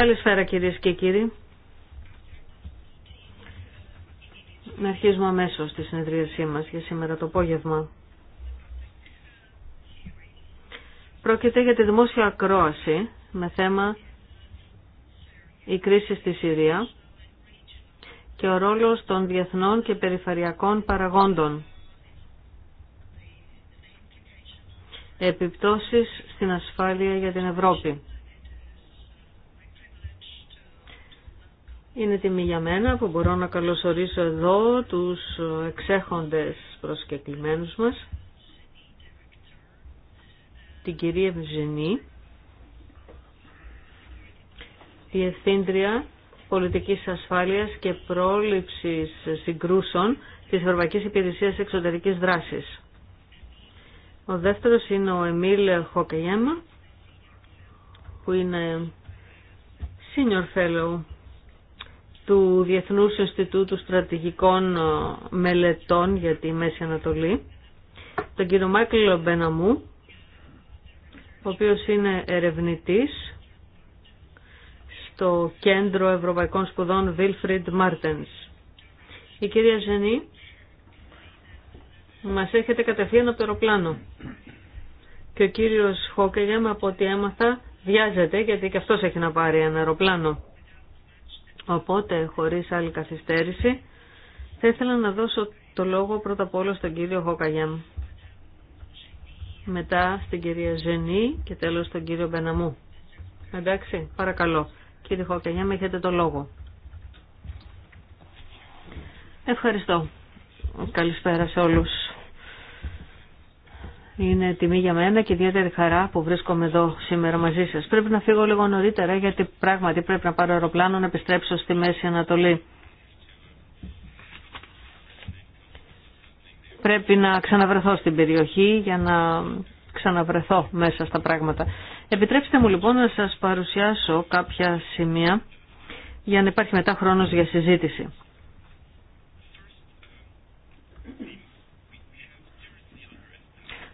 Καλησπέρα κυρίες και κύριοι. Να αρχίσουμε αμέσω τη συνεδρίασή μας για σήμερα το απόγευμα. Πρόκειται για τη δημόσια ακρόαση με θέμα η κρίση στη Συρία και ο ρόλος των διεθνών και περιφερειακών παραγόντων. Επιπτώσεις στην ασφάλεια για την Ευρώπη. Είναι τιμή για μένα που μπορώ να καλωσορίσω εδώ τους εξέχοντες προσκεκλημένους μας, την κυρία Βιζινή, Διευθύντρια Πολιτικής Ασφάλειας και Πρόληψης Συγκρούσεων της Ευρωπαϊκής Υπηρεσίας Εξωτερικής Δράσης. Ο δεύτερος είναι ο Εμίλ Χοκεγέμα, που είναι Senior Fellow του Διεθνούς Ινστιτούτου Στρατηγικών ε, Μελετών για τη Μέση Ανατολή, τον κύριο Μάικλ Μπεναμού, ο οποίος είναι ερευνητής στο Κέντρο Ευρωπαϊκών Σπουδών Βίλφριντ Μάρτενς. Η κυρία Ζενή μας έρχεται κατευθείαν από το αεροπλάνο και ο κύριος Χόκεγεμ από ό,τι έμαθα βιάζεται γιατί και αυτός έχει να πάρει ένα αεροπλάνο. Οπότε, χωρίς άλλη καθυστέρηση, θα ήθελα να δώσω το λόγο πρώτα απ' όλα στον κύριο Χοκαγιάμ. Μετά στην κυρία Ζενή και τέλος στον κύριο Μπεναμού. Εντάξει, παρακαλώ. Κύριε Χοκαγιάμ, έχετε το λόγο. Ευχαριστώ. Καλησπέρα σε όλους. Είναι τιμή για μένα και ιδιαίτερη χαρά που βρίσκομαι εδώ σήμερα μαζί σας. Πρέπει να φύγω λίγο νωρίτερα γιατί πράγματι πρέπει να πάρω αεροπλάνο να επιστρέψω στη Μέση Ανατολή. Πρέπει να ξαναβρεθώ στην περιοχή για να ξαναβρεθώ μέσα στα πράγματα. Επιτρέψτε μου λοιπόν να σας παρουσιάσω κάποια σημεία για να υπάρχει μετά χρόνος για συζήτηση.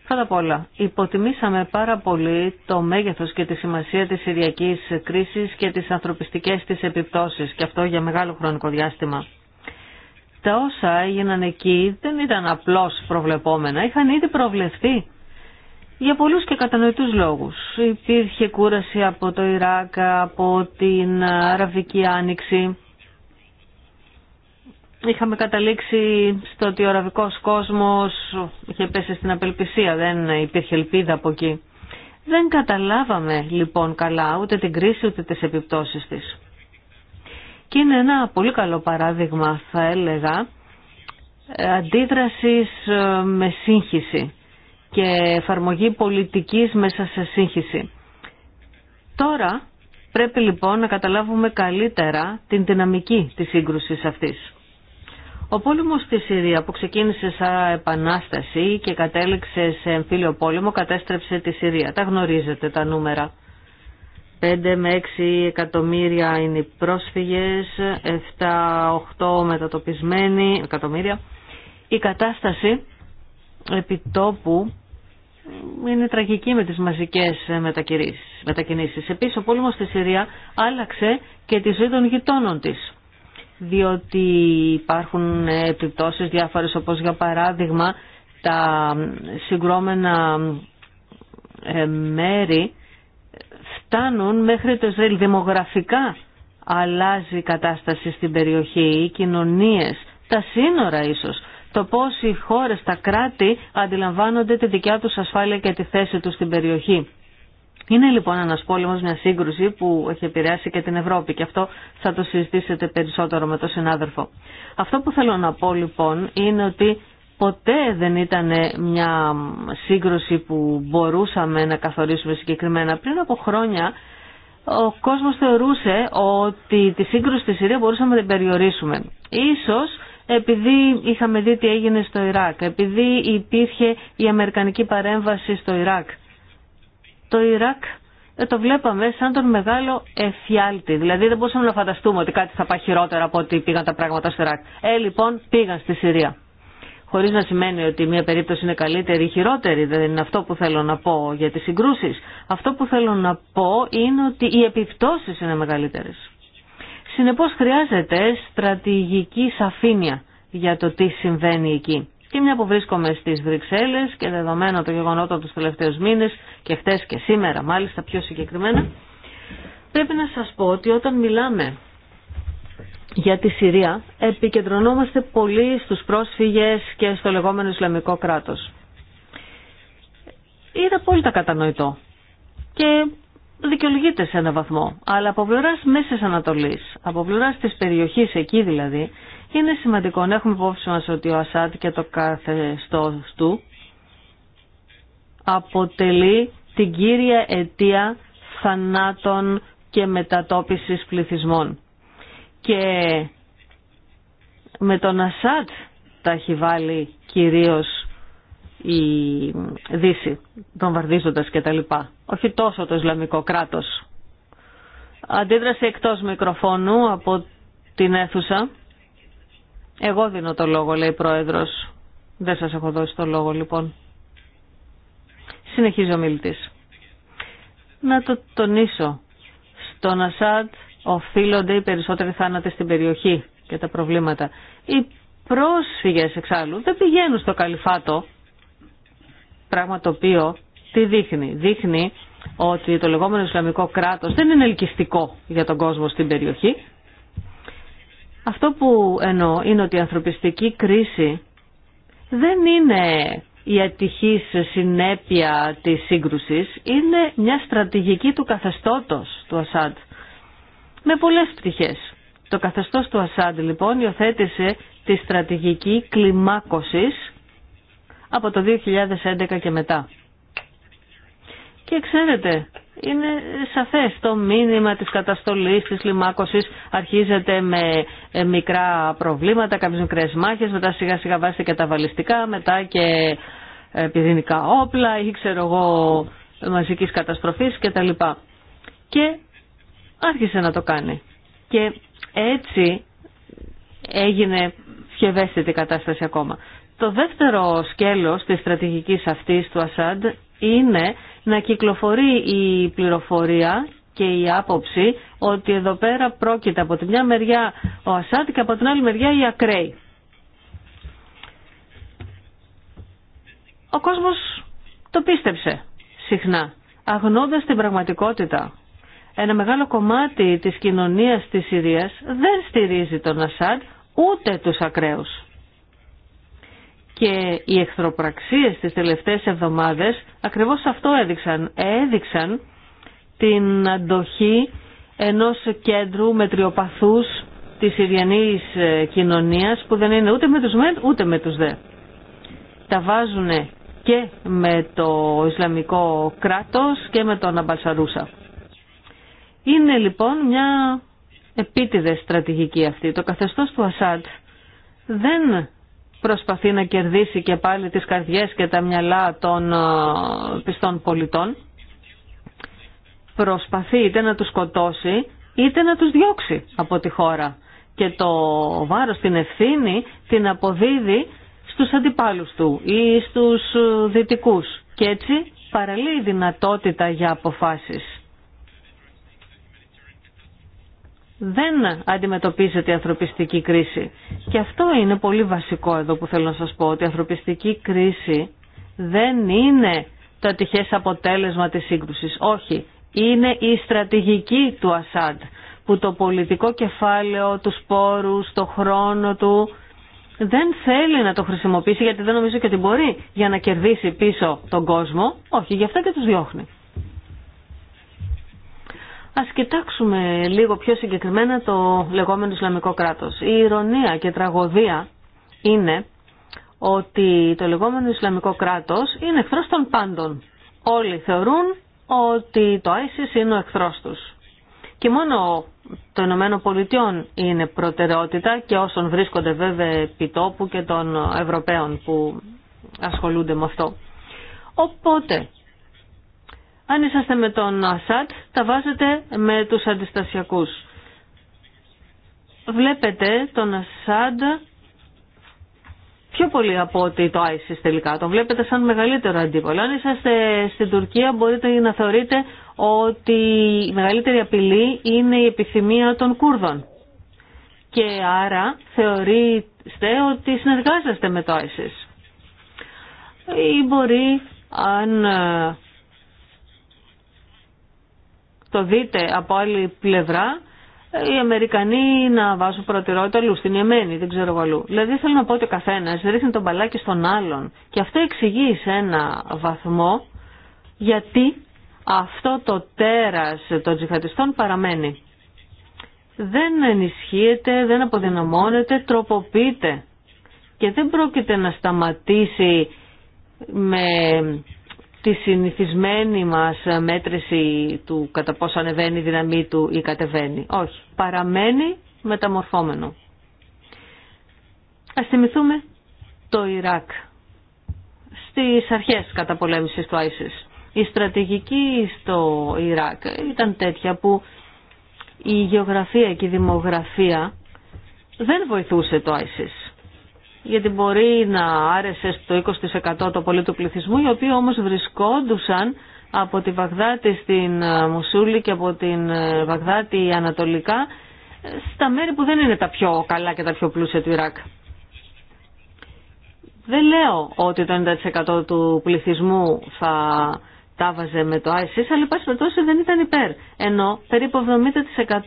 Πρώτα απ' όλα, υποτιμήσαμε πάρα πολύ το μέγεθος και τη σημασία της Συριακής κρίσης και τις ανθρωπιστικές της επιπτώσεις και αυτό για μεγάλο χρονικό διάστημα. Τα όσα έγιναν εκεί δεν ήταν απλώς προβλεπόμενα, είχαν ήδη προβλεφθεί. Για πολλούς και κατανοητούς λόγους. Υπήρχε κούραση από το Ιράκ, από την Αραβική Άνοιξη είχαμε καταλήξει στο ότι ο αραβικός κόσμος είχε πέσει στην απελπισία, δεν υπήρχε ελπίδα από εκεί. Δεν καταλάβαμε λοιπόν καλά ούτε την κρίση ούτε τις επιπτώσεις της. Και είναι ένα πολύ καλό παράδειγμα θα έλεγα αντίδρασης ε, με σύγχυση και εφαρμογή πολιτικής μέσα σε σύγχυση. Τώρα πρέπει λοιπόν να καταλάβουμε καλύτερα την δυναμική της σύγκρουσης αυτής. Ο πόλεμος στη Συρία που ξεκίνησε σαν επανάσταση και κατέληξε σε εμφύλιο πόλεμο κατέστρεψε τη Συρία. Τα γνωρίζετε τα νούμερα. 5 με 6 εκατομμύρια είναι οι πρόσφυγες, 7-8 μετατοπισμένοι εκατομμύρια. Η κατάσταση επί τόπου είναι τραγική με τις μαζικές μετακινήσεις. Επίσης ο πόλεμος στη Συρία άλλαξε και τη ζωή των γειτόνων της διότι υπάρχουν επιπτώσεις διάφορες όπως για παράδειγμα τα συγκρόμενα ε, μέρη φτάνουν μέχρι το Ισραήλ δημογραφικά αλλάζει η κατάσταση στην περιοχή, οι κοινωνίες, τα σύνορα ίσως, το πώς οι χώρες, τα κράτη αντιλαμβάνονται τη δικιά τους ασφάλεια και τη θέση τους στην περιοχή. Είναι λοιπόν ένας πόλεμος, μια σύγκρουση που έχει επηρεάσει και την Ευρώπη και αυτό θα το συζητήσετε περισσότερο με τον συνάδελφο. Αυτό που θέλω να πω λοιπόν είναι ότι ποτέ δεν ήταν μια σύγκρουση που μπορούσαμε να καθορίσουμε συγκεκριμένα. Πριν από χρόνια ο κόσμος θεωρούσε ότι τη σύγκρουση στη Συρία μπορούσαμε να την περιορίσουμε. Ίσως επειδή είχαμε δει τι έγινε στο Ιράκ, επειδή υπήρχε η Αμερικανική παρέμβαση στο Ιράκ το Ιράκ ε, το βλέπαμε σαν τον μεγάλο εφιάλτη. Δηλαδή δεν μπορούσαμε να φανταστούμε ότι κάτι θα πάει χειρότερα από ότι πήγαν τα πράγματα στο Ιράκ. Ε, λοιπόν, πήγαν στη Συρία. Χωρί να σημαίνει ότι μία περίπτωση είναι καλύτερη ή χειρότερη, δεν είναι αυτό που θέλω να πω για τι συγκρούσει, Αυτό που θέλω να πω είναι ότι οι επιπτώσει είναι μεγαλύτερε. Συνεπώ χρειάζεται στρατηγική σαφήνεια για το τι συμβαίνει εκεί. Και μια που βρίσκομαι στι Βρυξέλλε και δεδομένα το γεγονότο του τελευταίου μήνε και χτες και σήμερα μάλιστα πιο συγκεκριμένα, πρέπει να σας πω ότι όταν μιλάμε για τη Συρία επικεντρωνόμαστε πολύ στους πρόσφυγες και στο λεγόμενο Ισλαμικό κράτος. Είναι απόλυτα κατανοητό και δικαιολογείται σε έναν βαθμό, αλλά από πλευρά Μέση Ανατολή, από πλευρά τη περιοχή εκεί δηλαδή, είναι σημαντικό να έχουμε υπόψη μα ότι ο Ασάτ και το καθεστώ του αποτελεί την κύρια αιτία θανάτων και μετατόπισης πληθυσμών. Και με τον Ασάτ τα έχει βάλει κυρίως η Δύση, τον βαρδίζοντας και τα λοιπά. Όχι τόσο το Ισλαμικό κράτος. Αντίδραση εκτός μικροφώνου από την αίθουσα. Εγώ δίνω το λόγο, λέει η Πρόεδρος. Δεν σας έχω δώσει το λόγο, λοιπόν. Συνεχίζει ο Να το τονίσω. Στον Ασάντ οφείλονται οι περισσότεροι θάνατοι στην περιοχή και τα προβλήματα. Οι πρόσφυγες εξάλλου δεν πηγαίνουν στο Καλυφάτο, πράγμα το οποίο τι δείχνει. Δείχνει ότι το λεγόμενο Ισλαμικό κράτος δεν είναι ελκυστικό για τον κόσμο στην περιοχή. Αυτό που εννοώ είναι ότι η ανθρωπιστική κρίση δεν είναι η ατυχής συνέπεια της σύγκρουσης είναι μια στρατηγική του καθεστώτος του Ασάντ με πολλές πτυχές. Το καθεστώς του Ασάντ λοιπόν υιοθέτησε τη στρατηγική κλιμάκωσης από το 2011 και μετά. Και ξέρετε είναι σαφές το μήνυμα της καταστολής, της λιμάκωσης αρχίζεται με ε, μικρά προβλήματα, κάποιες μικρές μάχες, μετά σιγά σιγά βάζετε και τα βαλιστικά, μετά και ε, πυρηνικά όπλα ή ξέρω εγώ μαζικής καταστροφής κτλ. Και άρχισε να το κάνει. Και έτσι έγινε πιο κατάσταση ακόμα. Το δεύτερο σκέλος της στρατηγικής αυτής του Ασάντ είναι να κυκλοφορεί η πληροφορία και η άποψη ότι εδώ πέρα πρόκειται από τη μια μεριά ο Ασάτ και από την άλλη μεριά οι ακραίοι. Ο κόσμος το πίστεψε συχνά, αγνώντας την πραγματικότητα. Ένα μεγάλο κομμάτι της κοινωνίας της Συρίας δεν στηρίζει τον Ασάντ ούτε τους ακραίους και οι εχθροπραξίες τις τελευταίες εβδομάδες ακριβώς αυτό έδειξαν. Έδειξαν την αντοχή ενός κέντρου μετριοπαθούς της Συριανής ε, κοινωνίας που δεν είναι ούτε με τους μεν ούτε με τους δε. Τα βάζουν και με το Ισλαμικό κράτος και με τον Αμπάσαρούσα. Είναι λοιπόν μια επίτηδες στρατηγική αυτή. Το καθεστώς του Ασάντ δεν προσπαθεί να κερδίσει και πάλι τις καρδιές και τα μυαλά των ε, πιστών πολιτών. Προσπαθεί είτε να τους σκοτώσει είτε να τους διώξει από τη χώρα. Και το βάρος, την ευθύνη την αποδίδει στους αντιπάλους του ή στους ε, δυτικούς. Και έτσι παραλύει η δυνατότητα για αποφάσεις. δεν αντιμετωπίζεται η ανθρωπιστική κρίση. Και αυτό είναι πολύ βασικό εδώ που θέλω να σας πω, ότι η ανθρωπιστική κρίση δεν είναι το ατυχές αποτέλεσμα της σύγκρουσης. Όχι, είναι η στρατηγική του Ασάντ, που το πολιτικό κεφάλαιο, του πόρους, το χρόνο του δεν θέλει να το χρησιμοποιήσει, γιατί δεν νομίζω και ότι μπορεί, για να κερδίσει πίσω τον κόσμο. Όχι, γι' αυτό και τους διώχνει. Ας κοιτάξουμε λίγο πιο συγκεκριμένα το λεγόμενο Ισλαμικό κράτος. Η ηρωνία και τραγωδία είναι ότι το λεγόμενο Ισλαμικό κράτος είναι εχθρός των πάντων. Όλοι θεωρούν ότι το ISIS είναι ο εχθρός τους. Και μόνο το Ηνωμένο Πολιτειών είναι προτεραιότητα και όσων βρίσκονται βέβαια επί τόπου και των Ευρωπαίων που ασχολούνται με αυτό. Οπότε αν είσαστε με τον Ασάτ, τα βάζετε με τους αντιστασιακούς. Βλέπετε τον Ασάντ πιο πολύ από ότι το ISIS τελικά. Τον βλέπετε σαν μεγαλύτερο αντίπολο. Αν είσαστε στην Τουρκία μπορείτε να θεωρείτε ότι η μεγαλύτερη απειλή είναι η επιθυμία των Κούρδων. Και άρα θεωρείστε ότι συνεργάζεστε με το ISIS. Ή μπορεί αν το δείτε από άλλη πλευρά, ε, οι Αμερικανοί να βάζουν προτεραιότητα αλλού, στην Ιεμένη, δεν ξέρω εγώ αλλού. Δηλαδή θέλω να πω ότι ο καθένα ρίχνει τον μπαλάκι στον άλλον. Και αυτό εξηγεί σε ένα βαθμό γιατί αυτό το τέρας των τζιχατιστών παραμένει. Δεν ενισχύεται, δεν αποδυναμώνεται, τροποποιείται. Και δεν πρόκειται να σταματήσει με τη συνηθισμένη μας μέτρηση του κατά πόσο ανεβαίνει η δύναμή του ή κατεβαίνει. Όχι. Παραμένει μεταμορφόμενο. Ας θυμηθούμε το Ιράκ στις αρχές καταπολέμησης του ISIS. Η στρατηγική στο Ιράκ ήταν τέτοια που η γεωγραφία και η δημογραφία δεν βοηθούσε το ISIS γιατί μπορεί να άρεσε στο 20% το πολύ του πληθυσμού, οι οποίοι όμως βρισκόντουσαν από τη Βαγδάτη στην ε, Μουσούλη και από την ε, Βαγδάτη ανατολικά ε, στα μέρη που δεν είναι τα πιο καλά και τα πιο πλούσια του Ιράκ. Δεν λέω ότι το 90% του πληθυσμού θα τα βάζε με το ISIS, αλλά πάση περιπτώσει δεν ήταν υπέρ. Ενώ περίπου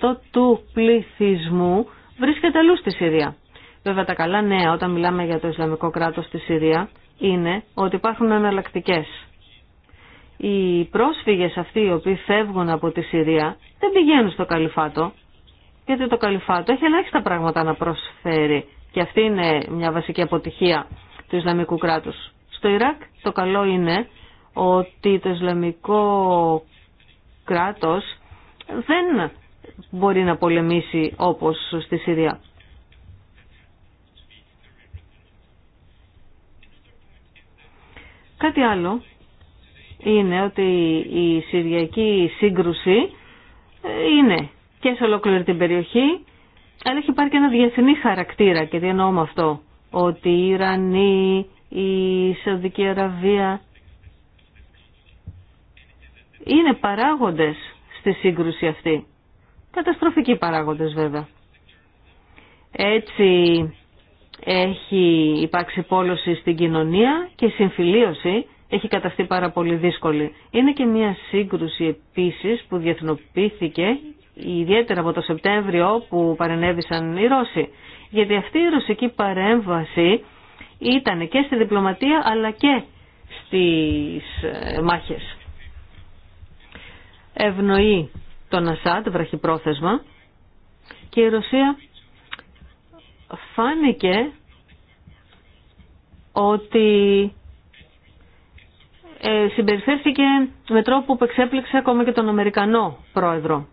70% του πληθυσμού βρίσκεται αλλού στη Συρία. Βέβαια τα καλά νέα όταν μιλάμε για το Ισλαμικό κράτος στη Συρία είναι ότι υπάρχουν εναλλακτικέ. Οι πρόσφυγες αυτοί οι οποίοι φεύγουν από τη Συρία δεν πηγαίνουν στο Καλυφάτο γιατί το Καλυφάτο έχει ελάχιστα πράγματα να προσφέρει και αυτή είναι μια βασική αποτυχία του Ισλαμικού κράτους. Στο Ιράκ το καλό είναι ότι το Ισλαμικό κράτος δεν μπορεί να πολεμήσει όπως στη Συρία. Κάτι άλλο είναι ότι η Συριακή σύγκρουση ε, είναι και σε ολόκληρη την περιοχή, αλλά έχει πάρει και ένα διεθνή χαρακτήρα και τι εννοώ αυτό, ότι η Ιρανοί, η Σαουδική Αραβία είναι παράγοντες στη σύγκρουση αυτή. Καταστροφικοί παράγοντες βέβαια. Έτσι έχει υπάρξει πόλωση στην κοινωνία και η συμφιλίωση έχει καταστεί πάρα πολύ δύσκολη. Είναι και μια σύγκρουση επίσης που διεθνοποιήθηκε ιδιαίτερα από το Σεπτέμβριο που παρενέβησαν οι Ρώσοι. Γιατί αυτή η ρωσική παρέμβαση ήταν και στη διπλωματία αλλά και στις ε, μάχες. Ευνοεί τον Ασάντ βραχυπρόθεσμα και η Ρωσία φάνηκε ότι ε, συμπεριφέρθηκε με τρόπο που εξέπληξε ακόμα και τον Αμερικανό πρόεδρο.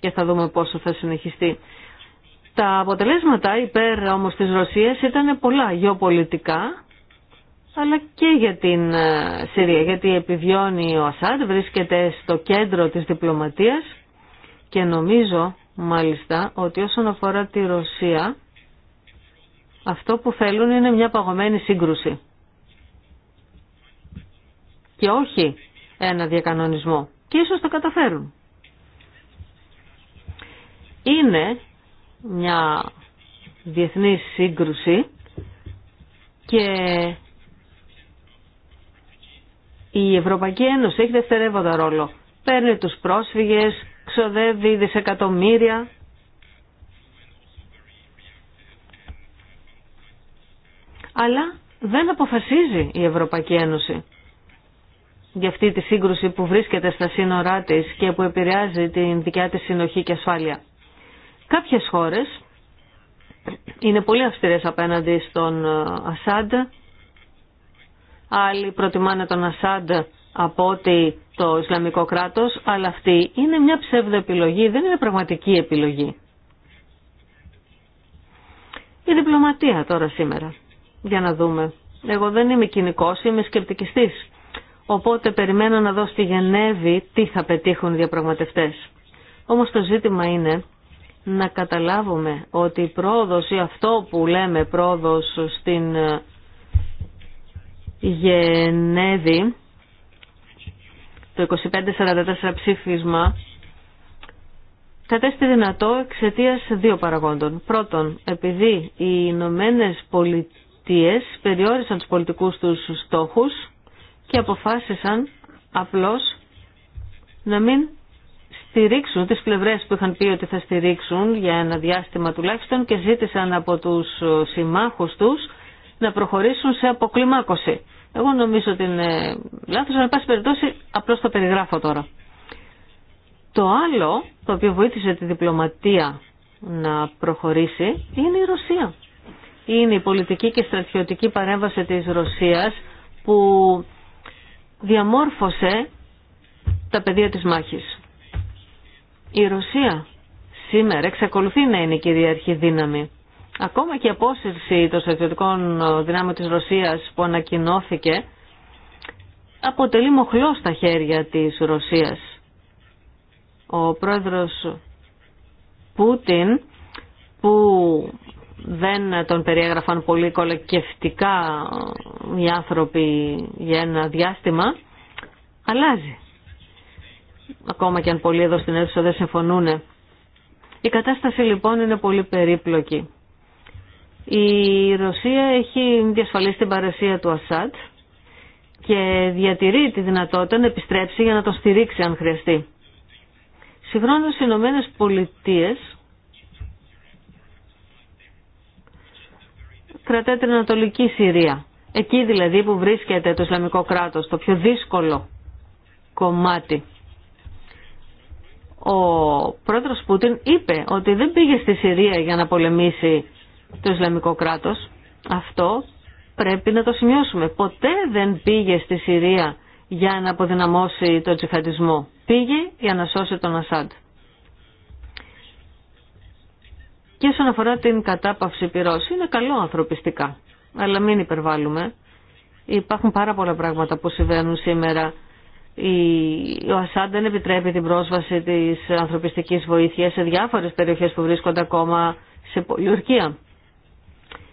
Και θα δούμε πόσο θα συνεχιστεί. Τα αποτελέσματα υπέρ όμως της Ρωσίας ήταν πολλά γεωπολιτικά, αλλά και για την ε, Συρία, γιατί επιβιώνει ο Ασάντ, βρίσκεται στο κέντρο της διπλωματίας και νομίζω μάλιστα ότι όσον αφορά τη Ρωσία αυτό που θέλουν είναι μια παγωμένη σύγκρουση και όχι ένα διακανονισμό. Και ίσως το καταφέρουν. Είναι μια διεθνή σύγκρουση και η Ευρωπαϊκή Ένωση έχει δευτερεύοντα ρόλο. Παίρνει τους πρόσφυγες, ξοδεύει δισεκατομμύρια. Αλλά δεν αποφασίζει η Ευρωπαϊκή Ένωση για αυτή τη σύγκρουση που βρίσκεται στα σύνορά της και που επηρεάζει την δικιά της συνοχή και ασφάλεια. Κάποιες χώρες είναι πολύ αυστηρές απέναντι στον ε, Ασάντ, άλλοι προτιμάνε τον Ασάντ από ότι το Ισλαμικό κράτος, αλλά αυτή είναι μια επιλογή δεν είναι πραγματική επιλογή. Η διπλωματία τώρα σήμερα, για να δούμε. Εγώ δεν είμαι κοινικός, είμαι σκεπτικιστής. Οπότε περιμένω να δω στη Γενέβη τι θα πετύχουν οι διαπραγματευτές. Όμως το ζήτημα είναι να καταλάβουμε ότι η πρόοδος ή αυτό που λέμε πρόοδος στην Γενέβη το 2544 ψήφισμα κατέστη δυνατό εξαιτία δύο παραγόντων. Πρώτον, επειδή οι Ηνωμένε Πολιτείε περιόρισαν τους πολιτικούς τους στόχους και αποφάσισαν απλώς να μην στηρίξουν τις πλευρές που είχαν πει ότι θα στηρίξουν για ένα διάστημα τουλάχιστον και ζήτησαν από τους συμμάχους τους να προχωρήσουν σε αποκλιμάκωση. Εγώ νομίζω ότι είναι λάθος, αλλά πάση περιπτώσει απλώς το περιγράφω τώρα. Το άλλο, το οποίο βοήθησε τη διπλωματία να προχωρήσει, είναι η Ρωσία. Είναι η πολιτική και στρατιωτική παρέμβαση της Ρωσίας που διαμόρφωσε τα πεδία της μάχης. Η Ρωσία σήμερα εξακολουθεί να είναι η κυρίαρχη δύναμη Ακόμα και η απόσυρση των στρατιωτικών δυνάμεων της Ρωσίας που ανακοινώθηκε αποτελεί μοχλό στα χέρια της Ρωσίας. Ο πρόεδρος Πούτιν που δεν τον περιέγραφαν πολύ κολακευτικά οι άνθρωποι για ένα διάστημα, αλλάζει. Ακόμα και αν πολλοί εδώ στην αίθουσα δεν συμφωνούν. Η κατάσταση λοιπόν είναι πολύ περίπλοκη. Η Ρωσία έχει διασφαλίσει την παρουσία του ασατ και διατηρεί τη δυνατότητα να επιστρέψει για να τον στηρίξει αν χρειαστεί. Συγχρόνως οι Ηνωμένε Πολιτείε κρατάει την Ανατολική Συρία. Εκεί δηλαδή που βρίσκεται το Ισλαμικό κράτος, το πιο δύσκολο κομμάτι. Ο πρόεδρος Πούτιν είπε ότι δεν πήγε στη Συρία για να πολεμήσει το Ισλαμικό κράτος. Αυτό πρέπει να το σημειώσουμε. Ποτέ δεν πήγε στη Συρία για να αποδυναμώσει τον τζιχαντισμό. Πήγε για να σώσει τον Ασάντ. Και όσον αφορά την κατάπαυση πυρός, είναι καλό ανθρωπιστικά. Αλλά μην υπερβάλλουμε. Υπάρχουν πάρα πολλά πράγματα που συμβαίνουν σήμερα. Ο Ασάντ δεν επιτρέπει την πρόσβαση της ανθρωπιστικής βοήθειας σε διάφορες περιοχές που βρίσκονται ακόμα σε Πολιορκία.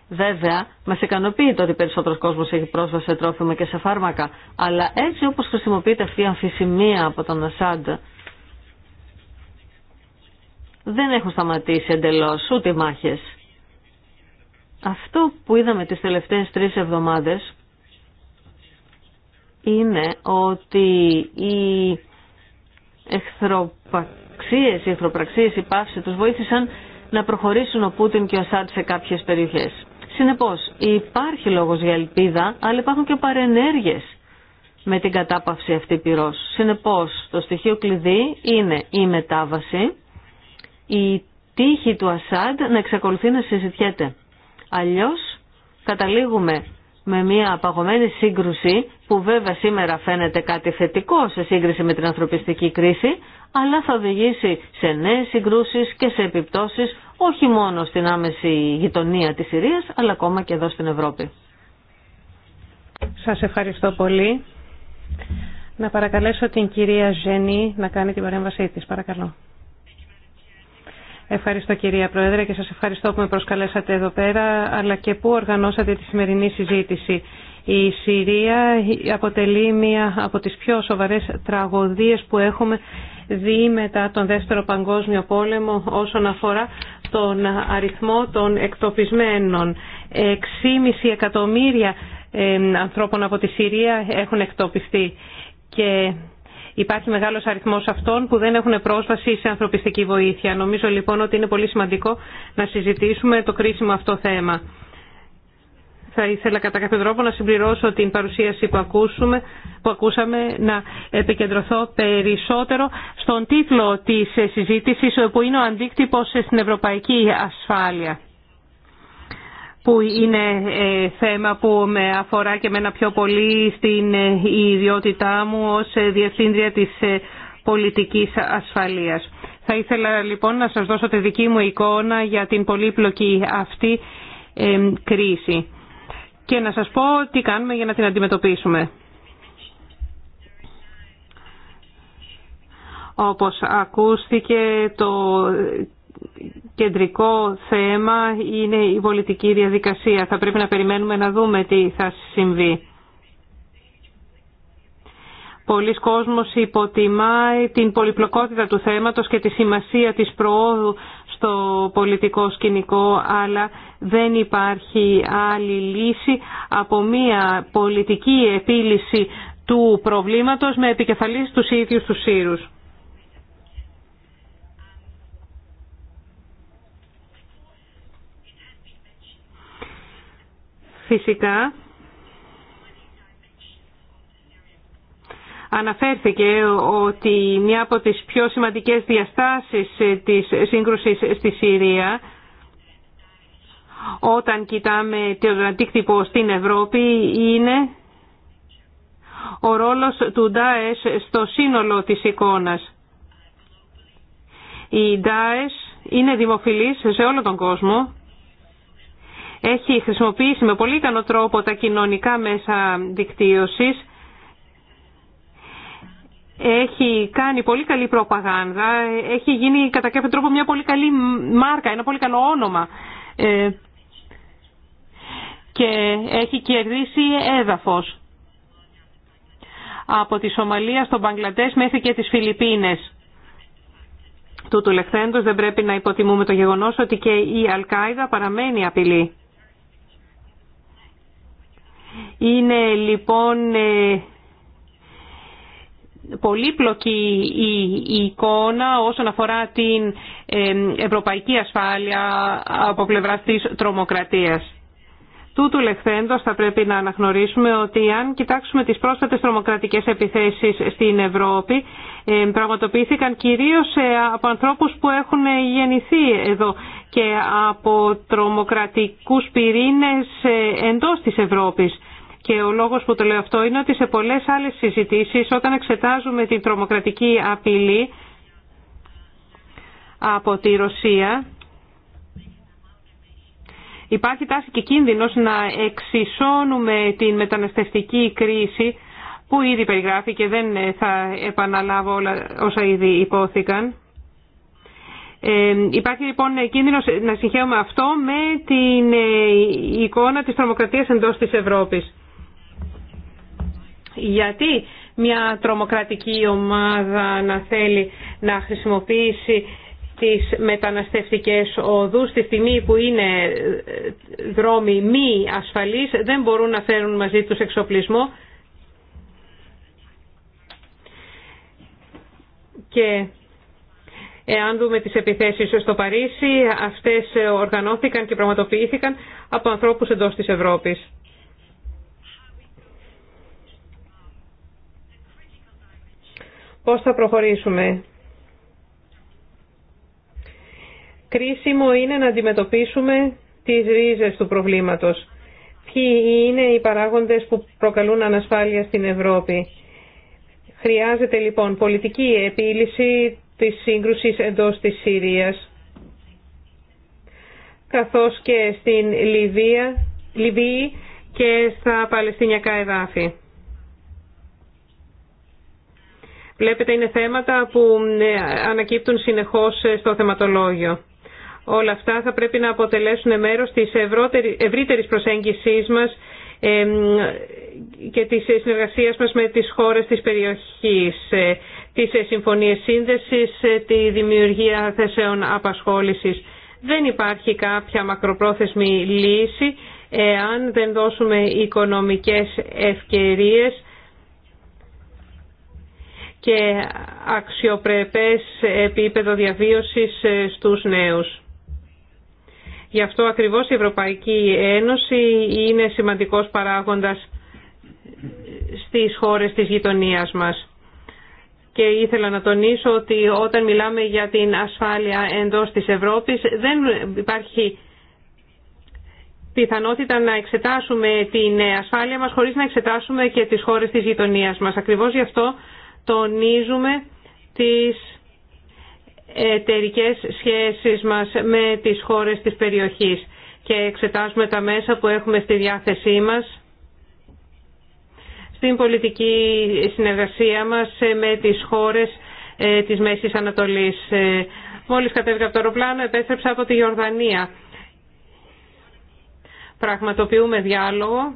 Βέβαια, μα ικανοποιεί το ότι περισσότερο κόσμο έχει πρόσβαση σε τρόφιμα και σε φάρμακα, αλλά έτσι όπω χρησιμοποιείται αυτή η αμφισημία από τον Ασάντ, δεν έχουν σταματήσει εντελώ ούτε οι μάχε. Αυτό που είδαμε τις τελευταίες τρεις εβδομάδες είναι ότι οι εχθροπαξίες, οι εχθροπραξίες, οι τους βοήθησαν να προχωρήσουν ο Πούτιν και ο Ασάντ σε κάποιες περιοχές. Συνεπώς, υπάρχει λόγος για ελπίδα, αλλά υπάρχουν και παρενέργειες με την κατάπαυση αυτή πυρός. Συνεπώς, το στοιχείο κλειδί είναι η μετάβαση, η τύχη του Ασάντ να εξακολουθεί να συζητιέται. Αλλιώς, καταλήγουμε με μια απαγωμένη σύγκρουση που βέβαια σήμερα φαίνεται κάτι θετικό σε σύγκριση με την ανθρωπιστική κρίση αλλά θα οδηγήσει σε νέες συγκρούσεις και σε επιπτώσεις όχι μόνο στην άμεση γειτονία της Συρίας αλλά ακόμα και εδώ στην Ευρώπη. Σας ευχαριστώ πολύ. Να παρακαλέσω την κυρία Ζένη να κάνει την παρέμβασή της. Παρακαλώ. Ευχαριστώ κυρία Πρόεδρε και σας ευχαριστώ που με προσκαλέσατε εδώ πέρα αλλά και που οργανώσατε τη σημερινή συζήτηση. Η Συρία αποτελεί μία από τις πιο σοβαρές τραγωδίες που έχουμε δει μετά τον Δεύτερο Παγκόσμιο Πόλεμο όσον αφορά τον αριθμό των εκτοπισμένων. 6,5 εκατομμύρια ε, ανθρώπων από τη Συρία έχουν εκτοπιστεί και Υπάρχει μεγάλος αριθμός αυτών που δεν έχουν πρόσβαση σε ανθρωπιστική βοήθεια. Νομίζω λοιπόν ότι είναι πολύ σημαντικό να συζητήσουμε το κρίσιμο αυτό θέμα. Θα ήθελα κατά κάποιο τρόπο να συμπληρώσω την παρουσίαση που, ακούσουμε, που ακούσαμε, να επικεντρωθώ περισσότερο στον τίτλο της συζήτησης που είναι ο αντίκτυπος στην ευρωπαϊκή ασφάλεια που είναι ε, θέμα που με αφορά και μένα πιο πολύ στην ε, ιδιότητά μου ως ε, Διευθύντρια της Πολιτικής Ασφαλείας. Θα ήθελα λοιπόν να σας δώσω τη δική μου εικόνα για την πολύπλοκη αυτή κρίση και να σας πω τι κάνουμε για να την αντιμετωπίσουμε. Όπως ακούστηκε, το κεντρικό θέμα είναι η πολιτική διαδικασία. Θα πρέπει να περιμένουμε να δούμε τι θα συμβεί. Πολλοί κόσμος υποτιμάει την πολυπλοκότητα του θέματος και τη σημασία της προόδου στο πολιτικό σκηνικό, αλλά δεν υπάρχει άλλη λύση από μια πολιτική επίλυση του προβλήματος με επικεφαλής τους ίδιους τους σύρους. Φυσικά, αναφέρθηκε ότι μια από τις πιο σημαντικές διαστάσεις της σύγκρουσης στη Συρία όταν κοιτάμε το αντίκτυπο στην Ευρώπη είναι ο ρόλος του Ντάες στο σύνολο της εικόνας. Η Ντάες είναι δημοφιλής σε όλο τον κόσμο έχει χρησιμοποιήσει με πολύ ικανό τρόπο τα κοινωνικά μέσα δικτύωσης. Έχει κάνει πολύ καλή προπαγάνδα, έχει γίνει κατά κάποιο τρόπο μια πολύ καλή μάρκα, ένα πολύ καλό όνομα ε, και έχει κερδίσει έδαφος από τη Σομαλία στον Μπαγκλαντές μέχρι και τις Φιλιππίνες. Τούτου λεχθέντος δεν πρέπει να υποτιμούμε το γεγονός ότι και η Αλκάιδα παραμένει απειλή. Είναι λοιπόν ε, πολύπλοκη η εικόνα όσον αφορά την ε, ευρωπαϊκή ασφάλεια από πλευρά της τρομοκρατίας. Τούτου λεχθέντος θα πρέπει να αναγνωρίσουμε ότι αν κοιτάξουμε τις πρόσφατες τρομοκρατικές επιθέσεις στην Ευρώπη ε, πραγματοποιήθηκαν κυρίως από ανθρώπους που έχουν γεννηθεί εδώ και από τρομοκρατικούς πυρήνες εντός της Ευρώπης. Και ο λόγος που το λέω αυτό είναι ότι σε πολλές άλλες συζητήσεις όταν εξετάζουμε την τρομοκρατική απειλή από τη Ρωσία υπάρχει τάση και κίνδυνος να εξισώνουμε την μεταναστευτική κρίση που ήδη περιγράφει και δεν θα επαναλάβω όσα ήδη υπόθηκαν. Ε, υπάρχει λοιπόν κίνδυνος να συγχαίουμε αυτό με την ε, εικόνα της τρομοκρατίας εντός της Ευρώπης. Γιατί μια τρομοκρατική ομάδα να θέλει να χρησιμοποιήσει τις μεταναστευτικές οδούς στη στιγμή που είναι ε, δρόμοι μη ασφαλείς, δεν μπορούν να φέρουν μαζί τους εξοπλισμό και εάν δούμε τις επιθέσεις στο Παρίσι, αυτές οργανώθηκαν και πραγματοποιήθηκαν από ανθρώπους εντός της Ευρώπης. πώς θα προχωρήσουμε. Κρίσιμο είναι να αντιμετωπίσουμε τις ρίζες του προβλήματος. Ποιοι είναι οι παράγοντες που προκαλούν ανασφάλεια στην Ευρώπη. Χρειάζεται λοιπόν πολιτική επίλυση της σύγκρουσης εντός της Συρίας καθώς και στην Λιβύη και στα Παλαιστινιακά εδάφη. Βλέπετε είναι θέματα που ε, ανακύπτουν συνεχώς ε, στο θεματολόγιο. Όλα αυτά θα πρέπει να αποτελέσουν μέρος της ευρύτερης προσέγγισής μας ε, και της συνεργασίας μας με τις χώρες της περιοχής, τις συμφωνίες σύνδεσης, τη δημιουργία θέσεων απασχόλησης. Δεν υπάρχει κάποια μακροπρόθεσμη λύση εάν δεν δώσουμε οικονομικές ευκαιρίες και αξιοπρεπές επίπεδο διαβίωσης ε, στους νέους. Γι' αυτό ακριβώς η Ευρωπαϊκή Ένωση είναι σημαντικός παράγοντας στις χώρες της γειτονίας μας. Και ήθελα να τονίσω ότι όταν μιλάμε για την ασφάλεια εντός της Ευρώπης δεν υπάρχει πιθανότητα να εξετάσουμε την ασφάλεια μας χωρίς να εξετάσουμε και τις χώρες της γειτονίας μας. Ακριβώς γι' αυτό τονίζουμε τις εταιρικέ σχέσεις μας με τις χώρες της περιοχής και εξετάζουμε τα μέσα που έχουμε στη διάθεσή μας στην πολιτική συνεργασία μας με τις χώρες ε, της Μέσης Ανατολής. Ε, μόλις κατέβηκα από το αεροπλάνο επέστρεψα από τη Ιορδανία. Πραγματοποιούμε διάλογο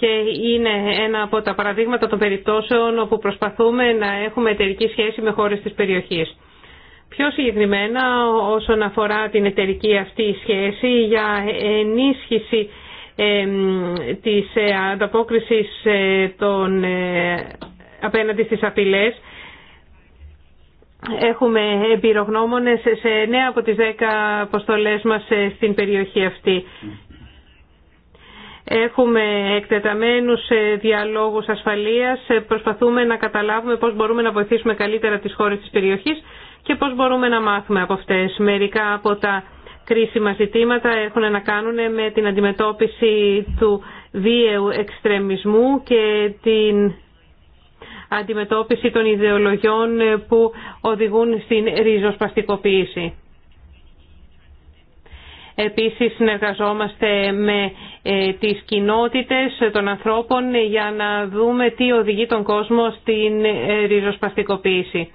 και είναι ένα από τα παραδείγματα των περιπτώσεων όπου προσπαθούμε να έχουμε εταιρική σχέση με χώρες της περιοχής. Πιο συγκεκριμένα όσον αφορά την εταιρική αυτή σχέση για ενίσχυση ε, της ανταπόκρισης ε, των, ε, απέναντι στις απειλές, Έχουμε εμπειρογνώμονες σε 9 από τις 10 αποστολές μας ε, στην περιοχή αυτή Έχουμε εκτεταμένους ε, διαλόγους ασφαλείας, ε, προσπαθούμε να καταλάβουμε πώς μπορούμε να βοηθήσουμε καλύτερα τις χώρες της περιοχής και πώς μπορούμε να μάθουμε από αυτές. Μερικά από τα κρίσιμα ζητήματα έχουν να κάνουν με την αντιμετώπιση του βίαιου εξτρεμισμού και την αντιμετώπιση των ιδεολογιών που οδηγούν στην ριζοσπαστικοποίηση. Επίσης συνεργαζόμαστε με ε, τις κοινότητες των ανθρώπων για να δούμε τι οδηγεί τον κόσμο στην ε, ριζοσπαστικοποίηση.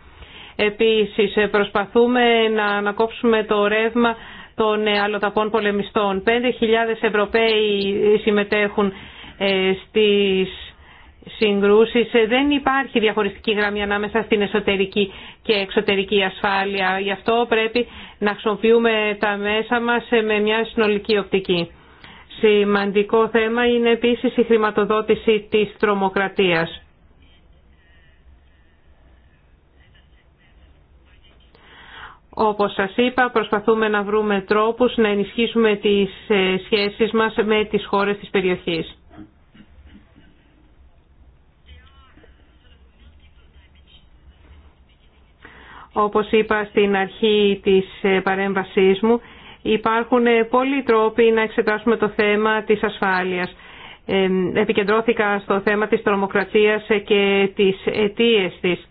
Επίσης ε, προσπαθούμε να ανακόψουμε το ρεύμα των αλλοταπών πολεμιστών. 5.000 Ευρωπαίοι συμμετέχουν στις συγκρούσεις. Ε, δεν υπάρχει διαχωριστική γραμμή ανάμεσα στην εσωτερική και εξωτερική ασφάλεια. Γι' αυτό πρέπει να χρησιμοποιούμε τα μέσα μας ε, με μια συνολική οπτική. Σημαντικό θέμα είναι επίσης η χρηματοδότηση της τρομοκρατίας. Όπως σας είπα, προσπαθούμε να βρούμε τρόπους να ενισχύσουμε τις ε, σχέσεις μας με τις χώρες της περιοχής. Όπως είπα στην αρχή της ε, παρέμβασής μου, υπάρχουν ε, πολλοί τρόποι να εξετάσουμε το θέμα της ασφάλειας. Ε, επικεντρώθηκα στο θέμα της τρομοκρατίας και της αιτίες της.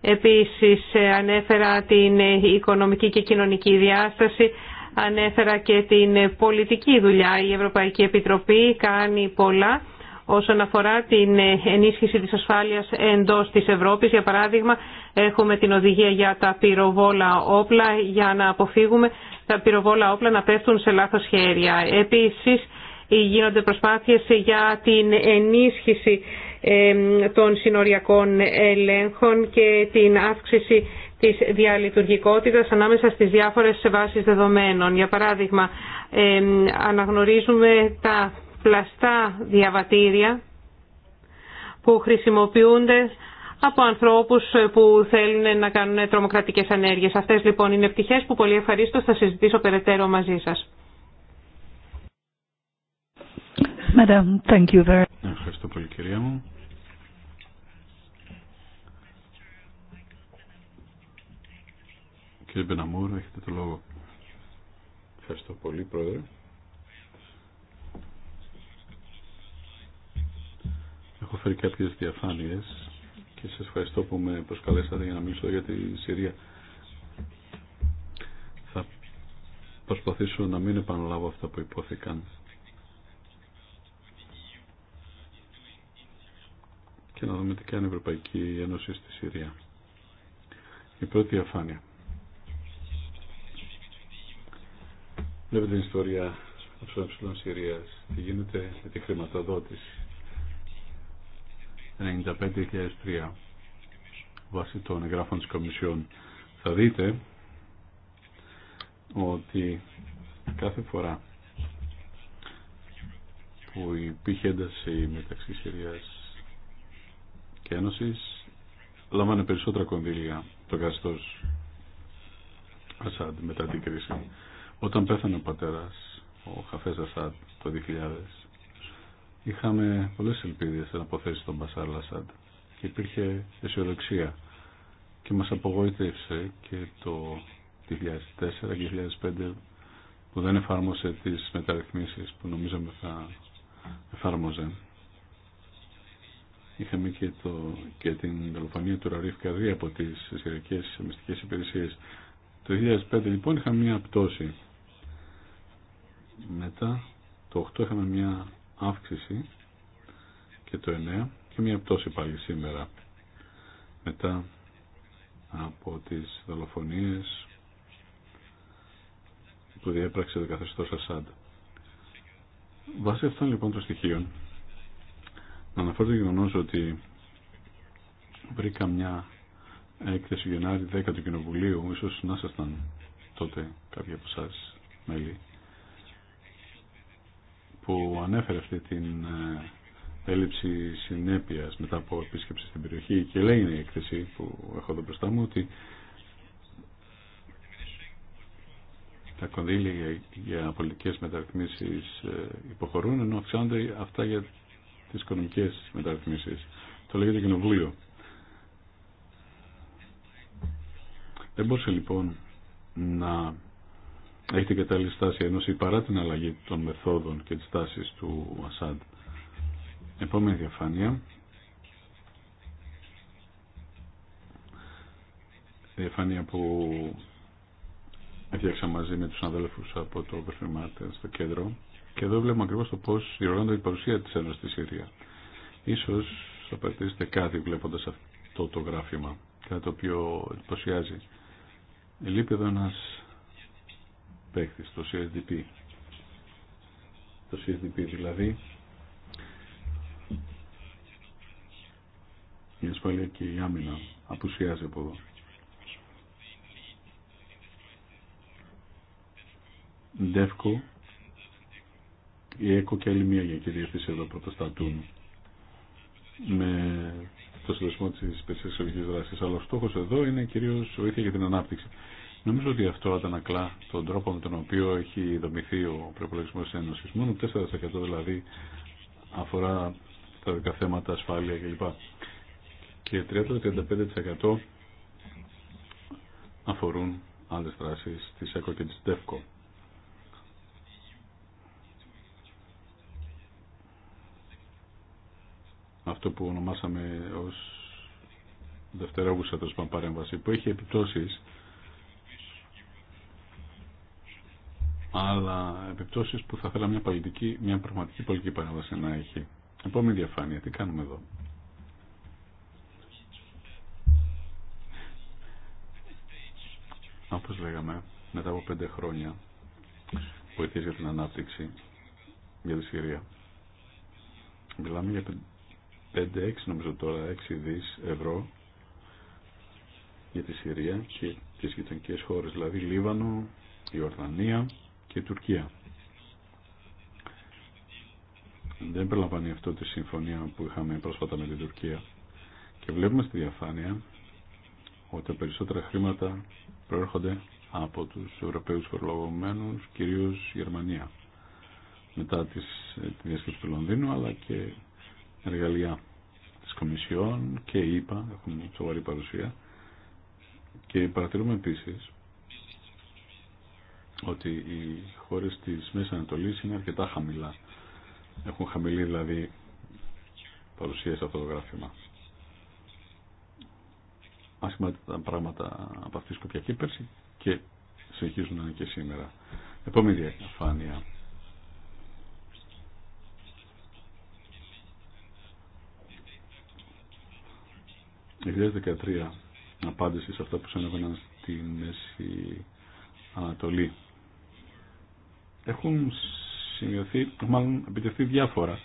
Επίσης ανέφερα την οικονομική και κοινωνική διάσταση, ανέφερα και την πολιτική δουλειά. Η Ευρωπαϊκή Επιτροπή κάνει πολλά όσον αφορά την ε, ενίσχυση της ασφάλειας εντός της Ευρώπης. Για παράδειγμα, έχουμε την οδηγία για τα πυροβόλα όπλα για να αποφύγουμε τα πυροβόλα όπλα να πέφτουν σε λάθος χέρια. Επίσης, γίνονται προσπάθειες για την ενίσχυση των συνοριακών ελέγχων και την αύξηση της διαλειτουργικότητας ανάμεσα στις διάφορες βάσεις δεδομένων. Για παράδειγμα, αναγνωρίζουμε τα πλαστά διαβατήρια που χρησιμοποιούνται από ανθρώπους που θέλουν να κάνουν τρομοκρατικές ανέργειες. Αυτές λοιπόν είναι πτυχές που πολύ ευχαρίστω θα συζητήσω περαιτέρω μαζί σας. thank you very Ευχαριστώ πολύ κυρία μου. Κύριε Μπεναμούρ, έχετε το λόγο. Ευχαριστώ πολύ, Πρόεδρε. έχω φέρει κάποιες διαφάνειες και σα ευχαριστώ που με προσκαλέσατε για να μιλήσω για τη Συρία. Θα προσπαθήσω να μην επαναλάβω αυτά που υπόθηκαν και να δούμε τι κάνει η Ευρωπαϊκή Ένωση στη Συρία. Η πρώτη διαφάνεια. Βλέπετε την ιστορία των ΕΕ Συρίας, τι γίνεται με τη χρηματοδότηση 95.003 βάσει των εγγράφων της Κομισιόν. Θα δείτε ότι κάθε φορά που υπήρχε ένταση μεταξύ Συρίας και Ένωσης λάμβανε περισσότερα κονδύλια το καθεστώς Ασάντ μετά την κρίση. Όταν πέθανε ο πατέρας, ο Χαφές Ασάντ το 2000 είχαμε πολλές ελπίδες στην αποθέσει τον Μπασάρ Λασάντ και υπήρχε αισιοδοξία και μας απογοήτευσε και το 2004 και 2005 που δεν εφάρμοσε τις μεταρρυθμίσεις που νομίζαμε θα εφάρμοζε. Είχαμε και, το, και την δολοφονία του Ραρίφ Καδί από τις συριακές μυστικές υπηρεσίες. Το 2005 λοιπόν είχαμε μια πτώση. Μετά το 8 είχαμε μια αύξηση και το 9 και μια πτώση πάλι σήμερα μετά από τις δολοφονίες που διέπραξε το καθεστώς Ασάντ. Βάσει αυτών λοιπόν των στοιχείων να αναφέρω το γεγονό ότι βρήκα μια έκθεση Γενάρη 10 του Κοινοβουλίου, ίσως να ήσασταν τότε κάποιοι από εσά μέλη που ανέφερε αυτή την ε, έλλειψη συνέπειας μετά από επίσκεψη στην περιοχή και λέει η έκθεση που έχω εδώ μπροστά μου ότι τα κονδύλια για πολιτικές μεταρρυθμίσεις ε, υποχωρούν ενώ αυξάνονται αυτά για τις οικονομικές μεταρρυθμίσεις. Το λέγεται κοινοβούλιο. Δεν μπορούσε λοιπόν να έχει την κατάλληλη στάση ή παρά την αλλαγή των μεθόδων και της τάσης του Ασάντ. Επόμενη διαφάνεια. Διαφάνεια που έφτιαξα μαζί με τους αδέλφους από το Βεφημάτε στο κέντρο και εδώ βλέπουμε ακριβώς το πώς διοργάνεται η παρουσία της Ένωσης στη Συρία. Ίσως θα παρατηρήσετε κάτι βλέποντας αυτό το γράφημα, κάτι το οποίο εντυπωσιάζει. Λείπει εδώ παίκτη, το CSDP. Το CSDP δηλαδή η ασφάλεια και η άμυνα απουσιάζει από εδώ. Ντεύκο, η ΕΚΟ και άλλη μία για γενική της εδώ πρωτοστατούν με το συνδεσμό της υπηρεσία εξωτερική δράση. Αλλά ο στόχο εδώ είναι κυρίω βοήθεια για την ανάπτυξη. Νομίζω ότι αυτό αντανακλά τον τρόπο με τον οποίο έχει δομηθεί ο προπολογισμό τη Ένωση. Μόνο 4% δηλαδή αφορά τα δικά θέματα, ασφάλεια κλπ. Και 30-35% αφορούν άλλε δράσει τη ΕΚΟ και τη ΤΕΦΚΟ. Αυτό που ονομάσαμε ως δευτερεύουσα τόσο παρέμβαση που έχει επιπτώσεις αλλά επιπτώσει που θα θέλαμε μια, πολιτική, μια πραγματική πολιτική παράδοση να έχει. Επόμενη διαφάνεια, τι κάνουμε εδώ. Όπω λέγαμε, μετά από πέντε χρόνια βοηθείς για την ανάπτυξη για τη Συρία. Μιλάμε για 5 έξι νομίζω τώρα, 6 δις ευρώ για τη Συρία και τις γειτονικές χώρες, δηλαδή Λίβανο, Ιορδανία, και η Τουρκία. Δεν περιλαμβάνει αυτό τη συμφωνία που είχαμε πρόσφατα με την Τουρκία. Και βλέπουμε στη διαφάνεια ότι τα περισσότερα χρήματα προέρχονται από τους Ευρωπαίους φορολογωμένους, κυρίως Γερμανία. Μετά τις, τη διάσκεψη του Λονδίνου, αλλά και εργαλεία της Κομισιόν και ΕΙΠΑ, έχουν σοβαρή παρουσία. Και παρατηρούμε επίσης ότι οι χώρες της μέση Ανατολή είναι αρκετά χαμηλά. Έχουν χαμηλή δηλαδή παρουσία σε αυτό το γράφημα. τα πράγματα από αυτή τη σκοπιακή και πέρσι και συνεχίζουν να είναι και σήμερα. Επόμενη διαφάνεια. Το 2013 απάντηση σε αυτά που συνέβαιναν στη Μέση Ανατολή έχουν σημειωθεί, μάλλον επιτευχθεί διάφορα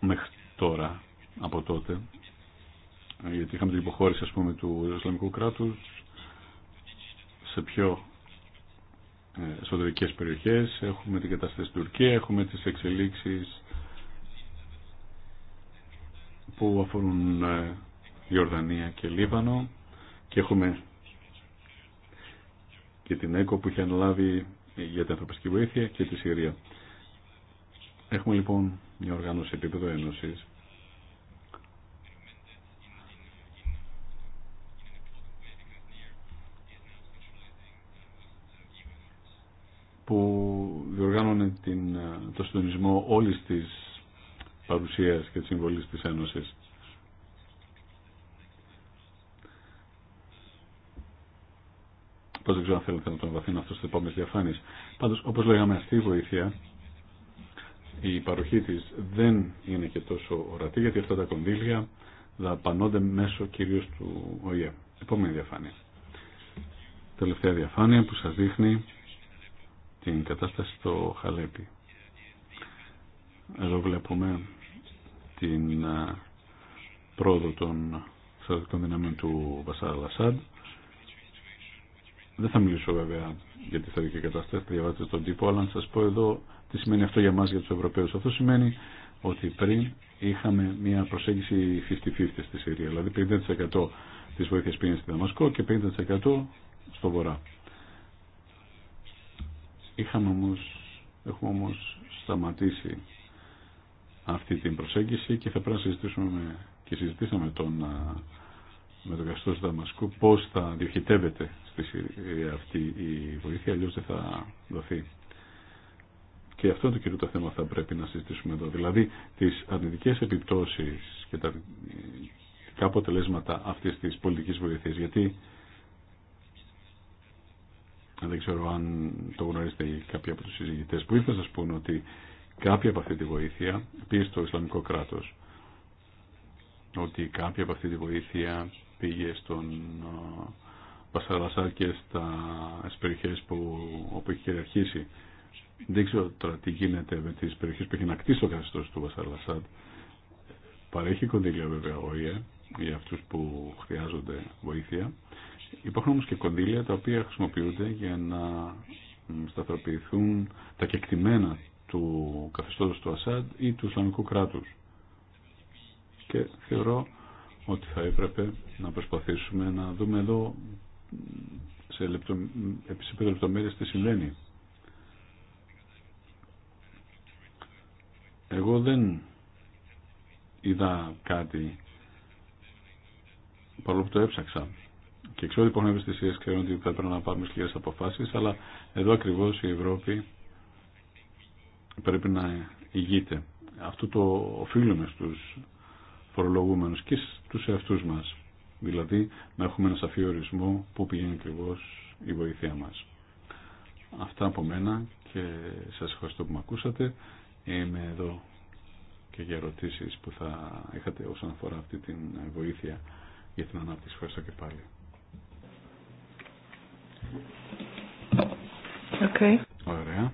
μέχρι τώρα από τότε γιατί είχαμε την υποχώρηση ας πούμε του Ισλαμικού κράτους σε πιο ε, εσωτερικέ περιοχές έχουμε την κατάσταση στην Τουρκία έχουμε τις εξελίξεις που αφορούν ε, Ιορδανία και Λίβανο και έχουμε και την ΕΚΟ που είχε αναλάβει για την ανθρωπιστική βοήθεια και τη Συρία. Έχουμε λοιπόν μια οργάνωση επίπεδο ενωση. που διοργάνωνε την, το συντονισμό όλης της παρουσίας και της συμβολής της Ένωσης. Πώς δεν ξέρω αν θέλετε να τον βαθύνω αυτό στις επόμενες διαφάνειες. Πάντως, όπως λέγαμε, αυτή η βοήθεια, η παροχή της δεν είναι και τόσο ορατή, γιατί αυτά τα κονδύλια δαπανώνται μέσω κυρίως του ΟΗΕ. Επόμενη διαφάνεια. Τελευταία διαφάνεια που σας δείχνει την κατάσταση στο Χαλέπι. Εδώ βλέπουμε την πρόοδο των στρατιωτικών δυνάμεων του Βασάρα Λασάντ δεν θα μιλήσω βέβαια για τη θεωρική κατάσταση, θα διαβάσετε στον τύπο, αλλά να σας πω εδώ τι σημαίνει αυτό για μας, για τους Ευρωπαίους. Αυτό σημαίνει ότι πριν είχαμε μια προσέγγιση 50-50 στη Συρία, δηλαδή 50% τη βοήθεια πήγαινε στη Δαμασκό και 50% στο Βορρά. Είχαμε όμως, έχουμε όμω σταματήσει αυτή την προσέγγιση και θα πρέπει να συζητήσουμε και συζητήσαμε τον με το του Δαμασκού πώς θα διοχετεύεται στη Συρία αυτή η βοήθεια, αλλιώ δεν θα δοθεί. Και αυτό το κύριο το θέμα θα πρέπει να συζητήσουμε εδώ. Δηλαδή τις αρνητικές επιπτώσεις και τα αρνητικά αποτελέσματα αυτής της πολιτικής βοήθειας γιατί δεν ξέρω αν το γνωρίζετε ή κάποιοι από τους συζητητές που ήρθαν σα πούν ότι κάποια από αυτή τη βοήθεια πήγε στο Ισλαμικό κράτος ότι κάποια από αυτή τη βοήθεια πήγε στον και στα περιοχές που, όπου έχει κυριαρχήσει. Δεν ξέρω τώρα τι γίνεται με τις περιοχές που έχει κτίσει το καθεστώς του Πασαρασάρ. Παρέχει κονδύλια βέβαια ο ΙΕ για αυτούς που χρειάζονται βοήθεια. Υπάρχουν όμως και κονδύλια τα οποία χρησιμοποιούνται για να σταθεροποιηθούν τα κεκτημένα του καθεστώτος του ασάδ ή του Ισλαμικού κράτους. Και θεωρώ ότι θα έπρεπε να προσπαθήσουμε να δούμε εδώ σε επίπεδο λεπτομέρειες τι συμβαίνει. Εγώ δεν είδα κάτι παρόλο που το έψαξα. Και ξέρω ότι υπάρχουν ευαισθησίε, και ότι θα πρέπει να πάρουμε σκληρέ αποφάσεις, αλλά εδώ ακριβώς η Ευρώπη πρέπει να ηγείται. Αυτό το οφείλουμε στους φορολογούμενου και στους εαυτούς μας. Δηλαδή να έχουμε ένα σαφή ορισμό που πηγαίνει ακριβώ η βοήθειά μας. Αυτά από μένα και σα ευχαριστώ που με ακούσατε. Είμαι εδώ και για ερωτήσει που θα είχατε όσον αφορά αυτή την βοήθεια για την ανάπτυξη. Ευχαριστώ και πάλι. Okay. Ωραία.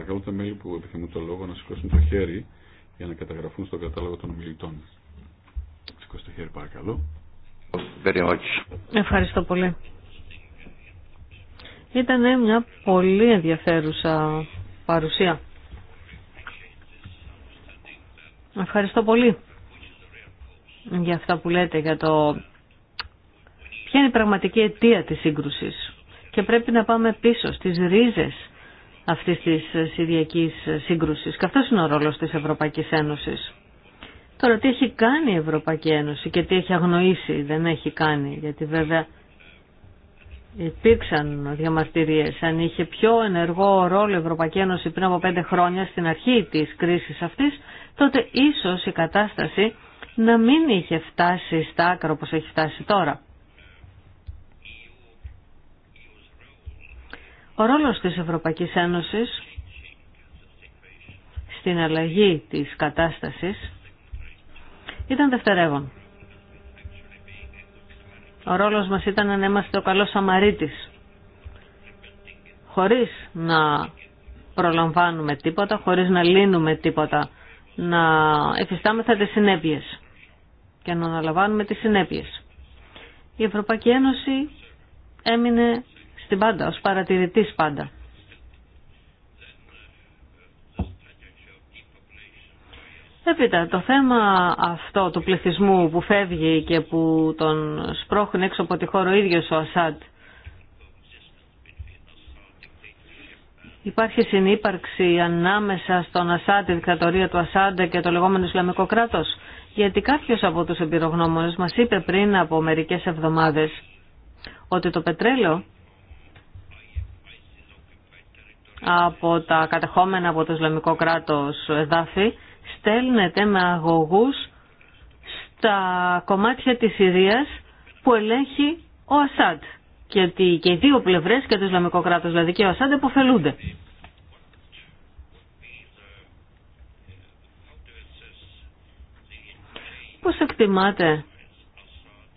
Παρακαλώ τα μέλη που επιθυμούν το λόγο να σηκώσουν το χέρι για να καταγραφούν στο κατάλογο των ομιλητών. Σηκώστε το χέρι παρακαλώ. Ευχαριστώ πολύ. Ήταν μια πολύ ενδιαφέρουσα παρουσία. Ευχαριστώ πολύ για αυτά που λέτε για το ποια είναι η πραγματική αιτία της σύγκρουσης. Και πρέπει να πάμε πίσω στις ρίζες αυτή της Συριακή σύγκρουσης. Και αυτό είναι ο ρόλος της Ευρωπαϊκής Ένωσης. Τώρα τι έχει κάνει η Ευρωπαϊκή Ένωση και τι έχει αγνοήσει, δεν έχει κάνει, γιατί βέβαια υπήρξαν διαμαρτυρίες. Αν είχε πιο ενεργό ρόλο η Ευρωπαϊκή Ένωση πριν από πέντε χρόνια στην αρχή της κρίσης αυτής, τότε ίσω η κατάσταση να μην είχε φτάσει στα άκρα όπως έχει φτάσει τώρα. Ο ρόλος της Ευρωπαϊκής Ένωσης στην αλλαγή της κατάστασης ήταν δευτερεύον. Ο ρόλος μας ήταν να είμαστε ο καλός Σαμαρίτης, χωρίς να προλαμβάνουμε τίποτα, χωρίς να λύνουμε τίποτα, να εφιστάμεθα τις συνέπειες και να αναλαμβάνουμε τις συνέπειες. Η Ευρωπαϊκή Ένωση έμεινε στην πάντα, ως παρατηρητής πάντα. Έπειτα, το θέμα αυτό του πληθυσμού που φεύγει και που τον σπρώχνει έξω από τη χώρα ο ίδιος ο Ασάντ. Υπάρχει συνύπαρξη ανάμεσα στον Ασάντ, τη δικτατορία του Ασάντ και το λεγόμενο Ισλαμικό κράτος. Γιατί κάποιος από τους εμπειρογνώμονες μας είπε πριν από μερικές εβδομάδες ότι το πετρέλαιο από τα κατεχόμενα από το Ισλαμικό κράτος εδάφη στέλνεται με αγωγούς στα κομμάτια της Συρίας που ελέγχει ο Ασάντ και και οι δύο πλευρές και το Ισλαμικό κράτος δηλαδή και ο Ασάντ αποφελούνται. Πώς εκτιμάτε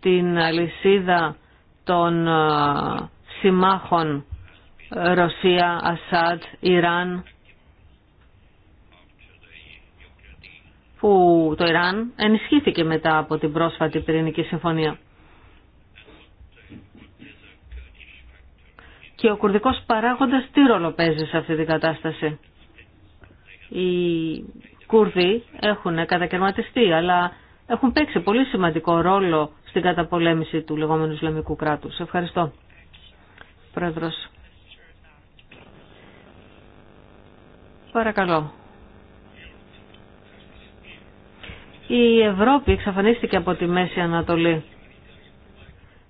την αλυσίδα των ε, συμμάχων Ρωσία, Ασάντ, Ιράν, που το Ιράν ενισχύθηκε μετά από την πρόσφατη πυρηνική συμφωνία. Και ο κουρδικός παράγοντας τι ρόλο παίζει σε αυτή την κατάσταση. Οι Κούρδοι έχουν κατακαιρματιστεί, αλλά έχουν παίξει πολύ σημαντικό ρόλο στην καταπολέμηση του λεγόμενου Ισλαμικού κράτους. Ευχαριστώ. Πρόεδρος. Παρακαλώ. Η Ευρώπη εξαφανίστηκε από τη Μέση Ανατολή.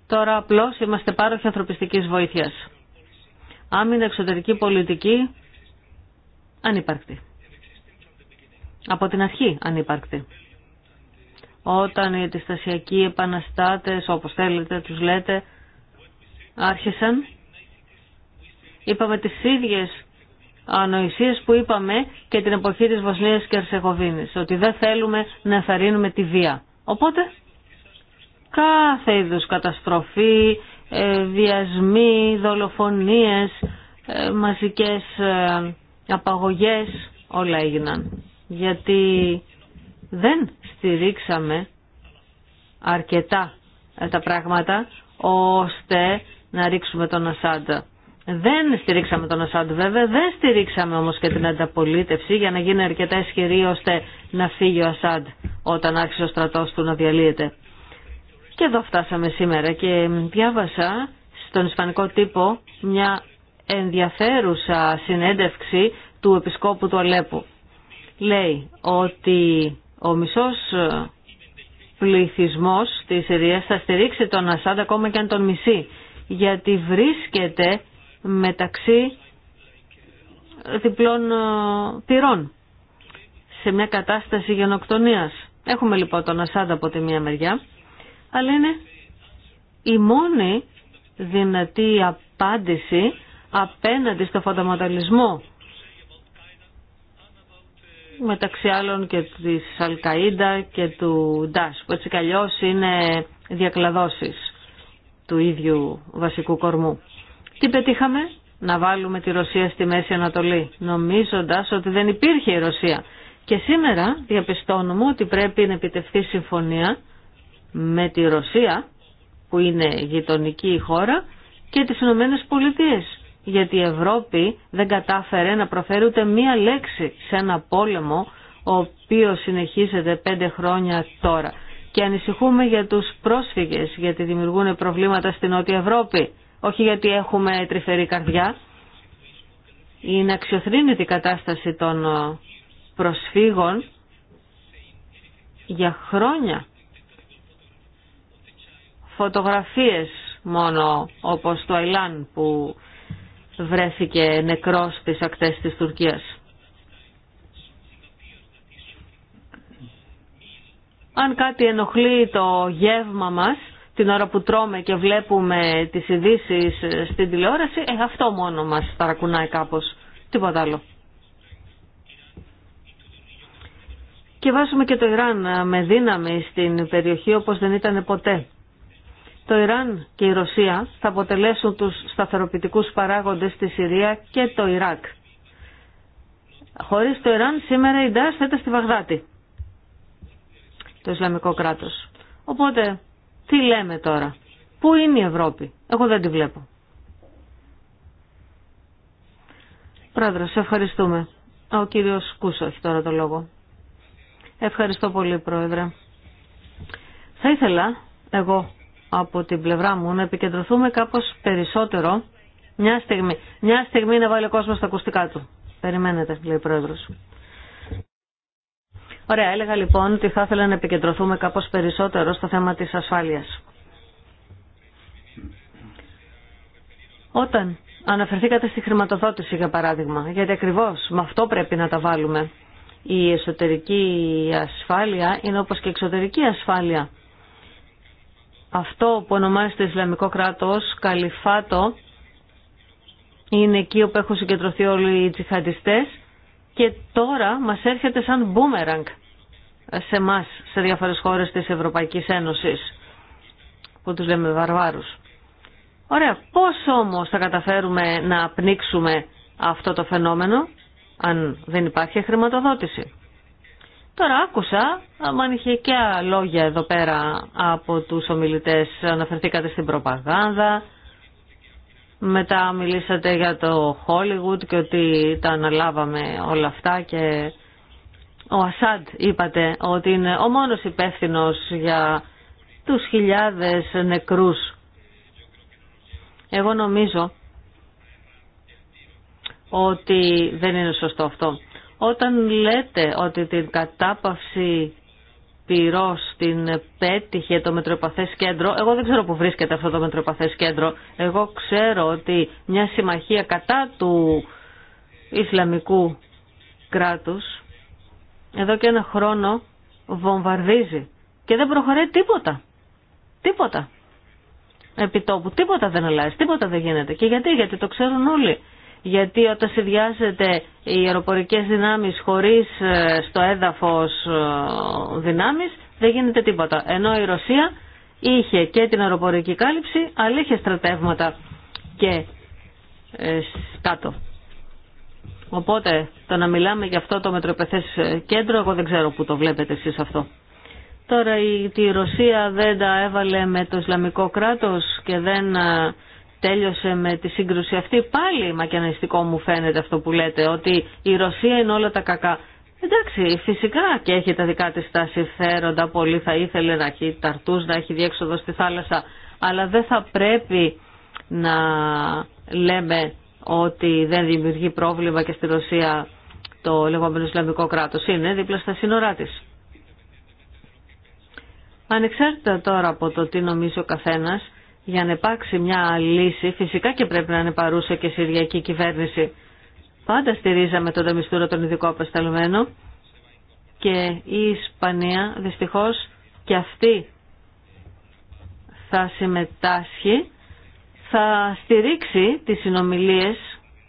Τώρα απλώς είμαστε πάροχοι ανθρωπιστικής βοήθειας. Άμυνα εξωτερική πολιτική ανύπαρκτη. Από την αρχή ανύπαρκτη. Όταν οι αντιστασιακοί επαναστάτες, όπως θέλετε τους λέτε, άρχισαν, είπαμε τις ίδιες ανοησίες που είπαμε και την εποχή της Βοσνίας και Ερσεγοβίνης, ότι δεν θέλουμε να εθαρρύνουμε τη βία. Οπότε κάθε είδους καταστροφή, ε, βιασμοί, δολοφονίες, ε, μαζικές ε, απαγωγές, όλα έγιναν. Γιατί δεν στηρίξαμε αρκετά τα πράγματα ώστε να ρίξουμε τον Ασάντα. Δεν στηρίξαμε τον Ασάντ βέβαια, δεν στηρίξαμε όμως και την ανταπολίτευση για να γίνει αρκετά ισχυρή ώστε να φύγει ο Ασάντ όταν άρχισε ο στρατός του να διαλύεται. Και εδώ φτάσαμε σήμερα και διάβασα στον Ισπανικό τύπο μια ενδιαφέρουσα συνέντευξη του Επισκόπου του Αλέπου. Λέει ότι ο μισός ε, πληθυσμός της Συρίας θα στηρίξει τον Ασάντ ακόμα και αν τον μισεί γιατί βρίσκεται μεταξύ διπλών ε, πυρών σε μια κατάσταση γενοκτονίας. Έχουμε λοιπόν τον Ασάντα από τη μία μεριά, αλλά είναι η μόνη δυνατή απάντηση απέναντι στο φανταματαλισμό μεταξύ άλλων και της Αλκαΐντα και του Ντάς που έτσι καλλιώς είναι διακλαδώσεις του ίδιου βασικού κορμού. Τι πετύχαμε? Να βάλουμε τη Ρωσία στη Μέση Ανατολή, νομίζοντας ότι δεν υπήρχε η Ρωσία. Και σήμερα διαπιστώνουμε ότι πρέπει να επιτευχθεί συμφωνία με τη Ρωσία, που είναι γειτονική χώρα, και τις Ηνωμένες Πολιτείες. Γιατί η Ευρώπη δεν κατάφερε να προφέρει ούτε μία λέξη σε ένα πόλεμο, ο οποίος συνεχίζεται πέντε χρόνια τώρα. Και ανησυχούμε για τους πρόσφυγες, γιατί δημιουργούν προβλήματα στην Νότια Ευρώπη όχι γιατί έχουμε τρυφερή καρδιά. Είναι αξιοθρύνητη η κατάσταση των ε, προσφύγων για χρόνια. Φωτογραφίες μόνο όπως το Αιλάν που βρέθηκε νεκρός στις ακτές της Τουρκίας. Αν κάτι ενοχλεί το γεύμα μας, την ώρα που τρώμε και βλέπουμε τις ειδήσει ε, στην τηλεόραση, ε, αυτό μόνο μας παρακουνάει κάπως. Τίποτα άλλο. Και βάζουμε και το Ιράν ε, με δύναμη στην περιοχή όπως δεν ήταν ποτέ. Το Ιράν και η Ρωσία θα αποτελέσουν τους σταθεροποιητικούς παράγοντες στη Συρία και το Ιράκ. Χωρίς το Ιράν σήμερα η Ντάς θα στη Βαγδάτη, το Ισλαμικό κράτος. Οπότε τι λέμε τώρα. Πού είναι η Ευρώπη. Εγώ δεν τη βλέπω. Πρόεδρο, σε ευχαριστούμε. Ο κύριος Κούσο έχει τώρα το λόγο. Ευχαριστώ πολύ, Πρόεδρε. Θα ήθελα εγώ από την πλευρά μου να επικεντρωθούμε κάπως περισσότερο μια στιγμή. Μια στιγμή να βάλει ο κόσμος τα ακουστικά του. Περιμένετε, λέει ο Πρόεδρος. Ωραία, έλεγα λοιπόν ότι θα ήθελα να επικεντρωθούμε κάπως περισσότερο στο θέμα της ασφάλειας. Όταν αναφερθήκατε στη χρηματοδότηση για παράδειγμα, γιατί ακριβώς με αυτό πρέπει να τα βάλουμε. Η εσωτερική ασφάλεια είναι όπως και η εξωτερική ασφάλεια. Αυτό που ονομάζεται Ισλαμικό κράτος, Καλυφάτο, είναι εκεί όπου έχουν συγκεντρωθεί όλοι οι τζιχαντιστές και τώρα μας έρχεται σαν μπούμεραγκ σε εμά σε διάφορες χώρες της Ευρωπαϊκής Ένωσης που τους λέμε βαρβάρους. Ωραία, πώς όμως θα καταφέρουμε να πνίξουμε αυτό το φαινόμενο αν δεν υπάρχει χρηματοδότηση. Τώρα άκουσα, αν είχε και λόγια εδώ πέρα από τους ομιλητές, αναφερθήκατε στην προπαγάνδα, μετά μιλήσατε για το Hollywood και ότι τα αναλάβαμε όλα αυτά και ο Ασάντ είπατε ότι είναι ο μόνος υπεύθυνο για τους χιλιάδες νεκρούς. Εγώ νομίζω ότι δεν είναι σωστό αυτό. Όταν λέτε ότι την κατάπαυση πυρός την πέτυχε το Μετροπαθές Κέντρο, εγώ δεν ξέρω που βρίσκεται αυτό το Μετροπαθές Κέντρο, εγώ ξέρω ότι μια συμμαχία κατά του Ισλαμικού κράτους εδώ και ένα χρόνο βομβαρδίζει και δεν προχωράει τίποτα. Τίποτα. Επιτόπου τίποτα δεν αλλάζει, τίποτα δεν γίνεται. Και γιατί, γιατί το ξέρουν όλοι. Γιατί όταν συνδυάζεται οι αεροπορικές δυνάμεις χωρίς ε, στο έδαφος ε, δυνάμεις δεν γίνεται τίποτα. Ενώ η Ρωσία είχε και την αεροπορική κάλυψη αλλά είχε στρατεύματα και ε, κάτω. Οπότε το να μιλάμε για αυτό το μετροπεθέ κέντρο, εγώ δεν ξέρω που το βλέπετε εσείς αυτό. Τώρα η, Ρωσία δεν τα έβαλε με το Ισλαμικό κράτος και δεν τέλειωσε με τη σύγκρουση αυτή. Πάλι μακιανιστικό μου φαίνεται αυτό που λέτε, ότι η Ρωσία είναι όλα τα κακά. Εντάξει, φυσικά και έχει τα δικά της τα συμφέροντα, πολύ θα ήθελε να έχει ταρτούς, να έχει διέξοδο στη θάλασσα, αλλά δεν θα πρέπει να λέμε ότι δεν δημιουργεί πρόβλημα και στη Ρωσία το λεγόμενο Ισλαμικό κράτος. Είναι δίπλα στα σύνορά της. Ανεξάρτητα τώρα από το τι νομίζει ο καθένας, για να υπάρξει μια λύση, φυσικά και πρέπει να είναι παρούσα και η Συριακή κυβέρνηση. Πάντα στηρίζαμε τον Ταμιστούρο των ειδικό απεσταλμένο και η Ισπανία δυστυχώς και αυτή θα συμμετάσχει θα στηρίξει τις συνομιλίες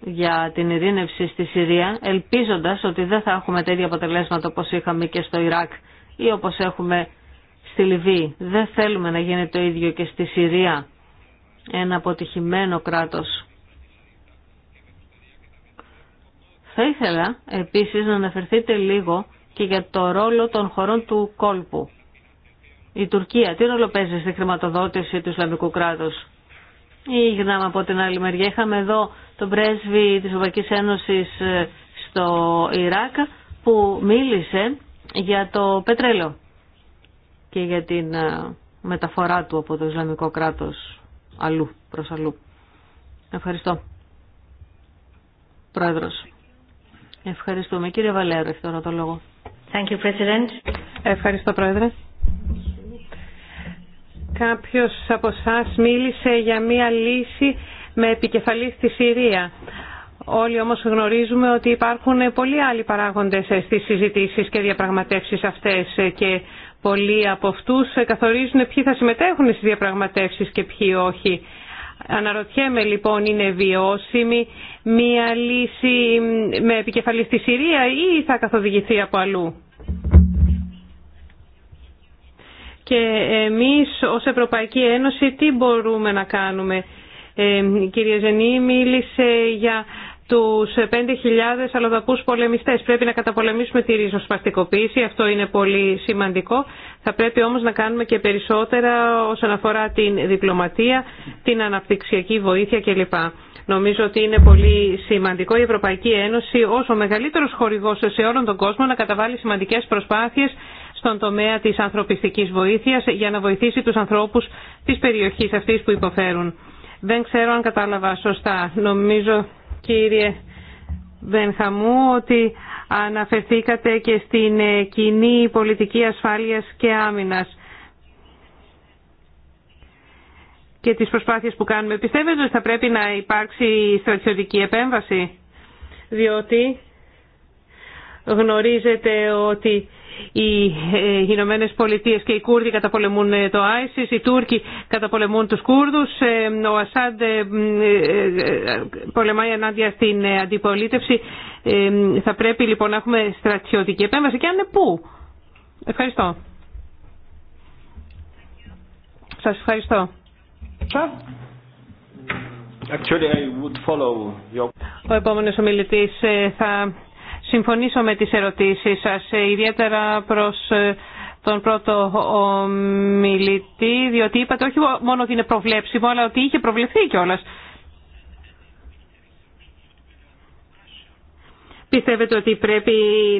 για την ειρήνευση στη Συρία, ελπίζοντας ότι δεν θα έχουμε τέτοια αποτελέσματα όπως είχαμε και στο Ιράκ ή όπως έχουμε στη Λιβύη. Δεν θέλουμε να γίνει το ίδιο και στη Συρία, ένα αποτυχημένο κράτος. Θα ήθελα επίσης να αναφερθείτε λίγο και για το ρόλο των χωρών του κόλπου. Η Τουρκία τι ρόλο παίζει στη χρηματοδότηση του Ισλαμικού κράτους. Ή από την άλλη μεριά. Είχαμε εδώ τον πρέσβη της Ευρωπαϊκής Ένωσης ε, στο Ιράκ που μίλησε για το πετρέλαιο και για την ε, μεταφορά του από το Ισλαμικό κράτος αλλού προς αλλού. Ευχαριστώ. Πρόεδρος. Ευχαριστούμε. Κύριε Βαλέρο, έχει τώρα το λόγο. Ευχαριστώ, Πρόεδρε. Κάποιος από εσά μίλησε για μία λύση με επικεφαλή στη Συρία. Όλοι όμως γνωρίζουμε ότι υπάρχουν πολλοί άλλοι παράγοντες στις συζητήσεις και διαπραγματεύσεις αυτές και πολλοί από αυτούς καθορίζουν ποιοι θα συμμετέχουν στις διαπραγματεύσεις και ποιοι όχι. Αναρωτιέμαι λοιπόν είναι βιώσιμη μία λύση με επικεφαλή στη Συρία ή θα καθοδηγηθεί από αλλού. και εμείς ως Ευρωπαϊκή Ένωση τι μπορούμε να κάνουμε. Η ε, κυρία Ζενή μίλησε για τους 5.000 αλλοδαπούς πολεμιστές. Πρέπει να καταπολεμήσουμε τη ριζοσπαστικοποίηση, αυτό είναι πολύ σημαντικό. Θα πρέπει όμως να κάνουμε και περισσότερα όσον αφορά την διπλωματία, την αναπτυξιακή βοήθεια κλπ. Νομίζω ότι είναι πολύ σημαντικό η Ευρωπαϊκή Ένωση ως ο μεγαλύτερος χορηγός σε όλον τον κόσμο να καταβάλει σημαντικές προσπάθειες στον τομέα της ανθρωπιστικής βοήθειας για να βοηθήσει τους ανθρώπους της περιοχής αυτής που υποφέρουν. Δεν ξέρω αν κατάλαβα σωστά. Νομίζω, κύριε Βενχαμού, ότι αναφερθήκατε και στην ε, κοινή πολιτική ασφάλειας και άμυνας και τις προσπάθειες που κάνουμε. Πιστεύετε ότι θα πρέπει να υπάρξει στρατιωτική επέμβαση, διότι γνωρίζετε ότι οι ε, Ηνωμένε Πολιτείε και οι Κούρδοι καταπολεμούν ε, το ISIS, οι Τούρκοι καταπολεμούν τους Κούρδους, ε, ο Ασάντ πολεμάει ενάντια στην αντιπολίτευση. Θα πρέπει λοιπόν να έχουμε στρατιωτική επέμβαση και αν είναι πού. Ευχαριστώ. Σας ευχαριστώ. Actually, I would follow Ο επόμενος ομιλητής θα συμφωνήσω με τις ερωτήσεις σας, ε, ιδιαίτερα προς ε, τον πρώτο ομιλητή, διότι είπατε όχι μόνο ότι είναι προβλέψιμο, αλλά ότι είχε προβλεφθεί κιόλα. Πιστεύετε ότι πρέπει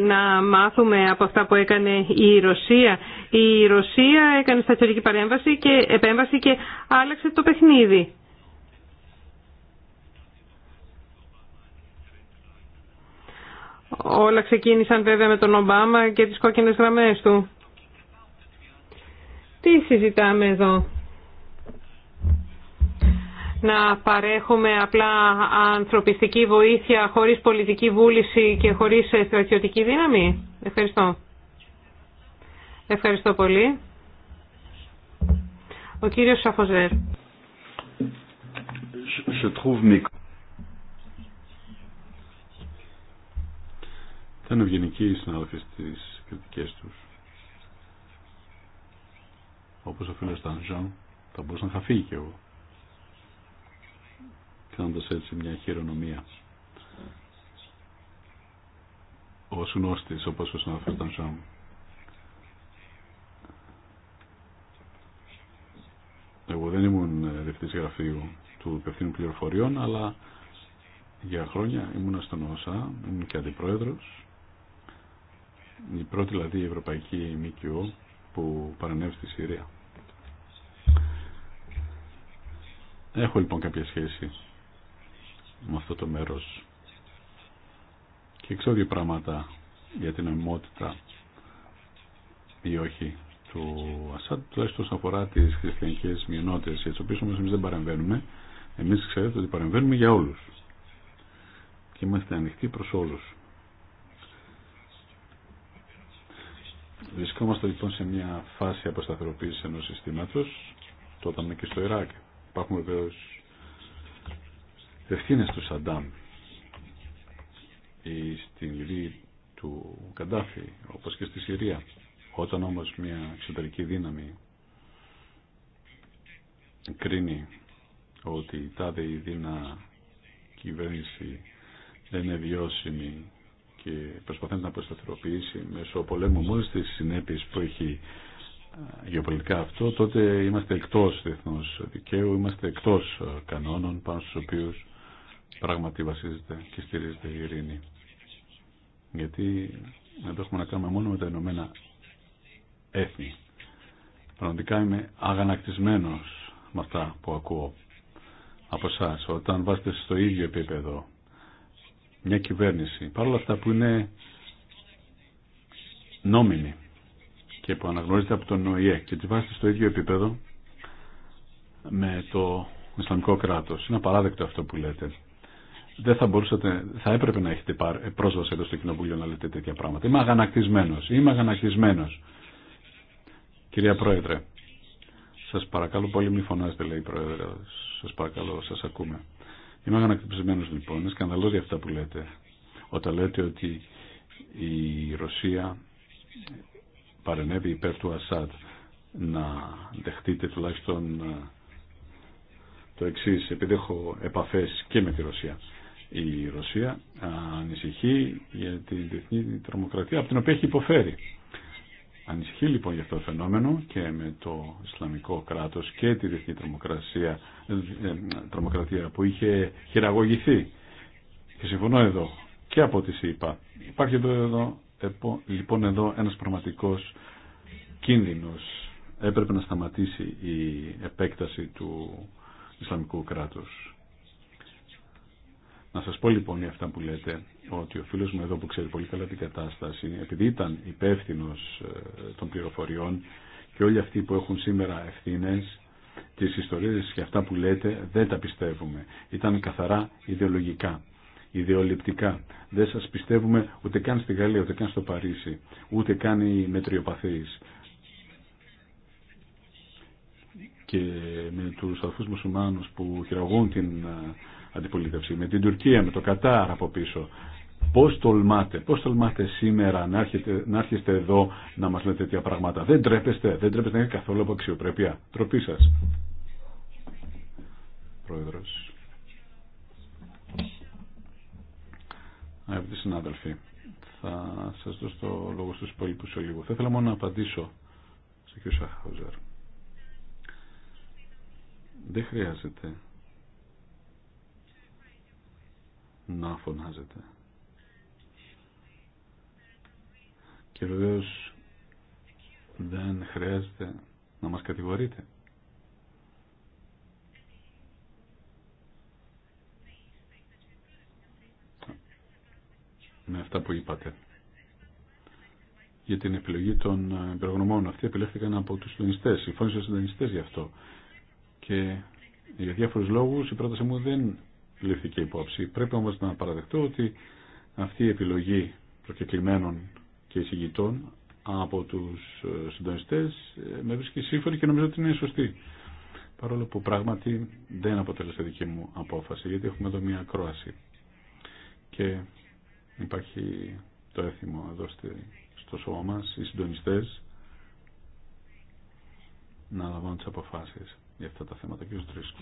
να μάθουμε από αυτά που έκανε η Ρωσία. Η Ρωσία έκανε σταθερική παρέμβαση και επέμβαση και άλλαξε το παιχνίδι. Όλα ξεκίνησαν βέβαια με τον Ομπάμα και τις κόκκινες γραμμές του. Τι συζητάμε εδώ. Να παρέχουμε απλά ανθρωπιστική βοήθεια χωρίς πολιτική βούληση και χωρίς στρατιωτική δύναμη. Ευχαριστώ. Ευχαριστώ πολύ. Ο κύριος Σαφοζέρ. ήταν ευγενικοί οι συνάδελφοι στι κριτικέ του. Όπω ο φίλος Τανζόν, θα μπορούσα να φύγει κι εγώ. Κάνοντα έτσι μια χειρονομία. Ο γνώστη, όπω ο συνάδελφος Τανζόν. Εγώ δεν ήμουν ε, διευθυντή γραφείου του υπευθύνου πληροφοριών, αλλά για χρόνια ήμουν στον ΩΣΑ, ήμουν και αντιπρόεδρος η πρώτη δηλαδή η Ευρωπαϊκή ΜΚΟ που παρανέβει στη Συρία. Έχω λοιπόν κάποια σχέση με αυτό το μέρος και ξέρω δύο πράγματα για την νομιμότητα ή όχι του Ασάντ, τουλάχιστον όσον αφορά τι χριστιανικέ μειονότητε, για τι οποίε όμω εμεί δεν παρεμβαίνουμε. Εμεί ξέρετε ότι παρεμβαίνουμε για όλου. Και είμαστε ανοιχτοί προ όλου. Βρισκόμαστε λοιπόν σε μια φάση αποσταθεροποίηση ενό συστήματο. Το όταν και στο Ιράκ. Υπάρχουν βεβαίω ευθύνε του Σαντάμ ή στην Λιβύη του Καντάφη, όπως και στη Συρία. Όταν όμως μια εξωτερική δύναμη κρίνει ότι η τάδε η δυνα κυβέρνηση δεν είναι βιώσιμη και προσπαθεί να αποσταθεροποιήσει μέσω πολέμου μόλις τις συνέπειες που έχει γεωπολιτικά αυτό, τότε είμαστε εκτός διεθνούς δικαίου, είμαστε εκτός κανόνων πάνω στους οποίους πράγματι βασίζεται και στηρίζεται η ειρήνη. Γιατί εδώ έχουμε να κάνουμε μόνο με τα Ηνωμένα Έθνη. Πραγματικά είμαι αγανακτισμένος με αυτά που ακούω από εσά. Όταν βάζετε στο ίδιο επίπεδο μια κυβέρνηση, παρόλα αυτά που είναι νόμιμη και που αναγνωρίζεται από τον ΟΗΕ και τη βάζετε στο ίδιο επίπεδο με το Ισλαμικό κράτος. Είναι απαράδεκτο αυτό που λέτε. Δεν θα μπορούσατε, θα έπρεπε να έχετε πρόσβαση εδώ στο Κοινοβούλιο να λέτε τέτοια πράγματα. Είμαι αγανακτισμένο. είμαι αγανακτισμένο. Κυρία Πρόεδρε, σα παρακαλώ πολύ μη φωνάζετε λέει η Πρόεδρε, σας παρακαλώ, σα ακούμε. Είμαι αγανακτυπισμένος λοιπόν, σκανδαλώδια αυτά που λέτε. Όταν λέτε ότι η Ρωσία παρενέβη υπέρ του Ασάτ να δεχτείτε τουλάχιστον ε, το εξή, επειδή έχω επαφές και με τη Ρωσία. Η Ρωσία ανησυχεί για την διεθνή τρομοκρατία από την οποία έχει υποφέρει. Ανησυχεί λοιπόν για αυτό το φαινόμενο και με το Ισλαμικό κράτος και τη διεθνή τρομοκρατία, ε, ε, τρομοκρατία που είχε χειραγωγηθεί. Και συμφωνώ εδώ και από ό,τι είπα Υπάρχει εδώ, εδώ, λοιπόν εδώ ένας πραγματικός κίνδυνος. Έπρεπε να σταματήσει η επέκταση του Ισλαμικού κράτους. Να σας πω λοιπόν για αυτά που λέτε ότι ο φίλος μου εδώ που ξέρει πολύ καλά την κατάσταση επειδή ήταν υπεύθυνο ε, των πληροφοριών και όλοι αυτοί που έχουν σήμερα ευθύνε, τι ιστορίε και αυτά που λέτε δεν τα πιστεύουμε. Ήταν καθαρά ιδεολογικά, ιδεολειπτικά. Δεν σα πιστεύουμε ούτε καν στη Γαλλία, ούτε καν στο Παρίσι, ούτε καν οι μετριοπαθεί. Και με του αφού μουσουλμάνου που χειραγούν την ε, αντιπολίτευση, με την Τουρκία, με το Κατάρ από πίσω. Πώς τολμάτε, πώς τολμάτε σήμερα να, να έρχεστε εδώ να μας λέτε τέτοια πράγματα. Δεν τρέπεστε, δεν τρέπεστε να καθόλου από αξιοπρέπεια. Τροπή σας. Πρόεδρος. Αγαπητοί συνάδελφοι, θα σας δώσω το λόγο στους υπόλοιπους σε λίγο. Θα ήθελα μόνο να απαντήσω στον κ. Σαχάουζερ. Δεν χρειάζεται να φωνάζετε. Και βεβαίω δεν χρειάζεται να μας κατηγορείτε. Με αυτά που είπατε. Για την επιλογή των ε, υπερογνωμών Αυτοί επιλέχθηκαν από τους συντονιστές. Συμφώνησαν οι συντονιστές γι' αυτό. Και για διάφορους λόγους η πρόταση μου δεν ληφθεί υπόψη. Πρέπει όμως να παραδεχτώ ότι αυτή η επιλογή προκεκλημένων και εισηγητών από τους ε, συντονιστές ε, με βρίσκει σύμφωνη και νομίζω ότι είναι σωστή. Παρόλο που πράγματι δεν αποτέλεσε δική μου απόφαση, γιατί έχουμε εδώ μια ακρόαση. Και υπάρχει το έθιμο εδώ στο σώμα μας, οι συντονιστές, να λαμβάνουν τι αποφάσεις για αυτά τα θέματα. Τρίσκο.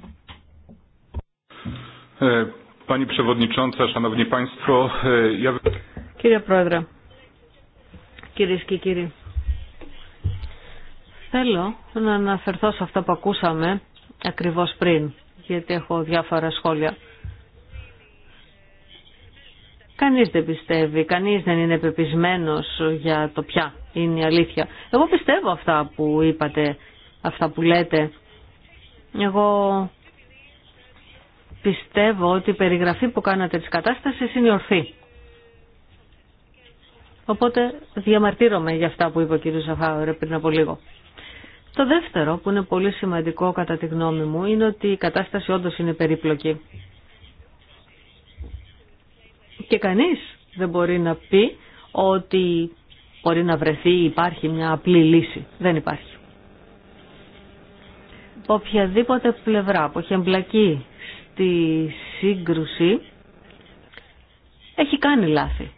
Ε, Pani e, Κύριε Πρόεδρε, κυρίες και κύριοι, θέλω να αναφερθώ σε αυτά που ακούσαμε ακριβώς πριν, γιατί έχω διάφορα σχόλια. Κανείς δεν πιστεύει, κανείς δεν είναι πεπισμένος για το ποια είναι η αλήθεια. Εγώ πιστεύω αυτά που είπατε, αυτά που λέτε. Εγώ πιστεύω ότι η περιγραφή που κάνατε της κατάστασης είναι ορθή. Οπότε διαμαρτύρομαι για αυτά που είπε ο κ. πριν από λίγο. Το δεύτερο που είναι πολύ σημαντικό κατά τη γνώμη μου είναι ότι η κατάσταση όντως είναι περίπλοκη. Και κανείς δεν μπορεί να πει ότι μπορεί να βρεθεί υπάρχει μια απλή λύση. Δεν υπάρχει. οποιαδήποτε πλευρά που έχει εμπλακεί η σύγκρουση έχει κάνει λάθη.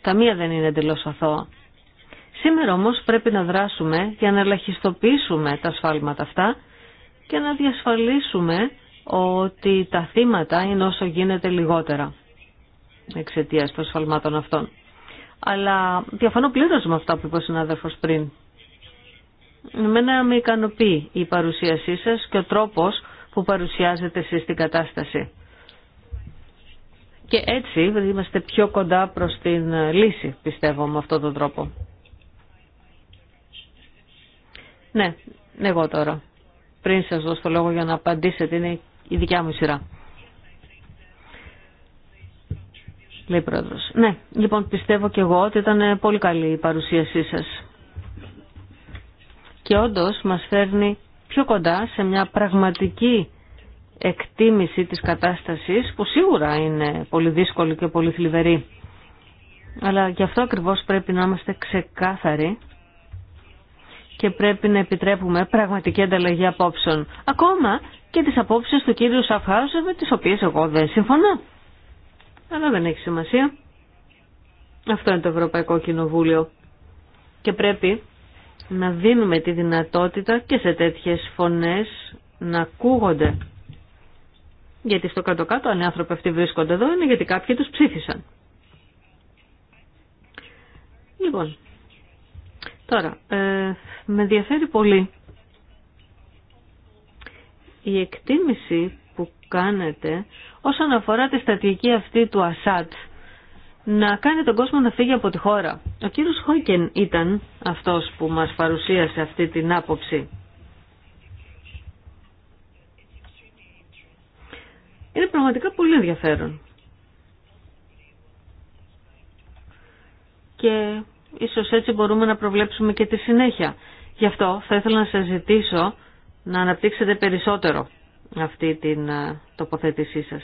Καμία δεν είναι εντελώς αθώα. Σήμερα όμως πρέπει να δράσουμε για να ελαχιστοποιήσουμε τα σφάλματα αυτά και να διασφαλίσουμε ότι τα θύματα είναι όσο γίνεται λιγότερα εξαιτίας των σφαλμάτων αυτών. Αλλά διαφωνώ πλήρως με αυτά που είπε ο συνάδελφος πριν. Εμένα με ικανοποιεί η παρουσίασή σας και ο τρόπος που παρουσιάζετε εσείς την κατάσταση. Και έτσι είμαστε πιο κοντά προς την λύση, πιστεύω, με αυτόν τον τρόπο. Ναι, εγώ τώρα. Πριν σας δώσω το λόγο για να απαντήσετε, είναι η δικιά μου σειρά. Λέει πρόεδρος. Ναι, λοιπόν πιστεύω και εγώ ότι ήταν πολύ καλή η παρουσίασή σας και όντως μας φέρνει πιο κοντά σε μια πραγματική εκτίμηση της κατάστασης που σίγουρα είναι πολύ δύσκολη και πολύ θλιβερή. Αλλά γι' αυτό ακριβώς πρέπει να είμαστε ξεκάθαροι και πρέπει να επιτρέπουμε πραγματική ανταλλαγή απόψεων. Ακόμα και τις απόψεις του κύριου Σαφχάουζε με τις οποίες εγώ δεν συμφωνώ. Αλλά δεν έχει σημασία. Αυτό είναι το Ευρωπαϊκό Κοινοβούλιο. Και πρέπει να δίνουμε τη δυνατότητα και σε τέτοιες φωνές να ακούγονται. Γιατί στο κάτω-κάτω αν οι άνθρωποι αυτοί βρίσκονται εδώ είναι γιατί κάποιοι τους ψήφισαν. Λοιπόν, τώρα, ε, με ενδιαφέρει πολύ η εκτίμηση που κάνετε όσον αφορά τη στατική αυτή του Ασάτ να κάνει τον κόσμο να φύγει από τη χώρα. Ο κύριος Χόικεν ήταν αυτός που μας παρουσίασε αυτή την άποψη. Είναι πραγματικά πολύ ενδιαφέρον. Και ίσως έτσι μπορούμε να προβλέψουμε και τη συνέχεια. Γι' αυτό θα ήθελα να σας ζητήσω να αναπτύξετε περισσότερο αυτή την ε, τοποθέτησή σας.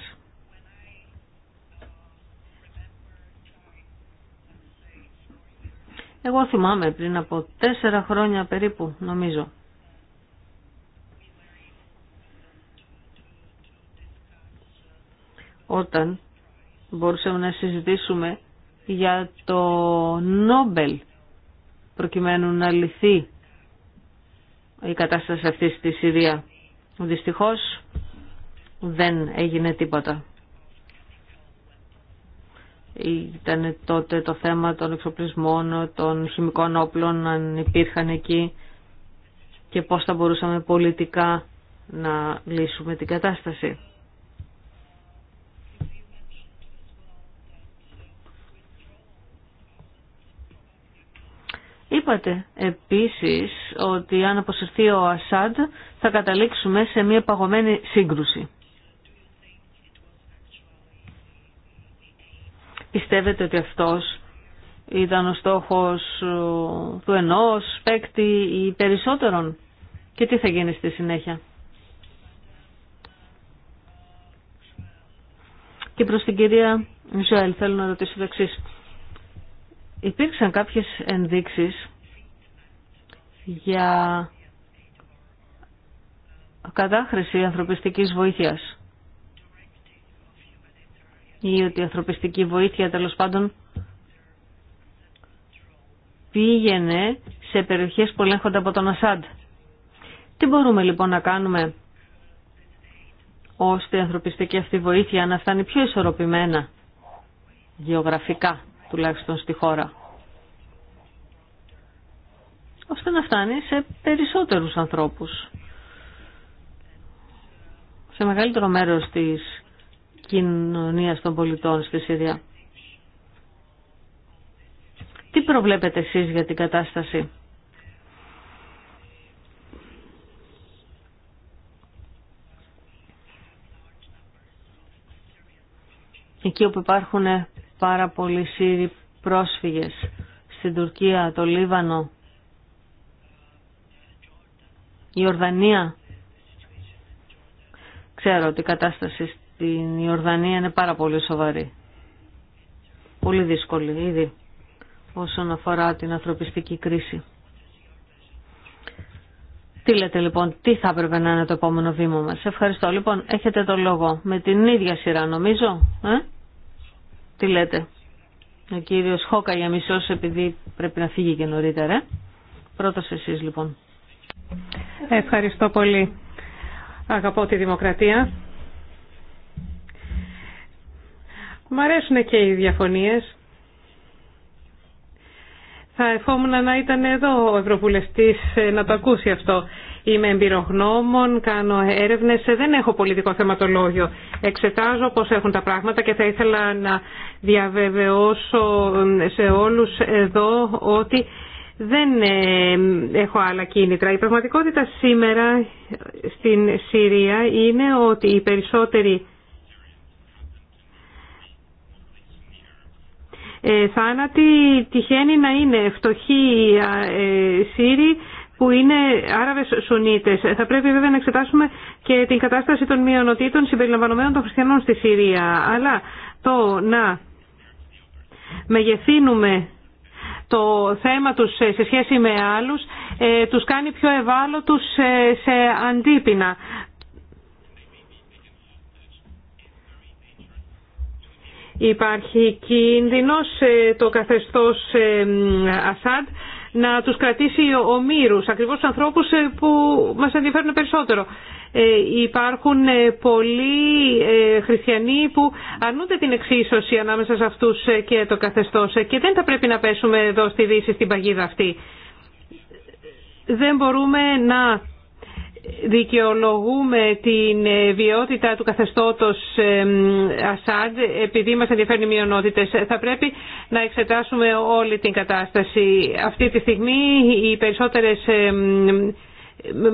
Εγώ θυμάμαι πριν από τέσσερα χρόνια περίπου, νομίζω. Όταν μπορούσαμε να συζητήσουμε για το Νόμπελ προκειμένου να λυθεί η κατάσταση αυτή στη Συρία. Δυστυχώς δεν έγινε τίποτα ήταν τότε το θέμα των εξοπλισμών, των χημικών όπλων, αν υπήρχαν εκεί και πώς θα μπορούσαμε πολιτικά να λύσουμε την κατάσταση. Είπατε επίσης ότι αν αποσυρθεί ο Ασάντ θα καταλήξουμε σε μια παγωμένη σύγκρουση. Πιστεύετε ότι αυτός ήταν ο στόχος ε, του ενός παίκτη ή περισσότερων και τι θα γίνει στη συνέχεια. Και προς την κυρία Ζωέλ θέλω να ρωτήσω το Υπήρξαν κάποιες ενδείξεις για κατάχρηση ανθρωπιστικής βοήθειας ή ότι η ανθρωπιστική βοήθεια τέλο πάντων πήγαινε σε περιοχές που ελέγχονται από τον Ασάντ. Τι μπορούμε λοιπόν να κάνουμε ώστε η ανθρωπιστική αυτή βοήθεια να φτάνει πιο ισορροπημένα γεωγραφικά τουλάχιστον στη χώρα ώστε να φτάνει σε περισσότερους ανθρώπους σε μεγαλύτερο μέρος της κοινωνίας των πολιτών στη Συρία. Τι προβλέπετε εσείς για την κατάσταση. Εκεί όπου υπάρχουν πάρα πολλοί Σύριοι πρόσφυγες στην Τουρκία, το Λίβανο, η Ορδανία. Ξέρω ότι η κατάσταση την Ιορδανία είναι πάρα πολύ σοβαρή. Πολύ δύσκολη ήδη όσον αφορά την ανθρωπιστική κρίση. Τι λέτε λοιπόν, τι θα έπρεπε να είναι το επόμενο βήμα μας. Ευχαριστώ. Λοιπόν, έχετε το λόγο. Με την ίδια σειρά νομίζω. Ε? Τι λέτε. Ο κύριος Χόκα για μισός επειδή πρέπει να φύγει και νωρίτερα. Ε? Πρώτος εσείς λοιπόν. Ευχαριστώ πολύ. Αγαπώ τη δημοκρατία. Μ' αρέσουν και οι διαφωνίες. Θα ευχόμουν να ήταν εδώ ο Ευρωβουλευτής ε, να το ακούσει αυτό. Είμαι εμπειρογνώμων, κάνω έρευνες, ε, δεν έχω πολιτικό θεματολόγιο. Εξετάζω πώς έχουν τα πράγματα και θα ήθελα να διαβεβαιώσω σε όλους εδώ ότι δεν ε, έχω άλλα κίνητρα. Η πραγματικότητα σήμερα στην Συρία είναι ότι οι περισσότεροι Ε, θάνατοι τυχαίνει να είναι φτωχοί ε, Σύριοι που είναι Άραβες Σουνίτες. Ε, θα πρέπει βέβαια να εξετάσουμε και την κατάσταση των μειονοτήτων συμπεριλαμβανομένων των χριστιανών στη Συρία. Αλλά το να μεγεθύνουμε το θέμα τους σε σχέση με άλλους τους κάνει πιο ευάλωτους σε αντίπεινα. Υπάρχει κίνδυνος ε, το καθεστώς ε, Ασάντ να τους κρατήσει ομήρους, ακριβώς τους ανθρώπους ε, που μας ενδιαφέρουν περισσότερο. Υπάρχουν πολλοί χριστιανοί που αρνούνται την εξίσωση ανάμεσα σε αυτούς και το καθεστώς και δεν θα πρέπει να πέσουμε εδώ στη Δύση στην παγίδα αυτή. Δεν μπορούμε να δικαιολογούμε την ε, βιότητα του καθεστώτος ε, Ασάντ επειδή μας ενδιαφέρουν οι μειονότητες. Θα πρέπει να εξετάσουμε όλη την κατάσταση. Αυτή τη στιγμή οι περισσότερες ε,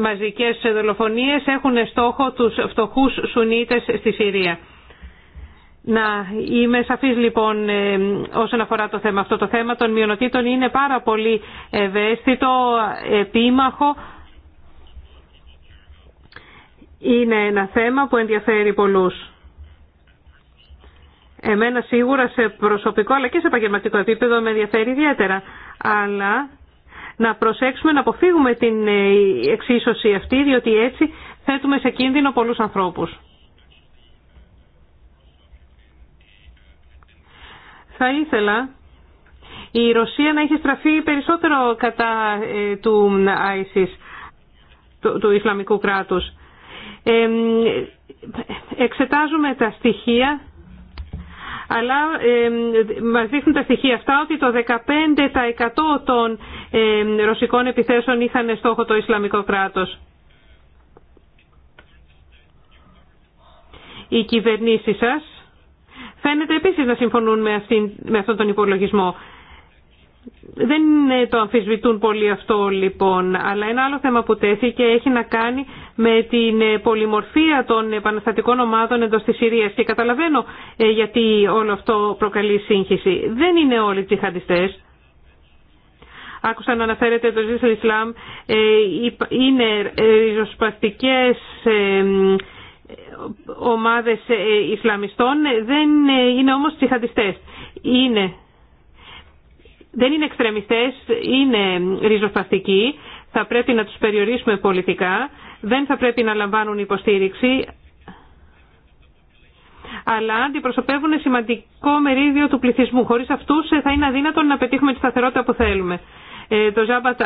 μαζικές δολοφονίες έχουν στόχο τους φτωχούς Σουνίτες στη Συρία. Να είμαι σαφής λοιπόν όσον αφορά το θέμα αυτό. Το θέμα των μειονοτήτων είναι πάρα πολύ ευαίσθητο, επίμαχο είναι ένα θέμα που ενδιαφέρει πολλούς. Εμένα σίγουρα σε προσωπικό αλλά και σε επαγγελματικό επίπεδο με ενδιαφέρει ιδιαίτερα. Αλλά να προσέξουμε να αποφύγουμε την ε, εξίσωση αυτή διότι έτσι θέτουμε σε κίνδυνο πολλούς ανθρώπους. Θα ήθελα η Ρωσία να έχει στραφεί περισσότερο κατά ε, του ISIS, του Ισλαμικού κράτους εξετάζουμε τα στοιχεία αλλά ε, μας δείχνουν τα στοιχεία αυτά ότι το 15% των ρωσικών επιθέσεων είχαν στόχο το Ισλαμικό κράτος. Οι κυβερνήσει σας φαίνεται επίσης να συμφωνούν με, με αυτόν τον υπολογισμό. Δεν το αμφισβητούν πολύ αυτό λοιπόν, αλλά ένα άλλο θέμα που τέθηκε έχει να κάνει με την ε, πολυμορφία των επαναστατικών ομάδων εντός της Συρίας και καταλαβαίνω ε, γιατί όλο αυτό προκαλεί σύγχυση. Δεν είναι όλοι τσιχαντιστές. Άκουσα να αναφέρεται το Ζήσελ Ισλάμ, ε, είναι ριζοσπαστικές ομάδες Ισλαμιστών, δεν είναι όμως τσιχαντιστές. Είναι δεν είναι εξτρεμιστές, είναι ριζοσπαστικοί, θα πρέπει να τους περιορίσουμε πολιτικά δεν θα πρέπει να λαμβάνουν υποστήριξη, αλλά αντιπροσωπεύουν σημαντικό μερίδιο του πληθυσμού. Χωρίς αυτούς ε, θα είναι αδύνατο να πετύχουμε τη σταθερότητα που θέλουμε. Ε, το Ζάμπατ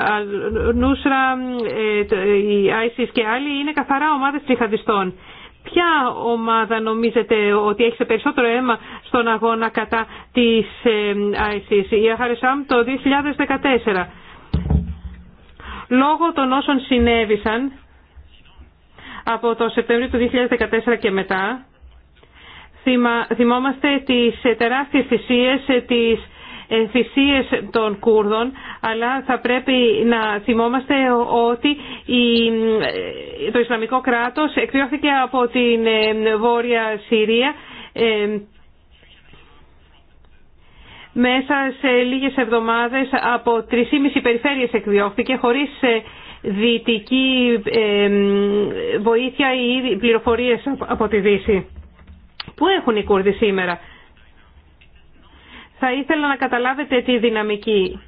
Νούσρα, ε, η ISIS και άλλοι είναι καθαρά ομάδες τσιχαντιστών. Ποια ομάδα νομίζετε ότι έχει περισσότερο αίμα στον αγώνα κατά της ISIS, η Αχαρισάμ το 2014. Λόγω των όσων συνέβησαν, από το Σεπτέμβριο του 2014 και μετά. Θυμόμαστε τις τεράστιες θυσίες, τις ε, θυσίες των Κούρδων, αλλά θα πρέπει να θυμόμαστε ότι ε, το Ισλαμικό κράτος εκδιώχθηκε από την ε, Βόρεια Συρία μέσα σε λίγες εβδομάδες από 3,5 περιφέρειες εκδιώχθηκε χωρίς δυτική βοήθεια ή πληροφορίες από τη Δύση. Πού έχουν οι Κούρδοι σήμερα. Θα ήθελα να καταλάβετε τη δυναμική.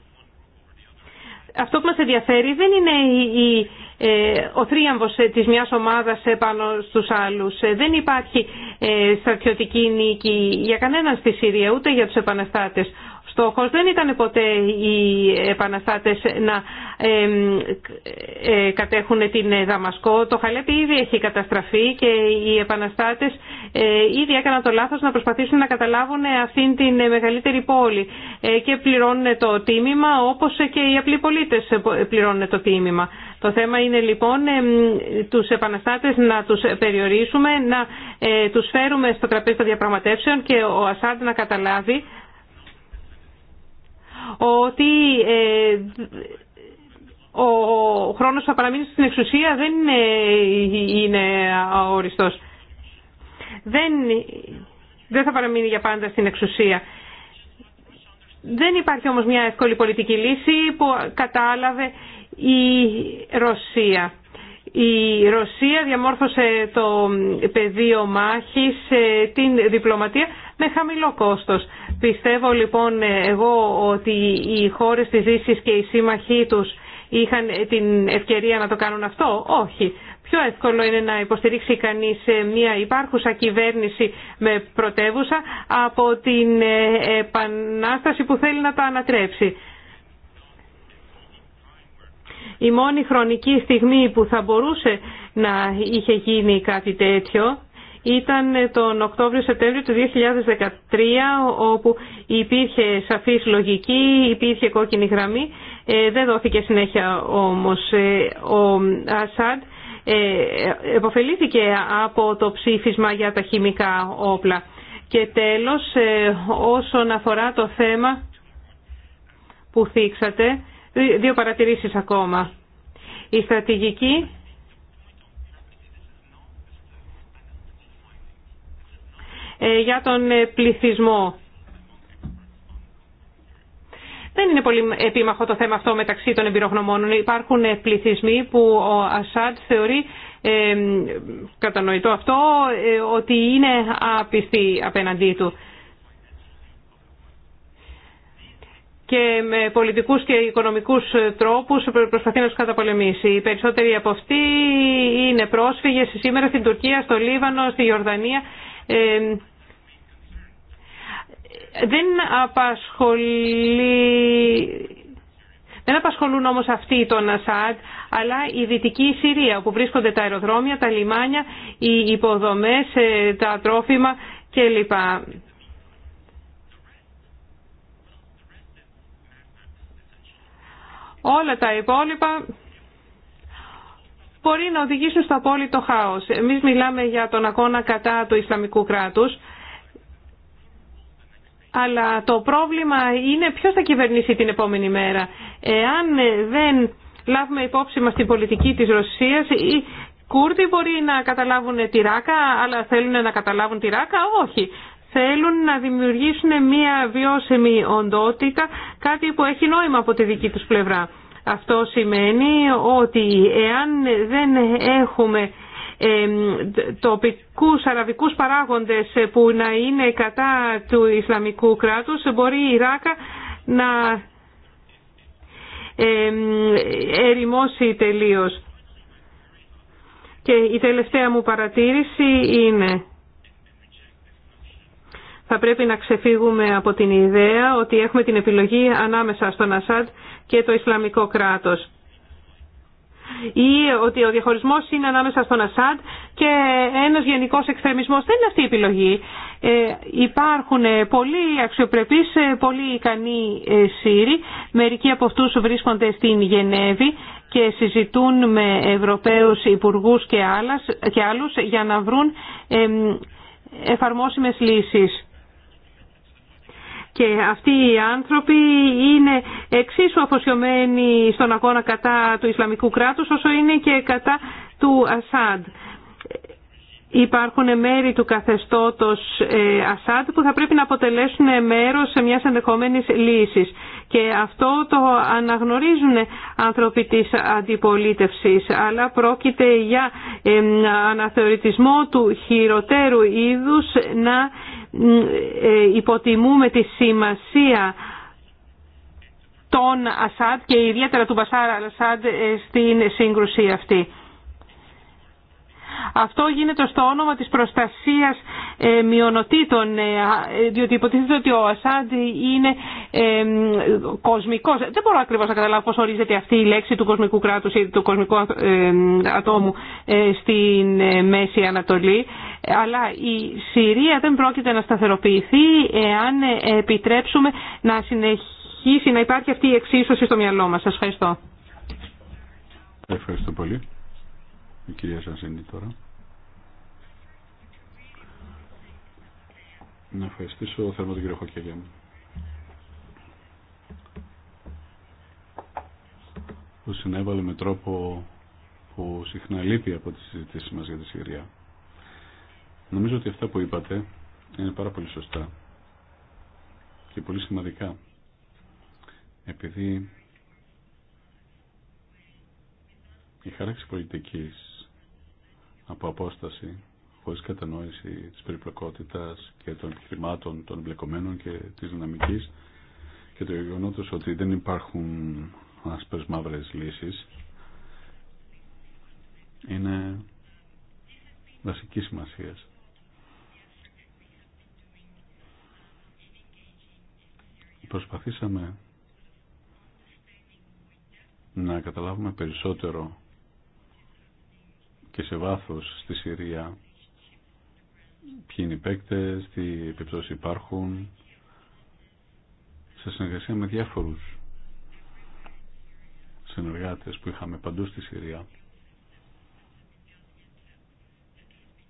Αυτό που μας ενδιαφέρει δεν είναι η, ε, ο θρίαμβος ε, της μιας ομάδας ε, πάνω στους άλλους. Δεν υπάρχει στρατιωτική νίκη για κανέναν στη Συρία, ούτε για τους επαναστάτες στόχος δεν ήταν ποτέ οι επαναστάτες να ε, κατέχουν την Δαμασκό. Το Χαλέπι ήδη έχει καταστραφεί και οι επαναστάτες ε, ήδη έκαναν το λάθος να προσπαθήσουν να καταλάβουν αυτήν την μεγαλύτερη πόλη ε, και πληρώνουν το τίμημα όπως και οι απλοί πολίτες πληρώνουν το τίμημα. Το θέμα είναι λοιπόν τους επαναστάτες να τους περιορίσουμε, να ε, τους φέρουμε στο τραπέζι των διαπραγματεύσεων και ο Ασάντ να καταλάβει ότι ε, ο χρόνος που θα παραμείνει στην εξουσία δεν είναι οριστός. Δεν, δεν θα παραμείνει για πάντα στην εξουσία. Δεν υπάρχει όμως μια εύκολη πολιτική λύση που κατάλαβε η Ρωσία. Η Ρωσία διαμόρφωσε το πεδίο μάχης, ε, την διπλωματία με χαμηλό κόστος. Πιστεύω λοιπόν ε, εγώ ότι οι χώρες της Δύσης και οι σύμμαχοί τους είχαν ε, την ευκαιρία να το κάνουν αυτό. Όχι. Πιο εύκολο είναι να υποστηρίξει κανείς ε, μια υπάρχουσα κυβέρνηση με πρωτεύουσα από την επανάσταση που θέλει να τα ανατρέψει. Η μόνη χρονική στιγμή που θα μπορούσε να είχε γίνει κάτι τέτοιο ήταν τον Οκτώβριο-Σεπτέμβριο του 2013 όπου υπήρχε σαφής λογική, υπήρχε κόκκινη γραμμή. Ε, δεν δόθηκε συνέχεια όμως ε, ο Ασάντ. Εποφελήθηκε από το ψήφισμα για τα χημικά όπλα. Και τέλος, ε, όσον αφορά το θέμα που θίξατε, δύο παρατηρήσεις ακόμα. Η στρατηγική Ε, για τον ε, πληθυσμό. Δεν είναι πολύ επίμαχο το θέμα αυτό μεταξύ των εμπειρογνωμών. Υπάρχουν ε, πληθυσμοί που ο Ασάντ θεωρεί κατανοητό αυτό ότι είναι άπιστη απέναντί του. και με πολιτικούς και οικονομικούς τρόπους προσπαθεί να τους καταπολεμήσει. Οι περισσότεροι από αυτοί είναι πρόσφυγες σήμερα στην Τουρκία, στο Λίβανο, στη Ιορδανία δεν απασχολεί... Δεν απασχολούν όμως αυτοί τον Ασάντ, αλλά η Δυτική Συρία, όπου βρίσκονται τα αεροδρόμια, τα λιμάνια, οι υποδομές, ε, τα τρόφιμα κλπ. Όλα τα υπόλοιπα μπορεί να οδηγήσουν στο απόλυτο χάος. Εμείς μιλάμε για τον αγώνα κατά του Ισλαμικού κράτους, αλλά το πρόβλημα είναι ποιο θα κυβερνήσει την επόμενη μέρα. Εάν δεν λάβουμε υπόψη μα την πολιτική της Ρωσίας, οι Κούρδοι μπορεί να καταλάβουν τη ράκα, αλλά θέλουν να καταλάβουν τη ράκα, όχι. Θέλουν να δημιουργήσουν μια βιώσιμη οντότητα, κάτι που έχει νόημα από τη δική τους πλευρά. Αυτό σημαίνει ότι εάν δεν έχουμε τοπικούς αραβικούς παράγοντες ε, που να είναι κατά του Ισλαμικού κράτους, μπορεί η Ιράκα να ερημώσει τελείως. Και η τελευταία μου παρατήρηση είναι... Θα πρέπει να ξεφύγουμε από την ιδέα ότι έχουμε την επιλογή ανάμεσα στον Ασάντ και το Ισλαμικό κράτος ή ότι ο διαχωρισμός είναι ανάμεσα στον Ασάντ και ένας γενικός εξτρεμισμός. Δεν είναι αυτή η επιλογή. Ε, υπάρχουν πολλοί διαχωρισμό ε, ικανοί ε, Σύριοι. Μερικοί από αυτούς βρίσκονται στην Γενέβη και ένα γενικος εξτρεμισμο δεν ειναι αυτη η επιλογη υπαρχουν πολλοι αξιοπρεπεις πολύ ικανοι συριοι μερικοι απο αυτού βρισκονται στην γενεβη και, συζητουν με ευρωπαιους υπουργού και αλλους για να βρουν εφαρμόσιμες λύσεις. Και αυτοί οι άνθρωποι είναι εξίσου αφοσιωμένοι στον αγώνα κατά του Ισλαμικού κράτους όσο είναι και κατά του Ασάντ. Υπάρχουν μέρη του καθεστώτος ε, Ασάντ που θα πρέπει να αποτελέσουν μέρος σε μιας ενδεχόμενης λύσης. Και αυτό το αναγνωρίζουν άνθρωποι της αντιπολίτευσης, αλλά πρόκειται για αναθεωρητισμό του χειροτέρου είδους να ε, υποτιμούμε τη σημασία των Ασάντ και ιδιαίτερα του Μπασάρα Ασάντ ε, στην σύγκρουση αυτή. Αυτό γίνεται στο όνομα της προστασίας ε, μειονοτήτων, ε, ε, διότι υποτίθεται ότι ο Ασάντ είναι κοσμικός. Δεν μπορώ ακριβώς να καταλάβω πώς ορίζεται αυτή η λέξη του κοσμικού κράτους ή του κοσμικού ατόμου στην Μέση Ανατολή, αλλά η Συρία δεν πρόκειται να σταθεροποιηθεί εάν επιτρέψουμε να συνεχίσει να υπάρχει αυτή η εξίσωση στο μυαλό μας. Σας ευχαριστώ. Ευχαριστώ πολύ. Η κυρία τώρα. Να ευχαριστήσω θερμά τον κύριο Χοκέλια που συνέβαλε με τρόπο που συχνά λείπει από τις συζητήσεις μας για τη Συρία. Νομίζω ότι αυτά που είπατε είναι πάρα πολύ σωστά και πολύ σημαντικά επειδή η χάραξη πολιτικής από απόσταση χωρί κατανόηση τη περιπλοκότητα και των επιχειρημάτων των εμπλεκομένων και τη δυναμική και το γεγονό ότι δεν υπάρχουν άσπρες μαύρε λύσεις είναι βασική σημασία. Προσπαθήσαμε να καταλάβουμε περισσότερο και σε βάθος στη Συρία ποιοι είναι οι παίκτες, τι επιπτώσεις υπάρχουν, σε συνεργασία με διάφορους συνεργάτες που είχαμε παντού στη Συρία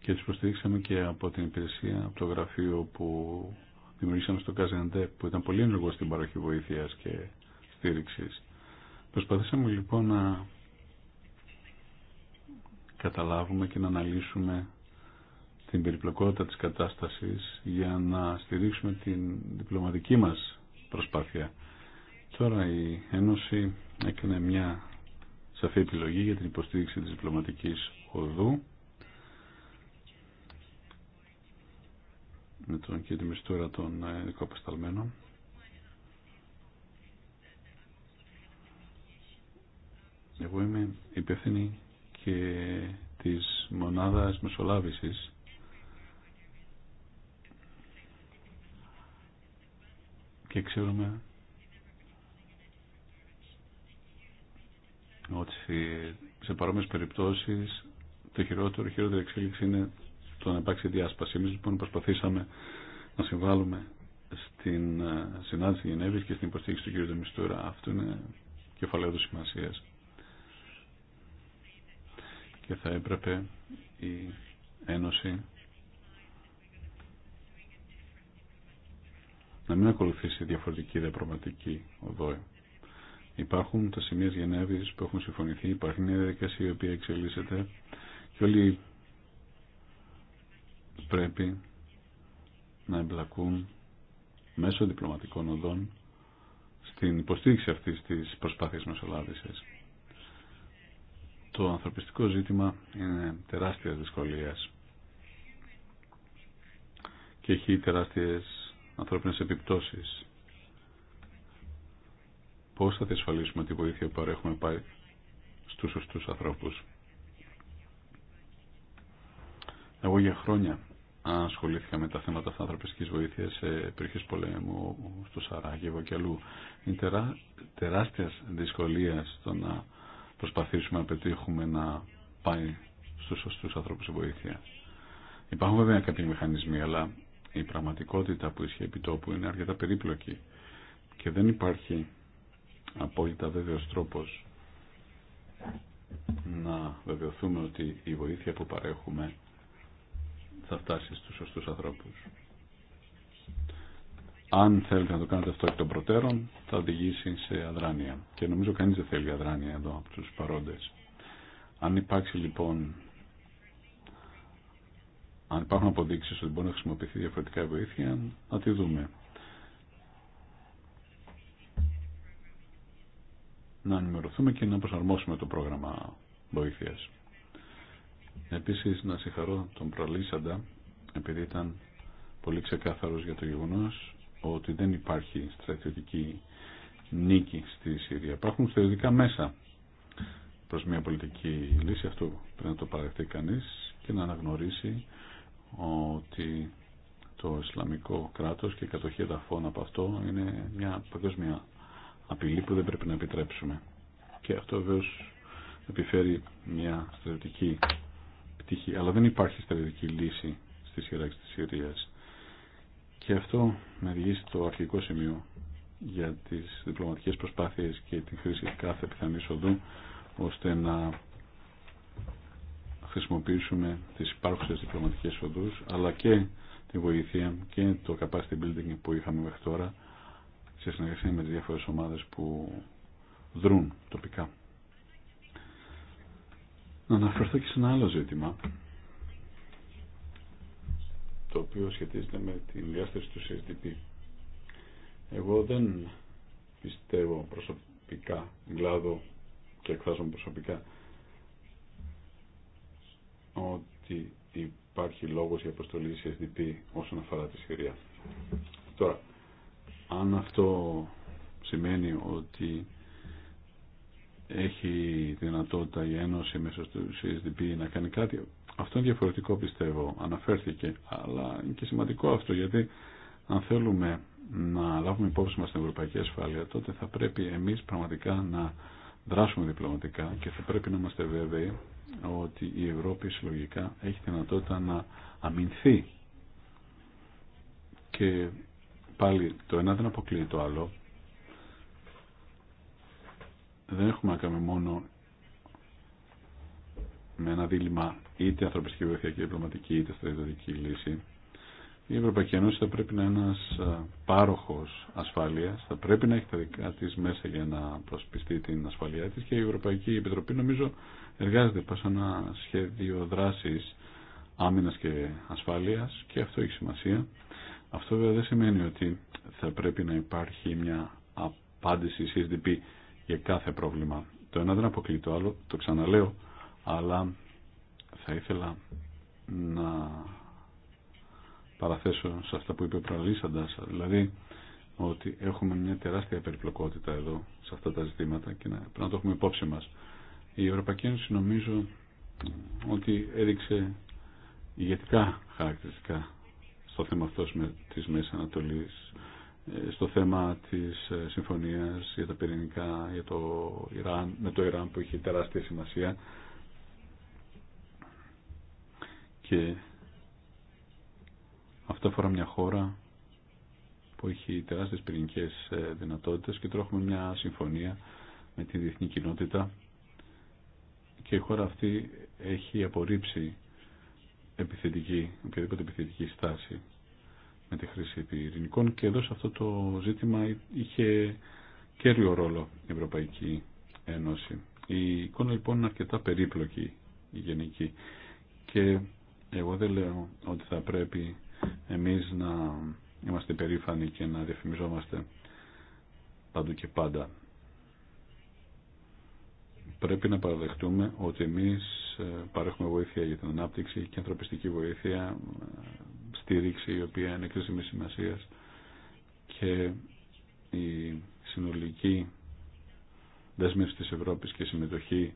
και τους προστηρίξαμε και από την υπηρεσία, από το γραφείο που δημιουργήσαμε στο Καζεντέ που ήταν πολύ ενεργό στην παροχή βοήθειας και στήριξης. Προσπαθήσαμε λοιπόν να καταλάβουμε και να αναλύσουμε την περιπλοκότητα της κατάστασης για να στηρίξουμε την διπλωματική μας προσπάθεια. Τώρα η Ένωση έκανε μια σαφή επιλογή για την υποστήριξη της διπλωματικής οδού με τον κύριο Μιστούρα τον ειδικό Εγώ είμαι υπεύθυνη και της μονάδας μεσολάβησης και ξέρουμε ότι σε παρόμοιες περιπτώσεις το χειρότερο, η χειρότερη εξέλιξη είναι το να υπάρξει διάσπαση. Εμείς λοιπόν προσπαθήσαμε να συμβάλλουμε στην ε, συνάντηση Γενέβης και στην υποστήριξη του κ. Δεμιστούρα. Αυτό είναι κεφαλαίο του σημασίας. Και θα έπρεπε η Ένωση να μην ακολουθήσει διαφορετική διαπραγματική οδό. Υπάρχουν τα σημεία Γενέβη που έχουν συμφωνηθεί, υπάρχει μια διαδικασία η οποία εξελίσσεται και όλοι πρέπει να εμπλακούν μέσω διπλωματικών οδών στην υποστήριξη αυτής της προσπάθειας μεσολάβησης. Το ανθρωπιστικό ζήτημα είναι τεράστια δυσκολίας και έχει τεράστιες ανθρώπινες επιπτώσεις. Πώς θα διασφαλίσουμε τη βοήθεια που παρέχουμε πάει στους σωστούς ανθρώπους. Εγώ για χρόνια ασχολήθηκα με τα θέματα αυτά ανθρωπιστικής βοήθειας σε περιοχές πολέμου, στο Σαράγεβο και αλλού. Είναι τεράστια δυσκολία στο να προσπαθήσουμε να πετύχουμε να πάει στους σωστούς ανθρώπους η βοήθεια. Υπάρχουν βέβαια κάποιοι μηχανισμοί, αλλά η πραγματικότητα που ισχύει επί τόπου είναι αρκετά περίπλοκη και δεν υπάρχει απόλυτα βέβαιος τρόπος να βεβαιωθούμε ότι η βοήθεια που παρέχουμε θα φτάσει στους σωστούς ανθρώπους. Αν θέλετε να το κάνετε αυτό εκ των προτέρων, θα οδηγήσει σε αδράνεια. Και νομίζω κανείς δεν θέλει αδράνεια εδώ από τους παρόντες. Αν υπάρξει λοιπόν αν υπάρχουν αποδείξεις ότι μπορεί να χρησιμοποιηθεί διαφορετικά βοήθεια, να τη δούμε. Να ενημερωθούμε και να προσαρμόσουμε το πρόγραμμα βοήθειας. Επίσης, να συγχαρώ τον προλύσαντα, επειδή ήταν πολύ ξεκάθαρος για το γεγονός ότι δεν υπάρχει στρατιωτική νίκη στη Συρία. Υπάρχουν στρατιωτικά μέσα προς μια πολιτική λύση. Αυτό πρέπει να το παραδεχτεί κανείς και να αναγνωρίσει ότι το Ισλαμικό κράτος και η κατοχή εδαφών από αυτό είναι μια παγκόσμια απειλή που δεν πρέπει να επιτρέψουμε. Και αυτό βεβαίω επιφέρει μια στρατιωτική πτυχή. Αλλά δεν υπάρχει στρατιωτική λύση στη σειρά της Συρίας. Και αυτό με οδηγεί στο αρχικό σημείο για τις διπλωματικές προσπάθειες και την χρήση κάθε πιθανής οδού ώστε να χρησιμοποιήσουμε τις υπάρχουσες διπλωματικές οδούς αλλά και τη βοήθεια και το capacity building που είχαμε μέχρι τώρα σε συνεργασία με τις διάφορες ομάδες που δρούν τοπικά. Να αναφερθώ και σε ένα άλλο ζήτημα το οποίο σχετίζεται με την διάσταση του CSDP. Εγώ δεν πιστεύω προσωπικά, γκλάδο και εκφράζομαι προσωπικά ότι υπάρχει λόγος για αποστολή σε SDP όσον αφορά τη Συρία. Τώρα, αν αυτό σημαίνει ότι έχει δυνατότητα η Ένωση μέσω του CSDP να κάνει κάτι. Αυτό είναι διαφορετικό πιστεύω, αναφέρθηκε, αλλά είναι και σημαντικό αυτό γιατί αν θέλουμε να λάβουμε υπόψη μας την ευρωπαϊκή ασφάλεια τότε θα πρέπει εμείς πραγματικά να δράσουμε διπλωματικά και θα πρέπει να είμαστε βέβαιοι ότι η Ευρώπη συλλογικά έχει δυνατότητα να αμυνθεί και πάλι το ένα δεν αποκλείει το άλλο δεν έχουμε να κάνουμε μόνο με ένα δίλημα είτε ανθρωπιστική βοήθεια και διπλωματική είτε στρατιωτική λύση η Ευρωπαϊκή Ένωση θα πρέπει να είναι ένας ε, πάροχος ασφάλειας, θα πρέπει να έχει τα δικά της μέσα για να προσπιστεί την ασφαλεία της και η Ευρωπαϊκή Επιτροπή νομίζω εργάζεται σε ένα σχέδιο δράσης άμυνας και ασφάλειας και αυτό έχει σημασία. Αυτό βέβαια δεν σημαίνει ότι θα πρέπει να υπάρχει μια απάντηση CSDP για κάθε πρόβλημα. Το ένα δεν αποκλεί το άλλο, το ξαναλέω, αλλά θα ήθελα να παραθέσω σε αυτά που είπε ο δηλαδή ότι έχουμε μια τεράστια περιπλοκότητα εδώ σε αυτά τα ζητήματα και να, πρέπει να το έχουμε υπόψη μας. Η Ευρωπαϊκή Ένωση νομίζω ότι έδειξε ηγετικά χαρακτηριστικά στο θέμα αυτό τις μέση Ανατολής, ε, στο θέμα της ε, συμφωνίας για τα πυρηνικά για το Ιράν, με το Ιράν που είχε τεράστια σημασία και αυτό αφορά μια χώρα που έχει τεράστιες πυρηνικές ε, δυνατότητες και τώρα έχουμε μια συμφωνία με τη διεθνή κοινότητα και η χώρα αυτή έχει απορρίψει επιθετική, οποιαδήποτε επιθετική στάση με τη χρήση πυρηνικών και εδώ σε αυτό το ζήτημα είχε κέριο ρόλο η Ευρωπαϊκή Ένωση. Η εικόνα λοιπόν είναι αρκετά περίπλοκη η γενική και εγώ δεν λέω ότι θα πρέπει εμείς να είμαστε περήφανοι και να διαφημιζόμαστε παντού και πάντα πρέπει να παραδεχτούμε ότι εμείς ε, παρέχουμε βοήθεια για την ανάπτυξη και ανθρωπιστική βοήθεια, ε, στήριξη η οποία είναι κρίσιμη σημασία και η συνολική δέσμευση της Ευρώπης και συμμετοχή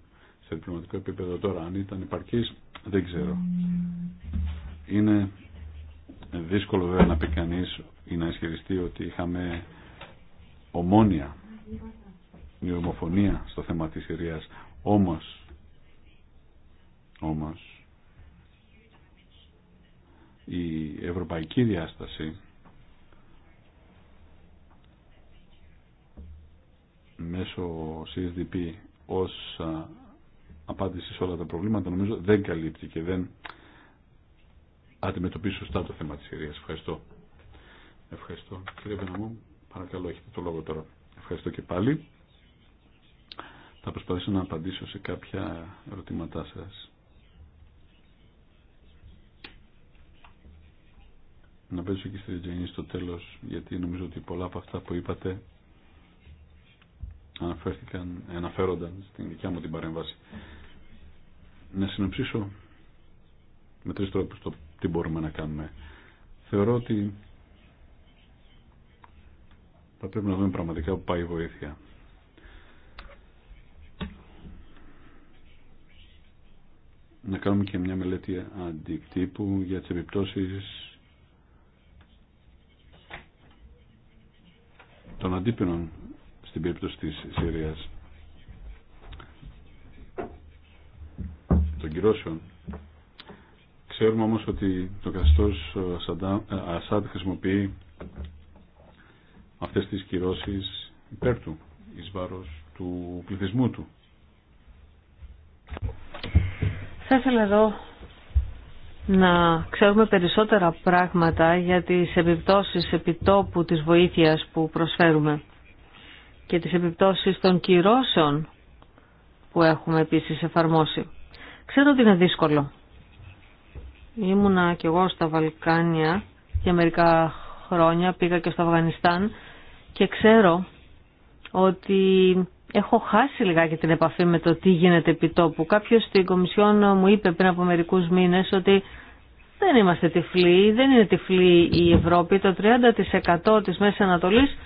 σε διπλωματικό επίπεδο τώρα, αν ήταν υπαρκής, δεν ξέρω. Είναι δύσκολο βέβαια να πει κανείς ή να ισχυριστεί ότι είχαμε ομόνια η ομοφωνία στο θέμα της Συρίας. Όμως, όμως, η ευρωπαϊκή διάσταση μέσω CSDP ως απάντηση σε όλα τα προβλήματα νομίζω δεν καλύπτει και δεν αντιμετωπίσει σωστά το θέμα της Συρίας. Ευχαριστώ. Ευχαριστώ. Κύριε Βεναμό, παρακαλώ έχετε το λόγο τώρα. Ευχαριστώ και πάλι. Θα προσπαθήσω να απαντήσω σε κάποια ερωτήματά σας. Να πέσω και στη Τζένι στο τέλος, γιατί νομίζω ότι πολλά από αυτά που είπατε αναφέρθηκαν, αναφέρονταν στην δικιά μου την παρέμβαση. Να συνοψίσω με τρεις τρόπους το τι μπορούμε να κάνουμε. Θεωρώ ότι θα πρέπει να δούμε πραγματικά που πάει η βοήθεια. να κάνουμε και μια μελέτη αντικτύπου για τις επιπτώσεις των αντίπινων στην περίπτωση της Συρίας των κυρώσεων ξέρουμε όμως ότι το καθεστώς ε, Ασάντ χρησιμοποιεί αυτές τις κυρώσεις υπέρ του εις του πληθυσμού του Θα ήθελα εδώ να ξέρουμε περισσότερα πράγματα για τις επιπτώσεις επιτόπου της βοήθειας που προσφέρουμε και τις επιπτώσεις των κυρώσεων που έχουμε επίσης εφαρμόσει. Ξέρω ότι είναι δύσκολο. Ήμουνα κι εγώ στα Βαλκάνια για μερικά χρόνια, πήγα και στο Αφγανιστάν και ξέρω ότι έχω χάσει λιγάκι την επαφή με το τι γίνεται επί τόπου. Κάποιος στην Κομισιόν μου είπε πριν από μερικούς μήνες ότι δεν είμαστε τυφλοί, δεν είναι τυφλή η Ευρώπη. Το 30% της Μέσης Ανατολής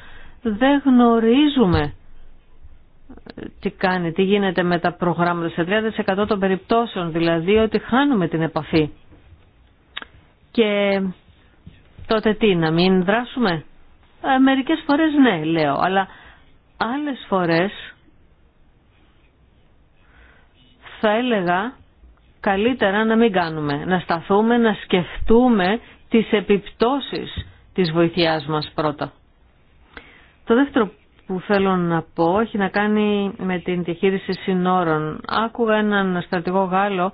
δεν γνωρίζουμε ε, τι κάνει, τι γίνεται με τα προγράμματα. Σε 30% των περιπτώσεων δηλαδή ότι χάνουμε την επαφή. Και τότε τι, να μην δράσουμε. Ε, μερικές φορές ναι, λέω, αλλά Άλλες φορές θα έλεγα καλύτερα να μην κάνουμε, να σταθούμε, να σκεφτούμε τις επιπτώσεις της βοηθειάς μας πρώτα. Το δεύτερο που θέλω να πω έχει να κάνει με την διαχείριση συνόρων. Άκουγα έναν στρατηγό Γάλλο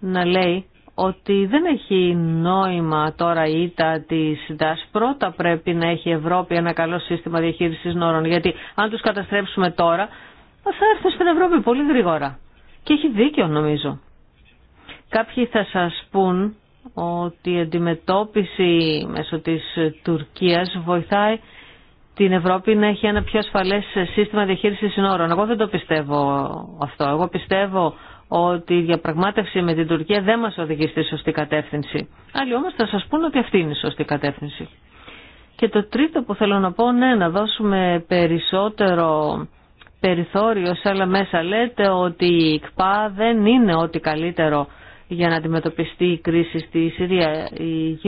να λέει ότι δεν έχει νόημα τώρα η ΙΤΑ της ΔΑΣ. Πρώτα πρέπει να έχει η Ευρώπη ένα καλό σύστημα διαχείρισης νόρων, γιατί αν τους καταστρέψουμε τώρα, θα έρθουν στην Ευρώπη πολύ γρήγορα. Και έχει δίκιο νομίζω. Κάποιοι θα σας πούν ότι η αντιμετώπιση μέσω της Τουρκίας βοηθάει την Ευρώπη να έχει ένα πιο ασφαλές σύστημα διαχείρισης νόρων. Εγώ δεν το πιστεύω αυτό. Εγώ πιστεύω ότι η διαπραγμάτευση με την Τουρκία δεν μας οδηγεί στη σωστή κατεύθυνση. Άλλοι όμως θα σας πούν ότι αυτή είναι η σωστή κατεύθυνση. Και το τρίτο που θέλω να πω, ναι, να δώσουμε περισσότερο περιθώριο σε άλλα μέσα. Λέτε ότι η ΚΠΑ δεν είναι ό,τι καλύτερο για να αντιμετωπιστεί η κρίση στη Συρία. Η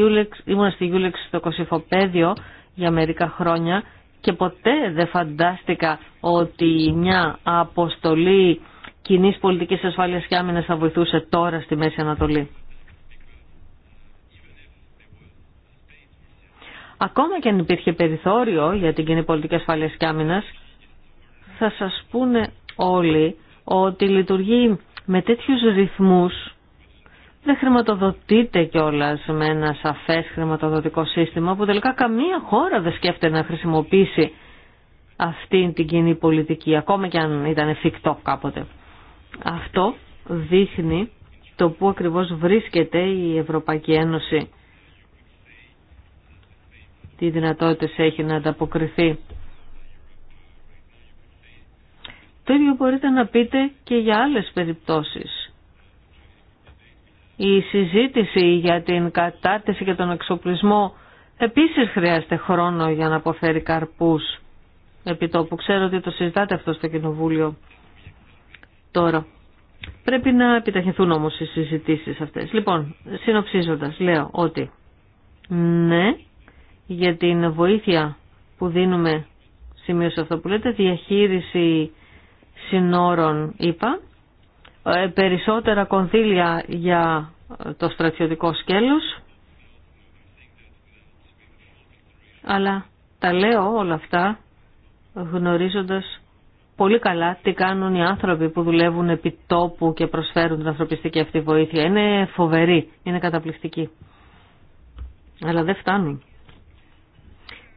ήμουν στη Γιούλεξ στο Κωσυφοπαίδιο για μερικά χρόνια και ποτέ δεν φαντάστηκα ότι μια αποστολή κοινή πολιτική ασφάλεια και άμυνα θα βοηθούσε τώρα στη Μέση Ανατολή. Ακόμα και αν υπήρχε περιθώριο για την κοινή πολιτική ασφάλεια και άμυνα, θα σας πούνε όλοι ότι λειτουργεί με τέτοιους ρυθμούς δεν χρηματοδοτείται κιόλα με ένα σαφέ χρηματοδοτικό σύστημα που τελικά καμία χώρα δεν σκέφτεται να χρησιμοποιήσει αυτή την κοινή πολιτική, ακόμα κι αν ήταν εφικτό κάποτε. Αυτό δείχνει το που ακριβώς βρίσκεται η Ευρωπαϊκή Ένωση. Τι δυνατότητες έχει να ανταποκριθεί. Το ίδιο μπορείτε να πείτε και για άλλες περιπτώσεις. Η συζήτηση για την κατάρτιση και τον εξοπλισμό επίσης χρειάζεται χρόνο για να αποφέρει καρπούς. Επί το που ξέρω ότι το συζητάτε αυτό στο Κοινοβούλιο τώρα. Πρέπει να επιταχυνθούν όμως οι συζητήσεις αυτές. Λοιπόν, συνοψίζοντας, λέω ότι ναι, για την βοήθεια που δίνουμε, σημείωσε αυτό που λέτε, διαχείριση συνόρων είπα, ε, περισσότερα κονδύλια για ε, το στρατιωτικό σκέλος, αλλά τα λέω όλα αυτά γνωρίζοντας πολύ καλά τι κάνουν οι άνθρωποι που δουλεύουν επί τόπου και προσφέρουν την ανθρωπιστική αυτή βοήθεια. Είναι φοβερή, είναι καταπληκτική. Αλλά δεν φτάνουν.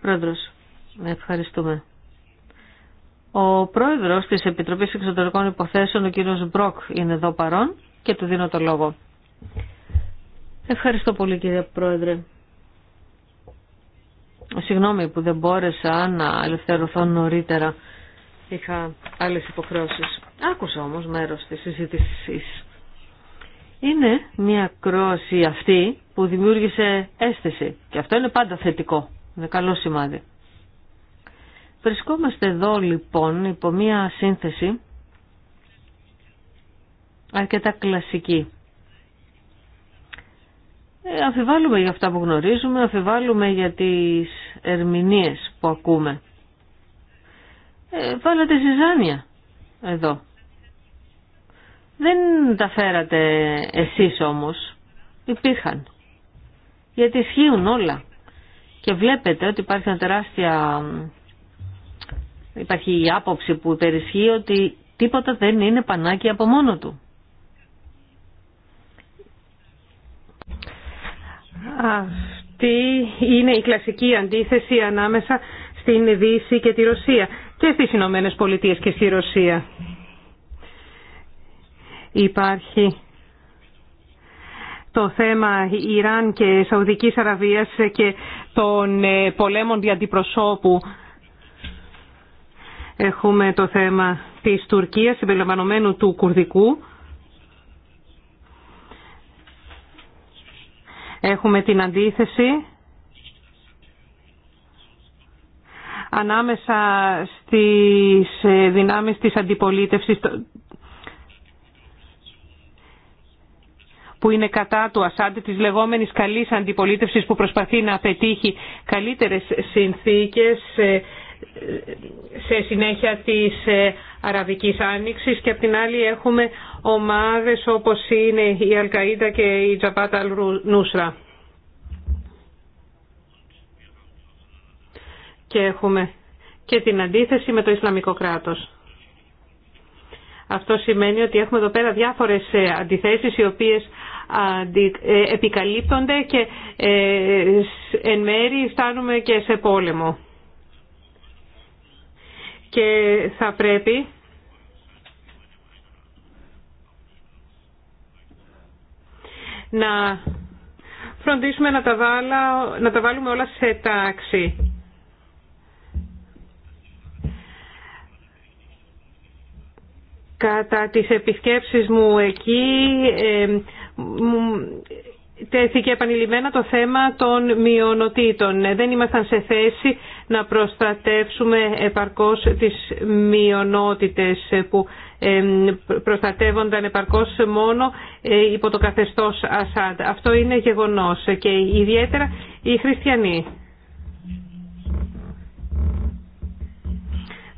Πρόεδρος, ευχαριστούμε. Ο πρόεδρος της Επιτροπής Εξωτερικών Υποθέσεων, ο κύριος Μπροκ, είναι εδώ παρόν και του δίνω το λόγο. Ευχαριστώ πολύ κύριε πρόεδρε. Συγγνώμη που δεν μπόρεσα να ελευθερωθώ νωρίτερα είχα άλλες υποχρεώσεις. Άκουσα όμως μέρος της συζήτησης. Είναι μια κρόση αυτή που δημιούργησε αίσθηση και αυτό είναι πάντα θετικό. Είναι καλό σημάδι. Βρισκόμαστε εδώ λοιπόν υπό μια σύνθεση αρκετά κλασική. Ε, αφιβάλλουμε για αυτά που γνωρίζουμε, αφιβάλλουμε για τις ερμηνείες που ακούμε. Ε, βάλατε ζυζάνια εδώ. Δεν τα φέρατε εσείς όμως. Υπήρχαν. Γιατί ισχύουν όλα. Και βλέπετε ότι υπάρχει ένα τεράστια... Υπάρχει η άποψη που υπερισχύει ότι τίποτα δεν είναι πανάκι από μόνο του. Αυτή είναι η κλασική αντίθεση ανάμεσα στην Δύση και τη Ρωσία και στις Ηνωμένε Πολιτείες και στη Ρωσία. Υπάρχει το θέμα Ιράν και Σαουδικής Αραβίας και των ε, πολέμων διαντιπροσώπου. Έχουμε το θέμα της Τουρκίας, συμπεριλαμβανομένου του Κουρδικού. Έχουμε την αντίθεση ανάμεσα στις ε, δυνάμεις της αντιπολίτευσης που είναι κατά του Ασάντε, της λεγόμενης καλής αντιπολίτευσης που προσπαθεί να πετύχει καλύτερες συνθήκες ε, σε συνέχεια της ε, Αραβικής Άνοιξης και απ' την άλλη έχουμε ομάδες όπως είναι η Αλκαΐδα και η Τζαπάτα Νούσρα. και έχουμε και την αντίθεση με το Ισλαμικό κράτος. Αυτό σημαίνει ότι έχουμε εδώ πέρα διάφορες ε, αντιθέσεις οι οποίες ε, επικαλύπτονται και ε, εν μέρη φτάνουμε και σε πόλεμο. Και θα πρέπει να φροντίσουμε να τα, να τα βάλουμε όλα σε τάξη. Κατά τις επισκέψεις μου εκεί ε, τέθηκε επανειλημμένα το θέμα των μειονοτήτων. Ε, δεν ήμασταν σε θέση να προστατεύσουμε επαρκώς τις μειονότητες ε, που προστατεύονταν επαρκώς μόνο υπό το καθεστώς Ασάντ. Αυτό είναι γεγονός και ιδιαίτερα οι χριστιανοί.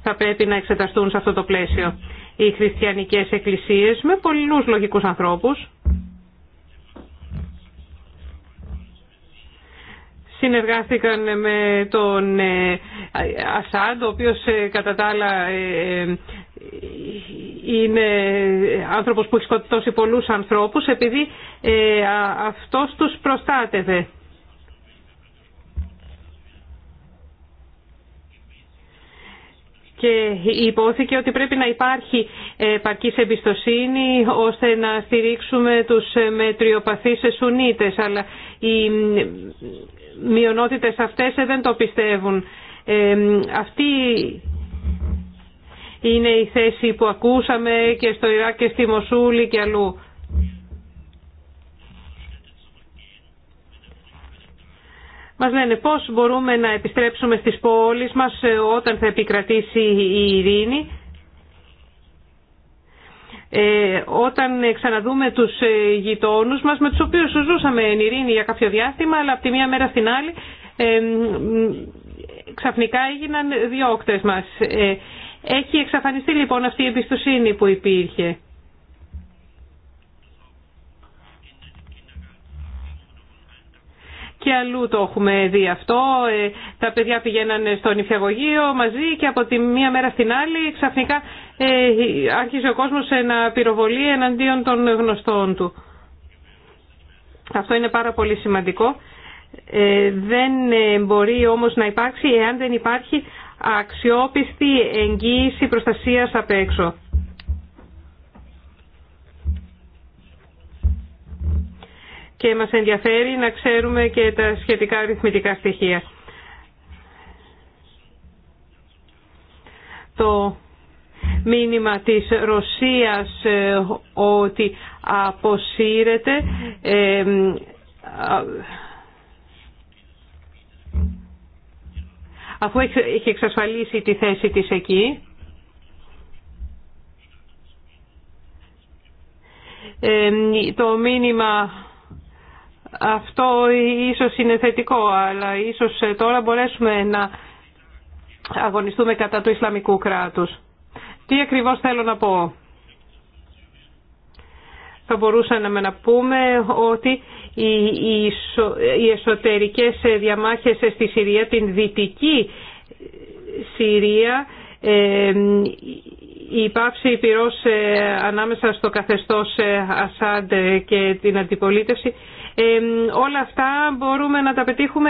Θα πρέπει να εξεταστούν σε αυτό το πλαίσιο οι χριστιανικές εκκλησίες με πολλούς λογικούς ανθρώπους. Συνεργάστηκαν με τον ε, Ασάντ, ο οποίος ε, κατά τα άλλα ε, είναι άνθρωπος που έχει σκοτώσει πολλούς ανθρώπους επειδή αυτός τους προστάτευε. και υπόθηκε ότι πρέπει να υπάρχει επαρκής εμπιστοσύνη ώστε να στηρίξουμε τους μετριοπαθείς Σουνίτες αλλά οι μειονότητες αυτές δεν το πιστεύουν. Ε, αυτή είναι η θέση που ακούσαμε και στο Ιράκ και στη Μοσούλη και αλλού. Μας λένε πώς μπορούμε να επιστρέψουμε στις πόλεις μας ε, όταν θα επικρατήσει η ειρήνη. Ε, όταν ξαναδούμε τους ε, γειτόνους μας με τους οποίους ζούσαμε εν ειρήνη για κάποιο διάστημα αλλά από τη μία μέρα στην άλλη ε, ξαφνικά έγιναν διώκτες μας. έχει εξαφανιστεί λοιπόν αυτή η εμπιστοσύνη που υπήρχε. Και αλλού το έχουμε δει αυτό. Ε, τα παιδιά πηγαίνανε στο νηφιαγωγείο μαζί και από τη μία μέρα στην άλλη ξαφνικά ε, άρχισε ο κόσμος να πυροβολεί εναντίον των γνωστών του. Αυτό είναι πάρα πολύ σημαντικό. Ε, δεν μπορεί όμως να υπάρξει εάν δεν υπάρχει αξιόπιστη εγγύηση προστασίας απ' έξω. και μας ενδιαφέρει να ξέρουμε και τα σχετικά αριθμητικά στοιχεία. Το μήνυμα της Ρωσίας ε, ότι αποσύρεται ε, αφού έχει εξασφαλίσει τη θέση της εκεί ε, το μήνυμα αυτό ίσως είναι θετικό, αλλά ίσως ε, τώρα μπορέσουμε να αγωνιστούμε κατά του Ισλαμικού κράτους. Τι ακριβώς θέλω να πω. Θα μπορούσαμε να πούμε ότι οι εσωτερικές διαμάχες στη Συρία, την δυτική Συρία, ε, η πάυση πυρός ε, ανάμεσα στο καθεστώς ε, Ασάντ ε, και την αντιπολίτευση όλα αυτά μπορούμε να τα πετύχουμε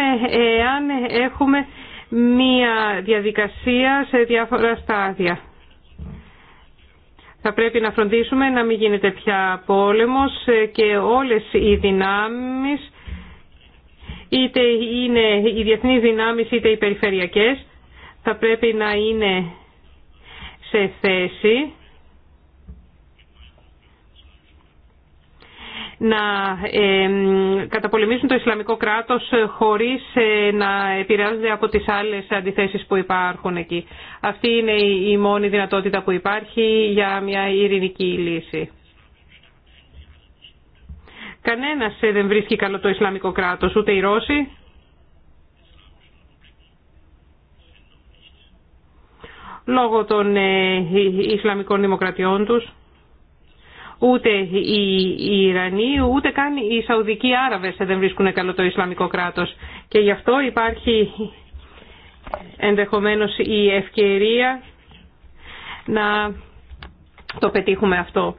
εάν έχουμε μία διαδικασία σε διάφορα στάδια. Θα πρέπει να φροντίσουμε να μην γίνεται πια πόλεμος και όλες οι δυνάμεις, είτε είναι οι διεθνείς δυνάμεις είτε οι περιφερειακές, θα πρέπει να είναι σε θέση να καταπολεμήσουν το Ισλαμικό κράτος ε, χωρίς ε, να επηρεάζονται από τις άλλες αντιθέσεις που υπάρχουν εκεί. Αυτή είναι η μόνη δυνατότητα που υπάρχει για μια ειρηνική λύση. Κανένας ε, δεν βρίσκει καλό το Ισλαμικό κράτος, ούτε οι Ρώσοι, λόγω των ε, ε, Ισλαμικών δημοκρατιών τους. Ούτε οι Ιρανοί, ούτε καν οι Σαουδικοί Άραβες δεν βρίσκουν καλό το Ισλαμικό κράτος. Και γι' αυτό υπάρχει ενδεχομένως η ευκαιρία να το πετύχουμε αυτό.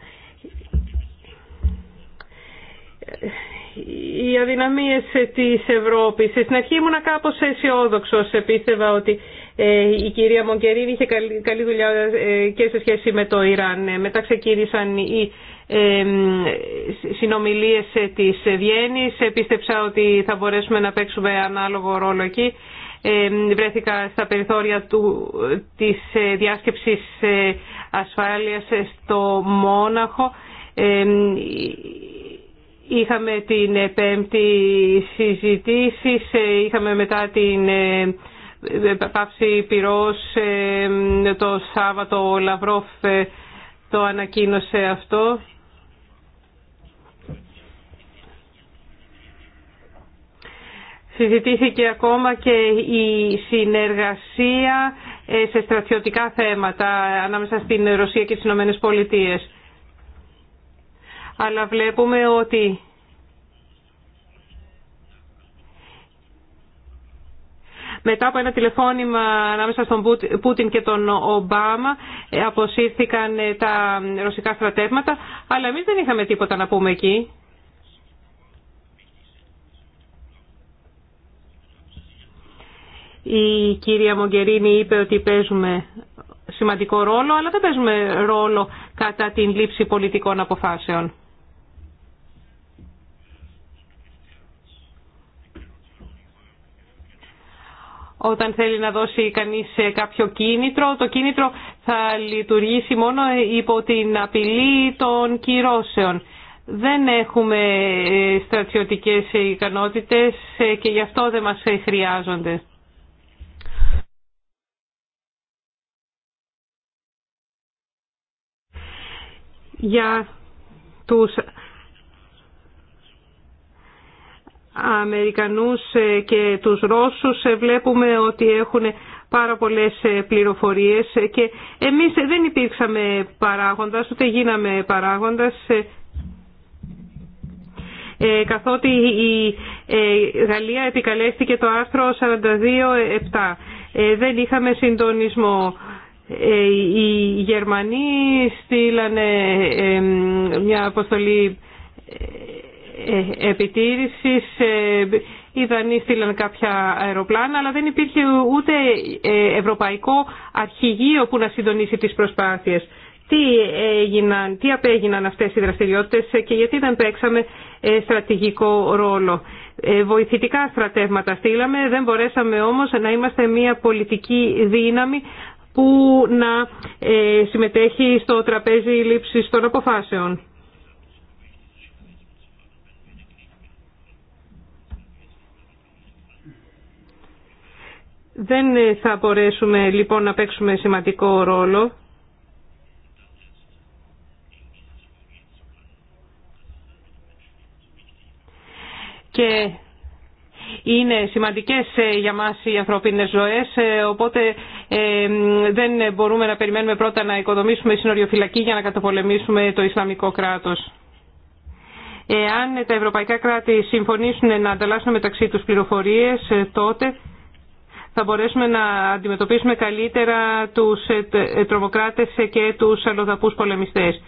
Οι αδυναμίες της Ευρώπης. Στην αρχή ήμουνα κάπως αισιόδοξο. Πίστευα ότι ε, η κυρία Μογκερίνη είχε καλή δουλειά ε, και σε σχέση με το Ιράν. Ε, μετά ξεκίνησαν οι συνομιλίες της Βιέννης. Επίστεψα ότι θα μπορέσουμε να παίξουμε ανάλογο ρόλο εκεί. Βρέθηκα στα περιθώρια του, της διάσκεψης ασφάλειας στο Μόναχο. Είχαμε την πέμπτη συζητήσεις, είχαμε μετά την η πυρός ε, το Σάββατο ο Λαυρόφ ε, το ανακοίνωσε αυτό. Συζητήθηκε ακόμα και η συνεργασία ε, σε στρατιωτικά θέματα ανάμεσα στην Ρωσία και τις Ηνωμένες Πολιτείες. Αλλά βλέπουμε ότι Μετά από ένα τηλεφώνημα ανάμεσα στον Πούτιν και τον Ομπάμα ε, αποσύρθηκαν ε, τα ρωσικά στρατεύματα, αλλά εμείς δεν είχαμε τίποτα να πούμε εκεί. Η κυρία Μογκερίνη είπε ότι παίζουμε σημαντικό ρόλο, αλλά δεν παίζουμε ρόλο κατά την λήψη πολιτικών αποφάσεων. Όταν θέλει να δώσει κανείς ε, κάποιο κίνητρο, το κίνητρο θα λειτουργήσει μόνο ε, υπό την απειλή των κυρώσεων. Δεν έχουμε ε, στρατιωτικές ικανότητες και γι' αυτό δεν μας χρειάζονται. Για τους Αμερικανούς ε, και τους Ρώσους ε, βλέπουμε ότι έχουν πάρα πολλές ε, πληροφορίες και εμείς δεν υπήρξαμε παράγοντας, ούτε γίναμε παράγοντας καθότι η Γαλλία επικαλέστηκε το άρθρο 42-7 Δεν είχαμε συντονισμό. Οι Γερμανοί στείλανε μια αποστολή ε, επιτήρησης. Οι ε, Δανείοι στείλαν κάποια αεροπλάνα, αλλά δεν υπήρχε ούτε ε, ευρωπαϊκό αρχηγείο που να συντονίσει τις προσπάθειες. Τι, έγιναν, τι απέγιναν αυτές οι δραστηριότητες και γιατί δεν παίξαμε στρατηγικό ρόλο. Βοηθητικά στρατεύματα στείλαμε, δεν μπορέσαμε όμως να είμαστε μια πολιτική δύναμη που να συμμετέχει στο τραπέζι λήψης των αποφάσεων. Δεν θα μπορέσουμε λοιπόν να παίξουμε σημαντικό ρόλο. Και είναι σημαντικές ε, για μας οι ανθρωπίνες ζωές, ε, οπότε ε, δεν μπορούμε να περιμένουμε πρώτα να οικοδομήσουμε συνοριοφυλακή για να καταπολεμήσουμε το Ισλαμικό κράτος. Εάν τα ευρωπαϊκά κράτη συμφωνήσουν να ανταλλάσσουν μεταξύ τους πληροφορίες, τότε θα μπορέσουμε να αντιμετωπίσουμε καλύτερα τους ε, ε, τρομοκράτες και τους αλλοδαπούς πολεμιστές.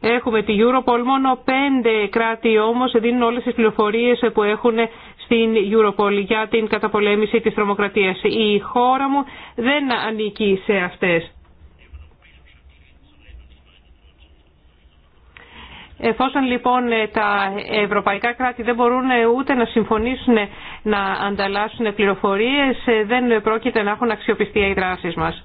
Έχουμε τη Europol, μόνο πέντε κράτη όμως δίνουν όλες τις πληροφορίες που έχουν στην Europol για την καταπολέμηση της τρομοκρατίας. Η χώρα μου δεν ανήκει σε αυτές. Εφόσον λοιπόν ε, τα ευρωπαϊκά κράτη δεν μπορούν ε, ούτε να συμφωνήσουν ε, να ανταλλάσσουν πληροφορίες, δεν πρόκειται να έχουν αξιοπιστία οι δράσεις μας.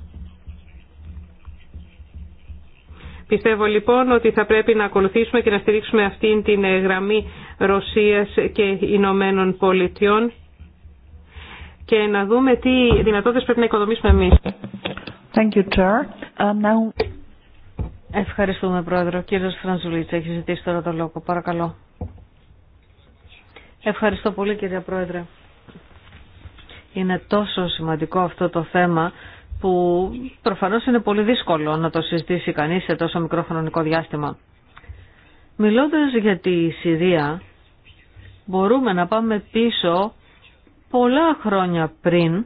Πιστεύω λοιπόν ότι θα πρέπει να ακολουθήσουμε και να στηρίξουμε αυτήν την γραμμή Ρωσίας και Ηνωμένων Πολιτειών και να δούμε τι δυνατότητες πρέπει να οικοδομήσουμε εμείς. Thank you, uh, Ευχαριστούμε, Πρόεδρο. Κύριο Φρανζουλίτς, έχει ζητήσει τώρα το λόγο. Παρακαλώ. Ευχαριστώ πολύ, κύριε Πρόεδρε. Είναι τόσο σημαντικό αυτό το θέμα που προφανώς είναι πολύ δύσκολο να το συζητήσει κανείς σε τόσο μικρό χρονικό διάστημα. Μιλώντας για τη Συρία, μπορούμε να πάμε πίσω πολλά χρόνια πριν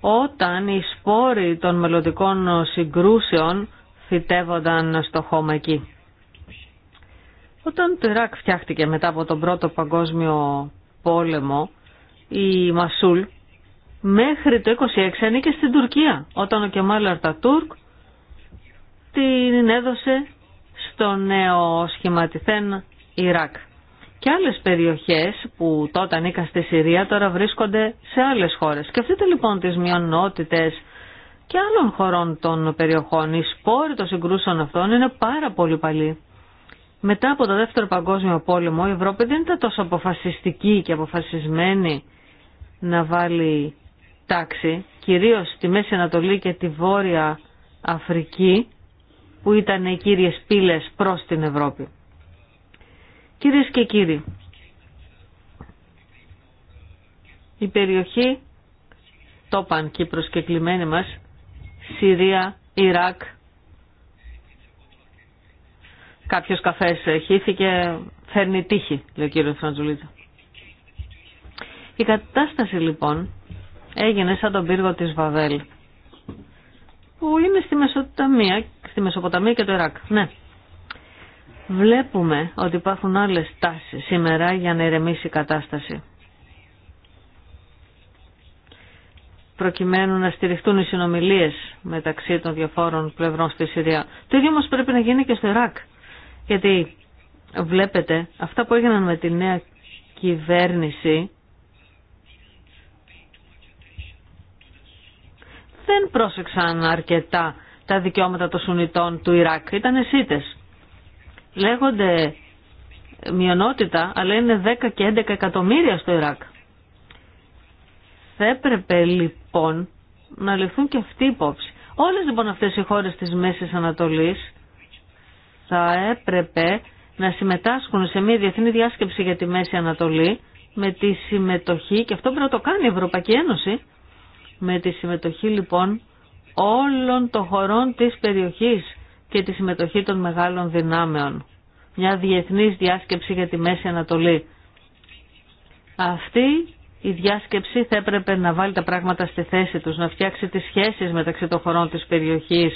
όταν οι σπόροι των μελλοντικών συγκρούσεων φυτεύονταν στο χώμα εκεί. Όταν το Ιράκ φτιάχτηκε μετά από τον Πρώτο Παγκόσμιο Πόλεμο, η Μασούλ μέχρι το 26 ανήκε στην Τουρκία, όταν ο Κεμάλ Αρτατούρκ την έδωσε στο νέο σχηματιθέν Ιράκ και άλλες περιοχές που τότε ανήκαν στη Συρία τώρα βρίσκονται σε άλλες χώρες. Σκεφτείτε λοιπόν τις μειονότητες και άλλων χωρών των περιοχών. Οι σπόροι των συγκρούσεων αυτών είναι πάρα πολύ παλιοί. Μετά από το Δεύτερο Παγκόσμιο Πόλεμο η Ευρώπη δεν ήταν τόσο αποφασιστική και αποφασισμένη να βάλει τάξη, κυρίως στη Μέση Ανατολή και τη Βόρεια Αφρική που ήταν οι κύριες πύλες προς την Ευρώπη. Κυρίε και κύριοι, η περιοχή το Κύπρος και οι μας, Συρία, Ιράκ, κάποιος καφές χύθηκε, φέρνει τύχη, λέει ο κύριος Φραντζουλίτσα. Η κατάσταση λοιπόν έγινε σαν τον πύργο της Βαβέλ, που είναι στη Μεσοποταμία, στη Μεσοποταμία και το Ιράκ. Ναι, Βλέπουμε ότι υπάρχουν άλλες τάσεις σήμερα για να ηρεμήσει η κατάσταση. προκειμένου να στηριχτούν οι συνομιλίες μεταξύ των διαφόρων πλευρών στη Συρία. Το ίδιο όμως πρέπει να γίνει και στο Ιράκ. Γιατί βλέπετε αυτά που έγιναν με τη νέα κυβέρνηση δεν πρόσεξαν αρκετά τα δικαιώματα των Σουνιτών του Ιράκ. Ήταν εσύτες λέγονται μειονότητα, αλλά είναι 10 και 11 εκατομμύρια στο Ιράκ. Θα έπρεπε λοιπόν να ληφθούν και αυτοί υπόψη. Όλες λοιπόν αυτές οι χώρες της Μέσης Ανατολής θα έπρεπε να συμμετάσχουν σε μια διεθνή διάσκεψη για τη Μέση Ανατολή με τη συμμετοχή, και αυτό πρέπει να το κάνει η Ευρωπαϊκή Ένωση, με τη συμμετοχή λοιπόν όλων των χωρών της περιοχής και τη συμμετοχή των μεγάλων δυνάμεων. Μια διεθνής διάσκεψη για τη Μέση Ανατολή. Αυτή η διάσκεψη θα έπρεπε να βάλει τα πράγματα στη θέση τους, να φτιάξει τις σχέσεις μεταξύ των χωρών της περιοχής,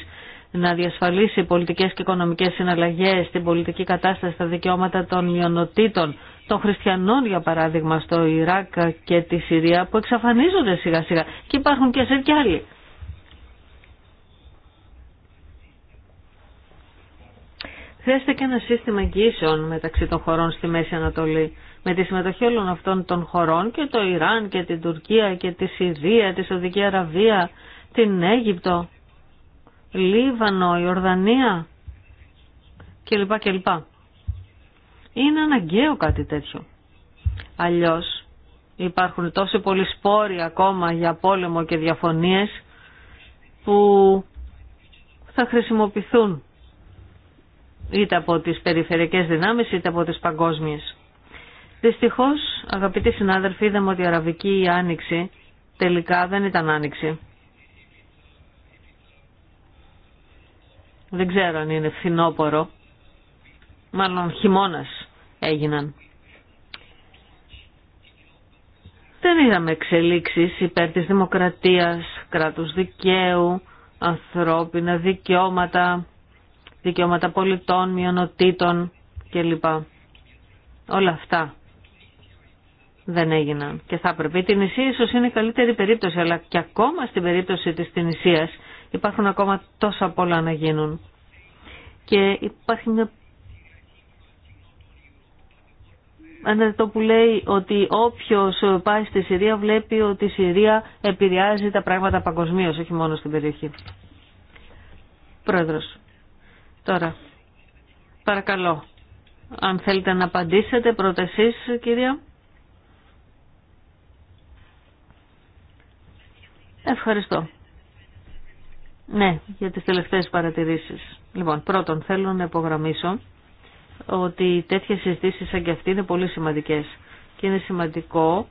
να διασφαλίσει πολιτικές και οικονομικές συναλλαγές, την πολιτική κατάσταση, τα δικαιώματα των μειονοτήτων, των χριστιανών για παράδειγμα στο Ιράκ και τη Συρία που εξαφανίζονται σιγά σιγά και υπάρχουν και σε κι άλλοι. Χρειάζεται και ένα σύστημα εγγύσεων μεταξύ των χωρών στη Μέση Ανατολή. Με τη συμμετοχή όλων αυτών των χωρών και το Ιράν και την Τουρκία και τη Συρία, τη Σαουδική Αραβία, την Αίγυπτο, Λίβανο, Ιορδανία κλπ. κλπ. Είναι αναγκαίο κάτι τέτοιο. Αλλιώς υπάρχουν τόσοι πολλοί σπόροι ακόμα για πόλεμο και διαφωνίες που θα χρησιμοποιηθούν είτε από τις περιφερειακές δυνάμεις είτε από τις παγκόσμιες. Δυστυχώς, αγαπητοί συνάδελφοι, είδαμε ότι η Αραβική Άνοιξη τελικά δεν ήταν Άνοιξη. Δεν ξέρω αν είναι φθινόπορο, μάλλον χειμώνας έγιναν. Δεν είδαμε εξελίξεις υπέρ της δημοκρατίας, κράτους δικαίου, ανθρώπινα δικαιώματα, δικαιώματα πολιτών, μειονοτήτων κλπ. Όλα αυτά δεν έγιναν και θα έπρεπε. Η Τινησία ίσως είναι η καλύτερη περίπτωση, αλλά και ακόμα στην περίπτωση της Τινησίας υπάρχουν ακόμα τόσα πολλά να γίνουν. Και υπάρχει μια ένα το που λέει ότι όποιος πάει στη Συρία βλέπει ότι η Συρία επηρεάζει τα πράγματα παγκοσμίως, όχι μόνο στην περιοχή. Πρόεδρος, Τώρα, παρακαλώ, αν θέλετε να απαντήσετε πρώτα εσείς, κυρία. Ευχαριστώ. Ναι, για τις τελευταίες παρατηρήσεις. Λοιπόν, πρώτον θέλω να υπογραμμίσω ότι τέτοιες συζητήσεις σαν και αυτή είναι πολύ σημαντικές και είναι σημαντικό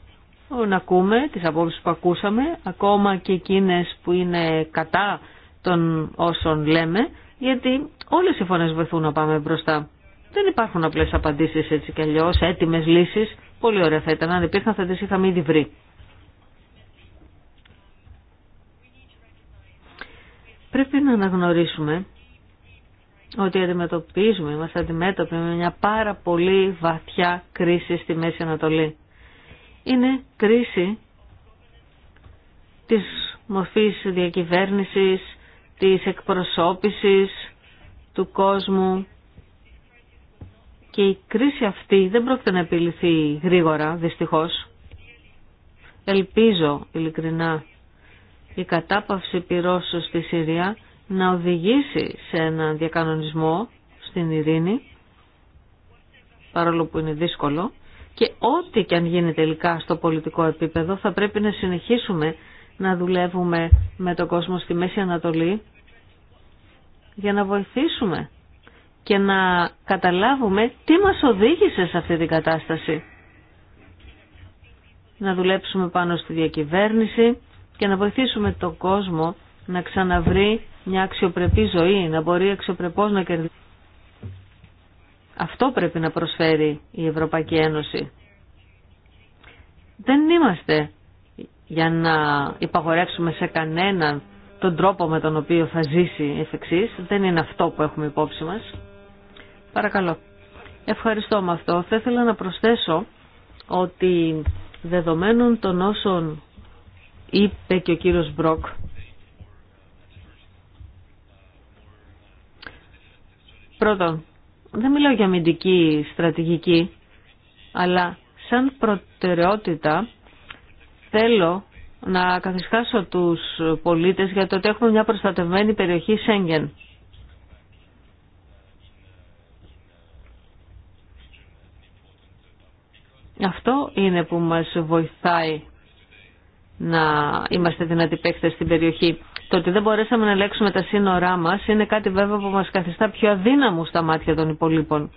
να ακούμε τις απόψεις που ακούσαμε, ακόμα και εκείνες που είναι κατά των όσων λέμε, γιατί όλες οι φωνές βοηθούν να πάμε μπροστά. Δεν υπάρχουν απλές απαντήσεις έτσι κι αλλιώς, έτοιμες λύσεις. Πολύ ωραία θα ήταν. Αν υπήρχαν θα τις είχαμε ήδη βρει. Πρέπει να αναγνωρίσουμε ότι αντιμετωπίζουμε, είμαστε αντιμέτωποι με μια πάρα πολύ βαθιά κρίση στη Μέση Ανατολή. Είναι κρίση της μορφής διακυβέρνησης, της εκπροσώπησης του κόσμου και η κρίση αυτή δεν πρόκειται να επιληθεί γρήγορα, δυστυχώς. Ελπίζω, ειλικρινά, η κατάπαυση πυρώσεως στη Συρία να οδηγήσει σε έναν διακανονισμό στην ειρήνη, παρόλο που είναι δύσκολο, και ό,τι και αν γίνει τελικά στο πολιτικό επίπεδο θα πρέπει να συνεχίσουμε να δουλεύουμε με τον κόσμο στη Μέση Ανατολή για να βοηθήσουμε και να καταλάβουμε τι μας οδήγησε σε αυτή την κατάσταση. Να δουλέψουμε πάνω στη διακυβέρνηση και να βοηθήσουμε τον κόσμο να ξαναβρει μια αξιοπρεπή ζωή, να μπορεί αξιοπρεπώς να κερδίσει. Αυτό πρέπει να προσφέρει η Ευρωπαϊκή Ένωση. Δεν είμαστε για να υπαγορεύσουμε σε κανέναν τον τρόπο με τον οποίο θα ζήσει εφ' εξής. Δεν είναι αυτό που έχουμε υπόψη μας. Παρακαλώ. Ευχαριστώ με αυτό. Θα ήθελα να προσθέσω ότι δεδομένων των όσων είπε και ο κύριος Μπροκ πρώτον δεν μιλάω για αμυντική στρατηγική αλλά σαν προτεραιότητα Θέλω να καθιστάσω τους πολίτες για το ότι έχουμε μια προστατευμένη περιοχή Σέγγεν. Αυτό είναι που μας βοηθάει να είμαστε δυνατοί παίκτες στην περιοχή. Το ότι δεν μπορέσαμε να ελέγξουμε τα σύνορά μας είναι κάτι βέβαια που μας καθιστά πιο αδύναμους στα μάτια των υπολείπων.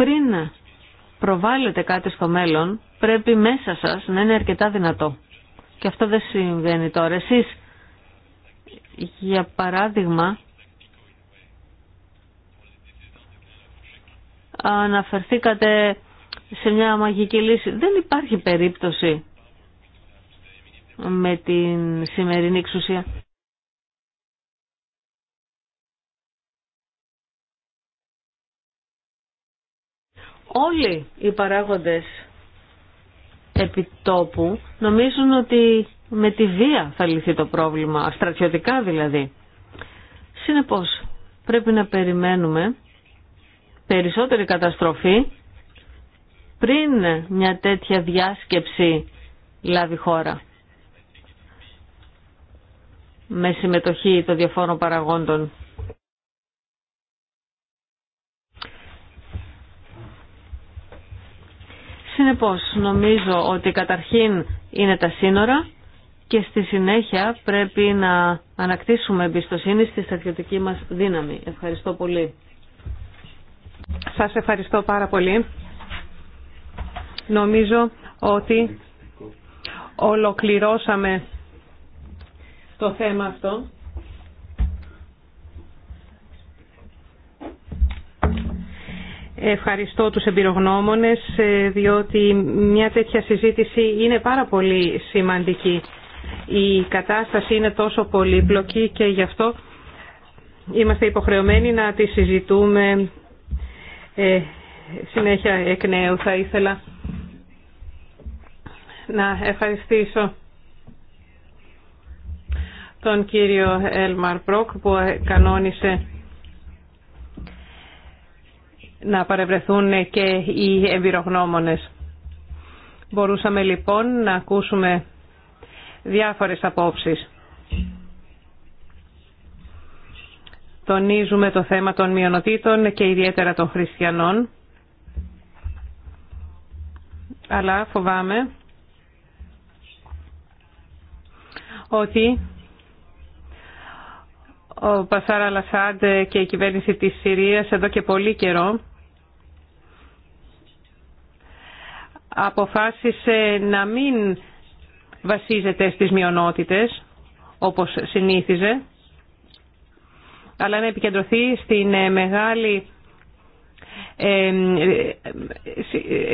πριν προβάλλετε κάτι στο μέλλον, πρέπει μέσα σας να είναι αρκετά δυνατό. Και αυτό δεν συμβαίνει τώρα. Εσείς, για παράδειγμα, αναφερθήκατε σε μια μαγική λύση. Δεν υπάρχει περίπτωση με την σημερινή εξουσία. Όλοι οι παράγοντες επιτόπου νομίζουν ότι με τη βία θα λυθεί το πρόβλημα, στρατιωτικά δηλαδή. Συνεπώς, πρέπει να περιμένουμε περισσότερη καταστροφή πριν μια τέτοια διάσκεψη λάβει χώρα με συμμετοχή των διαφόρων παραγόντων. Συνεπώς, νομίζω ότι καταρχήν είναι τα σύνορα και στη συνέχεια πρέπει να ανακτήσουμε εμπιστοσύνη στη στρατιωτική μας δύναμη. Ευχαριστώ πολύ. Σας ευχαριστώ πάρα πολύ. Νομίζω ότι ολοκληρώσαμε το θέμα αυτό. Ευχαριστώ τους εμπειρογνώμονες ε, διότι μια τέτοια συζήτηση είναι πάρα πολύ σημαντική. Η κατάσταση είναι τόσο πολύπλοκη και γι' αυτό είμαστε υποχρεωμένοι να τη συζητούμε ε, συνέχεια εκ νέου. Θα ήθελα να ευχαριστήσω τον κύριο Έλμαρ Πρόκ που κανόνισε να παρευρεθούν και οι εμπειρογνώμονες. Μπορούσαμε λοιπόν να ακούσουμε διάφορες απόψεις. Τονίζουμε το θέμα των μειονοτήτων και ιδιαίτερα των χριστιανών. Αλλά φοβάμαι ότι ο Πασάρα Λασάντ και η κυβέρνηση της Συρίας εδώ και πολύ καιρό αποφάσισε να μην βασίζεται στις μειονότητες, όπως συνήθιζε, αλλά να επικεντρωθεί στην ε, μεγάλη ε,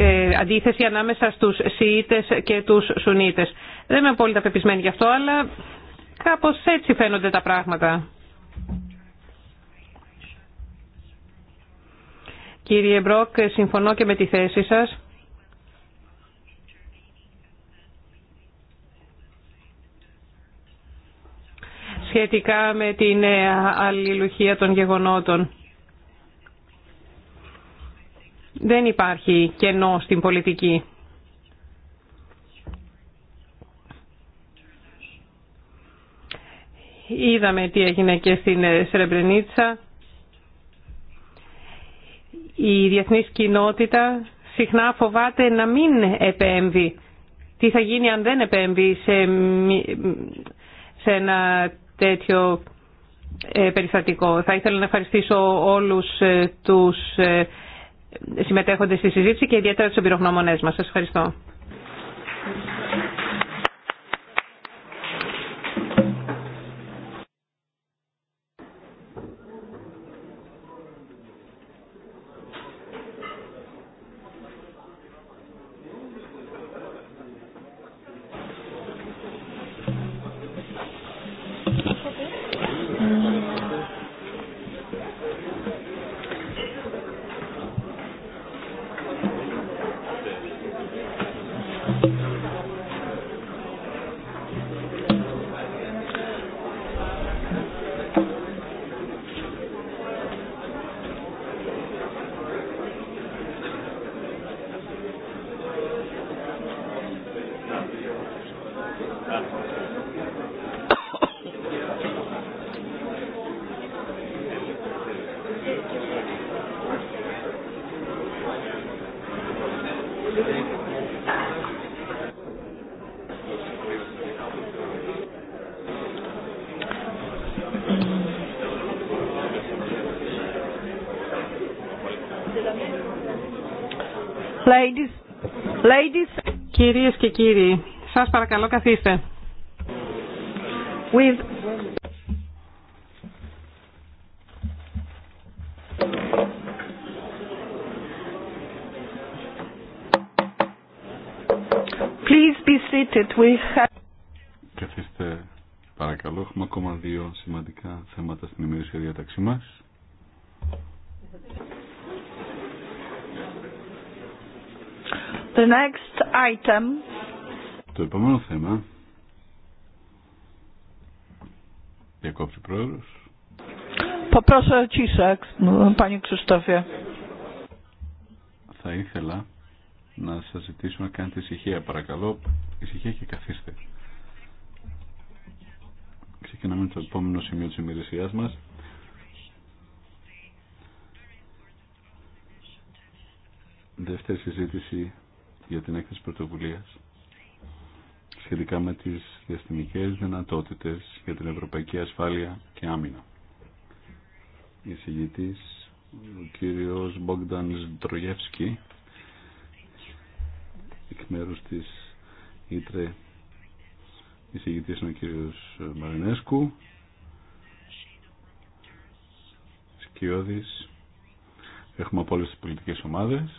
ε, αντίθεση ανάμεσα στους Σιήτες και τους Σουνίτες. Δεν είμαι απόλυτα πεπισμένη γι' αυτό, αλλά κάπως έτσι φαίνονται τα πράγματα. Κύριε Μπρόκ, συμφωνώ και με τη θέση σας. σχετικά με την ε, αλληλουχία των γεγονότων. Δεν υπάρχει κενό στην πολιτική. Είδαμε τι έγινε και στην ε, Σρεμπρενίτσα. Η διεθνής κοινότητα συχνά φοβάται να μην επέμβει. Τι θα γίνει αν δεν επέμβει σε, σε τέτοιο ε, περιστατικό. Θα ήθελα να ευχαριστήσω όλους ε, τους ε, συμμετέχοντες στη συζήτηση και ιδιαίτερα τους εμπειρογνώμονές μας. Σας ευχαριστώ. Κυρίες και κύριοι, σας παρακαλώ καθίστε. Please be seated. We have... Καθίστε παρακαλώ, έχουμε ακόμα δύο σημαντικά θέματα στην ημερήσια διάταξή μας. Το επόμενο θέμα. διακόπτει πρόεδρος. Poproszę Θα ήθελα να σας ζητήσω να κάνετε ησυχία, παρακαλώ. Ησυχία και καθίστε. Ξεκινάμε το επόμενο σημείο της ημερησίας μας. Δεύτερη συζήτηση για την έκθεση πρωτοβουλία, σχετικά με τι διαστημικέ δυνατότητε για την ευρωπαϊκή ασφάλεια και άμυνα. Η συγγητής, ο κύριος Μπόγκταν Ζντρογεύσκη, εκ μέρου τη Ήτρε, η συγγητής είναι ο κύριος Μαρινέσκου, Σκιώδη. έχουμε από όλε πολιτικές ομάδες,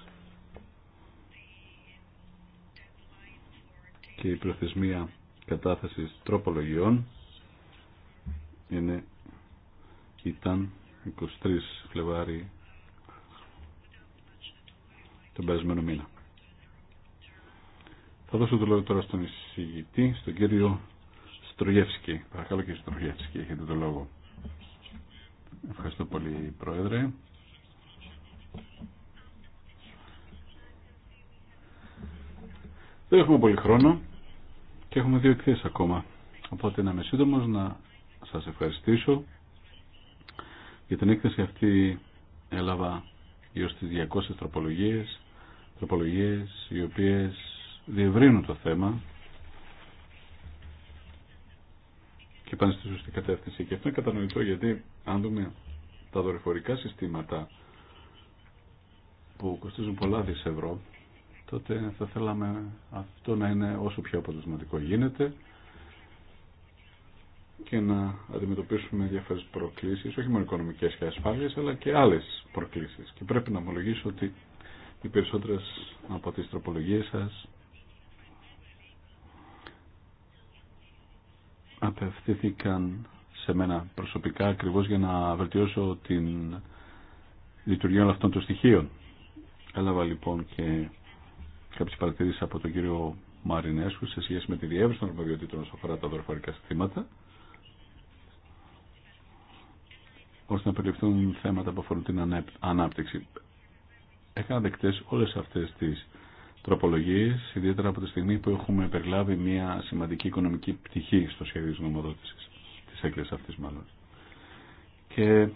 και η προθεσμία κατάθεσης τροπολογιών είναι, ήταν 23 Φλεβάρι τον περασμένο μήνα. Θα δώσω το λόγο τώρα στον εισηγητή, στον κύριο Στρογεύσκη. Παρακαλώ κύριε Στρογεύσκη, έχετε το λόγο. Ευχαριστώ πολύ Πρόεδρε. Δεν έχουμε πολύ χρόνο και έχουμε δύο εκθέσεις ακόμα. Οπότε να είμαι σύντομος να σας ευχαριστήσω για την έκθεση αυτή έλαβα γύρω στι 200 τροπολογίες τροπολογίες οι οποίες διευρύνουν το θέμα και πάνε στη σωστή κατεύθυνση και αυτό είναι κατανοητό γιατί αν δούμε τα δορυφορικά συστήματα που κοστίζουν πολλά δις ευρώ τότε θα θέλαμε αυτό να είναι όσο πιο αποτελεσματικό γίνεται και να αντιμετωπίσουμε διάφορε προκλήσεις, όχι μόνο οικονομικές και ασφάλειες, αλλά και άλλες προκλήσεις. Και πρέπει να ομολογήσω ότι οι περισσότερες από τις τροπολογίες σας απευθύθηκαν σε μένα προσωπικά ακριβώς για να βελτιώσω την λειτουργία όλων αυτών των στοιχείων. Έλαβα λοιπόν και κάποιες παρατηρήσεις από τον κύριο Μαρινέσκου σε σχέση με τη διεύρυνση των αρμοδιοτήτων όσον αφορά τα δορυφορικά συστήματα ώστε να περιληφθούν θέματα που αφορούν την ανάπτυξη. Έκανα δεκτές όλες αυτές τις τροπολογίες, ιδιαίτερα από τη στιγμή που έχουμε περιλάβει μια σημαντική οικονομική πτυχή στο σχέδιο της νομοδότησης, της έκθεσης αυτής μάλλον. Και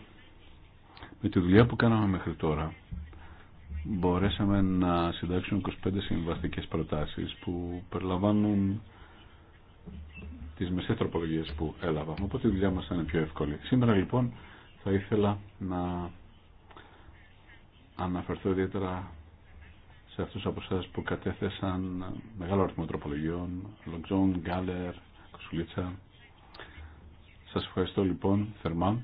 με τη δουλειά που κάναμε μέχρι τώρα, μπορέσαμε να συντάξουμε 25 συμβαστικές προτάσεις που περιλαμβάνουν τις μεσές τροπολογίες που έλαβα. Οπότε η δουλειά μας θα είναι πιο εύκολη. Σήμερα λοιπόν θα ήθελα να αναφερθώ ιδιαίτερα σε αυτούς από εσάς που κατέθεσαν μεγάλο αριθμό τροπολογιών, Λογκζόν, Γκάλερ, Κοσουλίτσα. Σας ευχαριστώ λοιπόν θερμά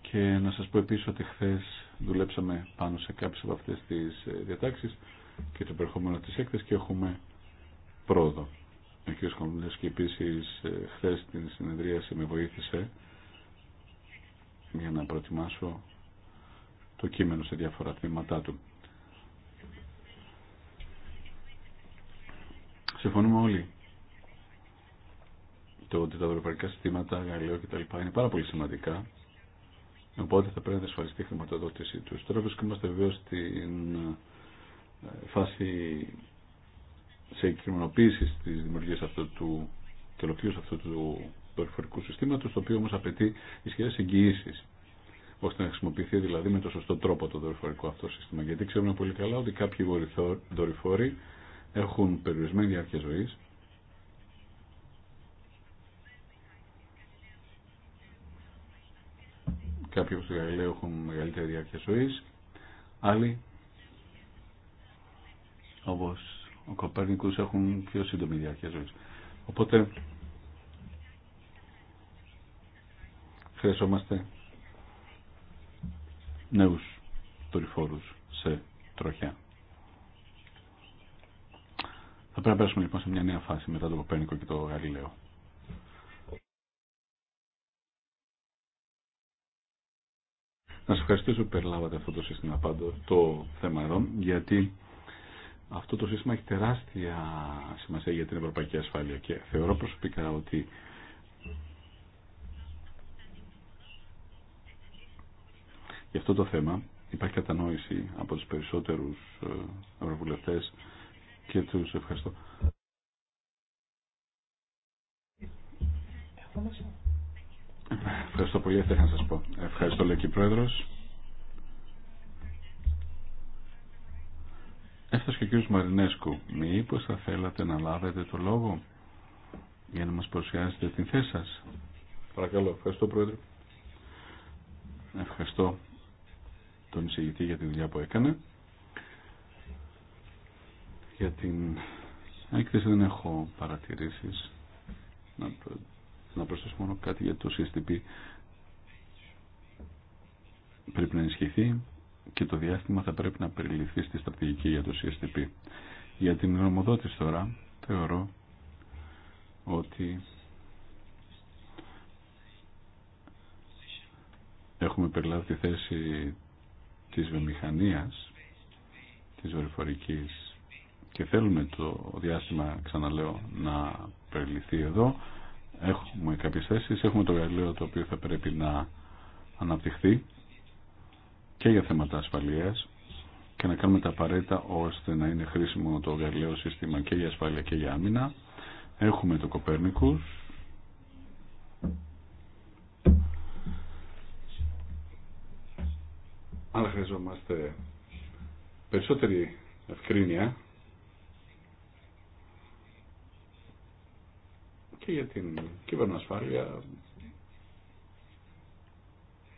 και να σας πω επίσης ότι χθες δουλέψαμε πάνω σε κάποιες από αυτές τις ε, διατάξεις και το περιεχόμενο της έκθεσης και έχουμε πρόοδο. Ο κ. και επίσης ε, χθες στην συνεδρίαση με βοήθησε για να προετοιμάσω το κείμενο σε διάφορα τμήματά του. Συμφωνούμε όλοι το ότι τα ευρωπαϊκά συστήματα, Γαλλίο κτλ. είναι πάρα πολύ σημαντικά Οπότε θα πρέπει να ασφαλιστεί η χρηματοδότησή του. Τώρα βρισκόμαστε βεβαίω στην ε, φάση συγκεκριμενοποίηση τη δημιουργία αυτού του και ολοκλήρωση αυτού του δορυφορικού συστήματο, το οποίο όμω απαιτεί ισχυρέ εγγυήσει ώστε να χρησιμοποιηθεί δηλαδή με το σωστό τρόπο το δορυφορικό αυτό σύστημα. Γιατί ξέρουμε πολύ καλά ότι κάποιοι δορυφόροι έχουν περιορισμένη διάρκεια ζωή κάποιοι όπως το Γαλιλαίο έχουν μεγαλύτερη διάρκεια ζωή, άλλοι όπως ο Κοπέρνικος έχουν πιο σύντομη διάρκεια ζωή. Οπότε χρειαζόμαστε νέους δορυφόρους σε τροχιά. Θα πρέπει να πέρασουμε λοιπόν σε μια νέα φάση μετά το Κοπέρνικο και το Γαλιλαίο. Να σας ευχαριστήσω που περιλάβατε αυτό το σύστημα πάντω το θέμα εδώ, γιατί αυτό το σύστημα έχει τεράστια σημασία για την ευρωπαϊκή ασφάλεια και θεωρώ προσωπικά ότι για αυτό το θέμα υπάρχει κατανόηση από τους περισσότερους ε, ευρωβουλευτές και τους ευχαριστώ. Ευχαριστώ πολύ, αυτό να σας πω. Ευχαριστώ, λέει και Πρόεδρος. Έφτασε και ο κ. Μαρινέσκου. Μήπως θα θέλατε να λάβετε το λόγο για να μας παρουσιάσετε την θέση σας. Παρακαλώ, ευχαριστώ Πρόεδρο Ευχαριστώ τον εισηγητή για τη δουλειά που έκανε. Για την έκθεση δεν έχω παρατηρήσεις. Να να προσθέσω μόνο κάτι για το CSTP πρέπει να ενισχυθεί και το διάστημα θα πρέπει να περιληφθεί στη στρατηγική για το CSTP. Για την νομοδότηση τώρα θεωρώ ότι έχουμε περιλάβει τη θέση της βιομηχανίας της δορυφορικής και θέλουμε το διάστημα ξαναλέω να περιληφθεί εδώ Έχουμε κάποιες θέσεις, έχουμε το εργαλείο το οποίο θα πρέπει να αναπτυχθεί και για θέματα ασφαλείας και να κάνουμε τα απαραίτητα ώστε να είναι χρήσιμο το εργαλείο σύστημα και για ασφάλεια και για άμυνα. Έχουμε το Κοπέρνικους αλλά χρειαζόμαστε περισσότερη ευκρίνεια και για την κυβερνοασφάλεια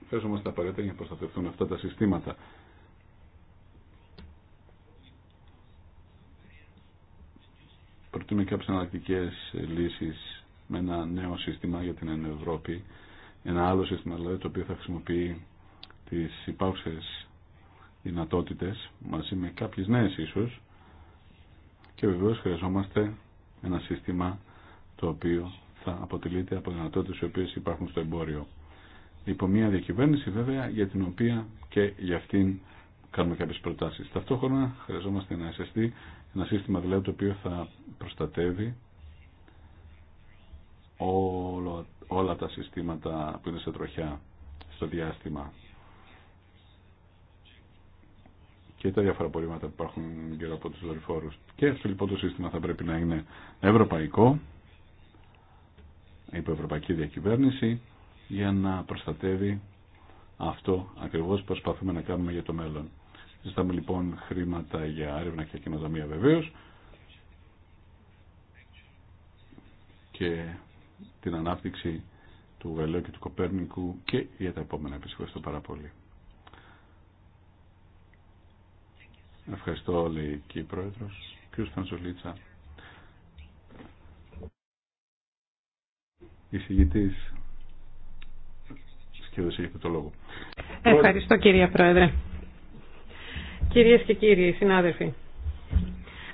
χρειαζόμαστε απαραίτητα για να προστατευτούν αυτά τα συστήματα. Προτείνουμε κάποιες αναλλακτικέ λύσεις με ένα νέο σύστημα για την Ευρώπη, ένα άλλο σύστημα δηλαδή το οποίο θα χρησιμοποιεί τις υπάρχουσες δυνατότητες μαζί με κάποιες νέες ίσως και βεβαίως χρειαζόμαστε ένα σύστημα το οποίο θα αποτελείται από δυνατότητε οι οποίες υπάρχουν στο εμπόριο. Υπό μια διακυβέρνηση βέβαια για την οποία και για αυτήν κάνουμε κάποιε προτάσεις. Ταυτόχρονα χρειαζόμαστε ένα SSD, ένα σύστημα δηλαδή το οποίο θα προστατεύει όλο, όλα τα συστήματα που είναι σε τροχιά στο διάστημα και τα διάφορα απορρίμματα που υπάρχουν γύρω από τους δορυφόρους. Και αυτό λοιπόν το σύστημα θα πρέπει να είναι ευρωπαϊκό ευρωπαϊκή διακυβέρνηση για να προστατεύει αυτό ακριβώς προσπαθούμε να κάνουμε για το μέλλον. Ζητάμε λοιπόν χρήματα για έρευνα και κοινοδομία βεβαίως και την ανάπτυξη του Γαλλίου και του Κοπέρνικου και για τα επόμενα. Ευχαριστώ πάρα πολύ. Ευχαριστώ όλοι και η Πρόεδρος. Κύριος το Ευχαριστώ κύριε Πρόεδρε. Κυρίες και κύριοι συνάδελφοι,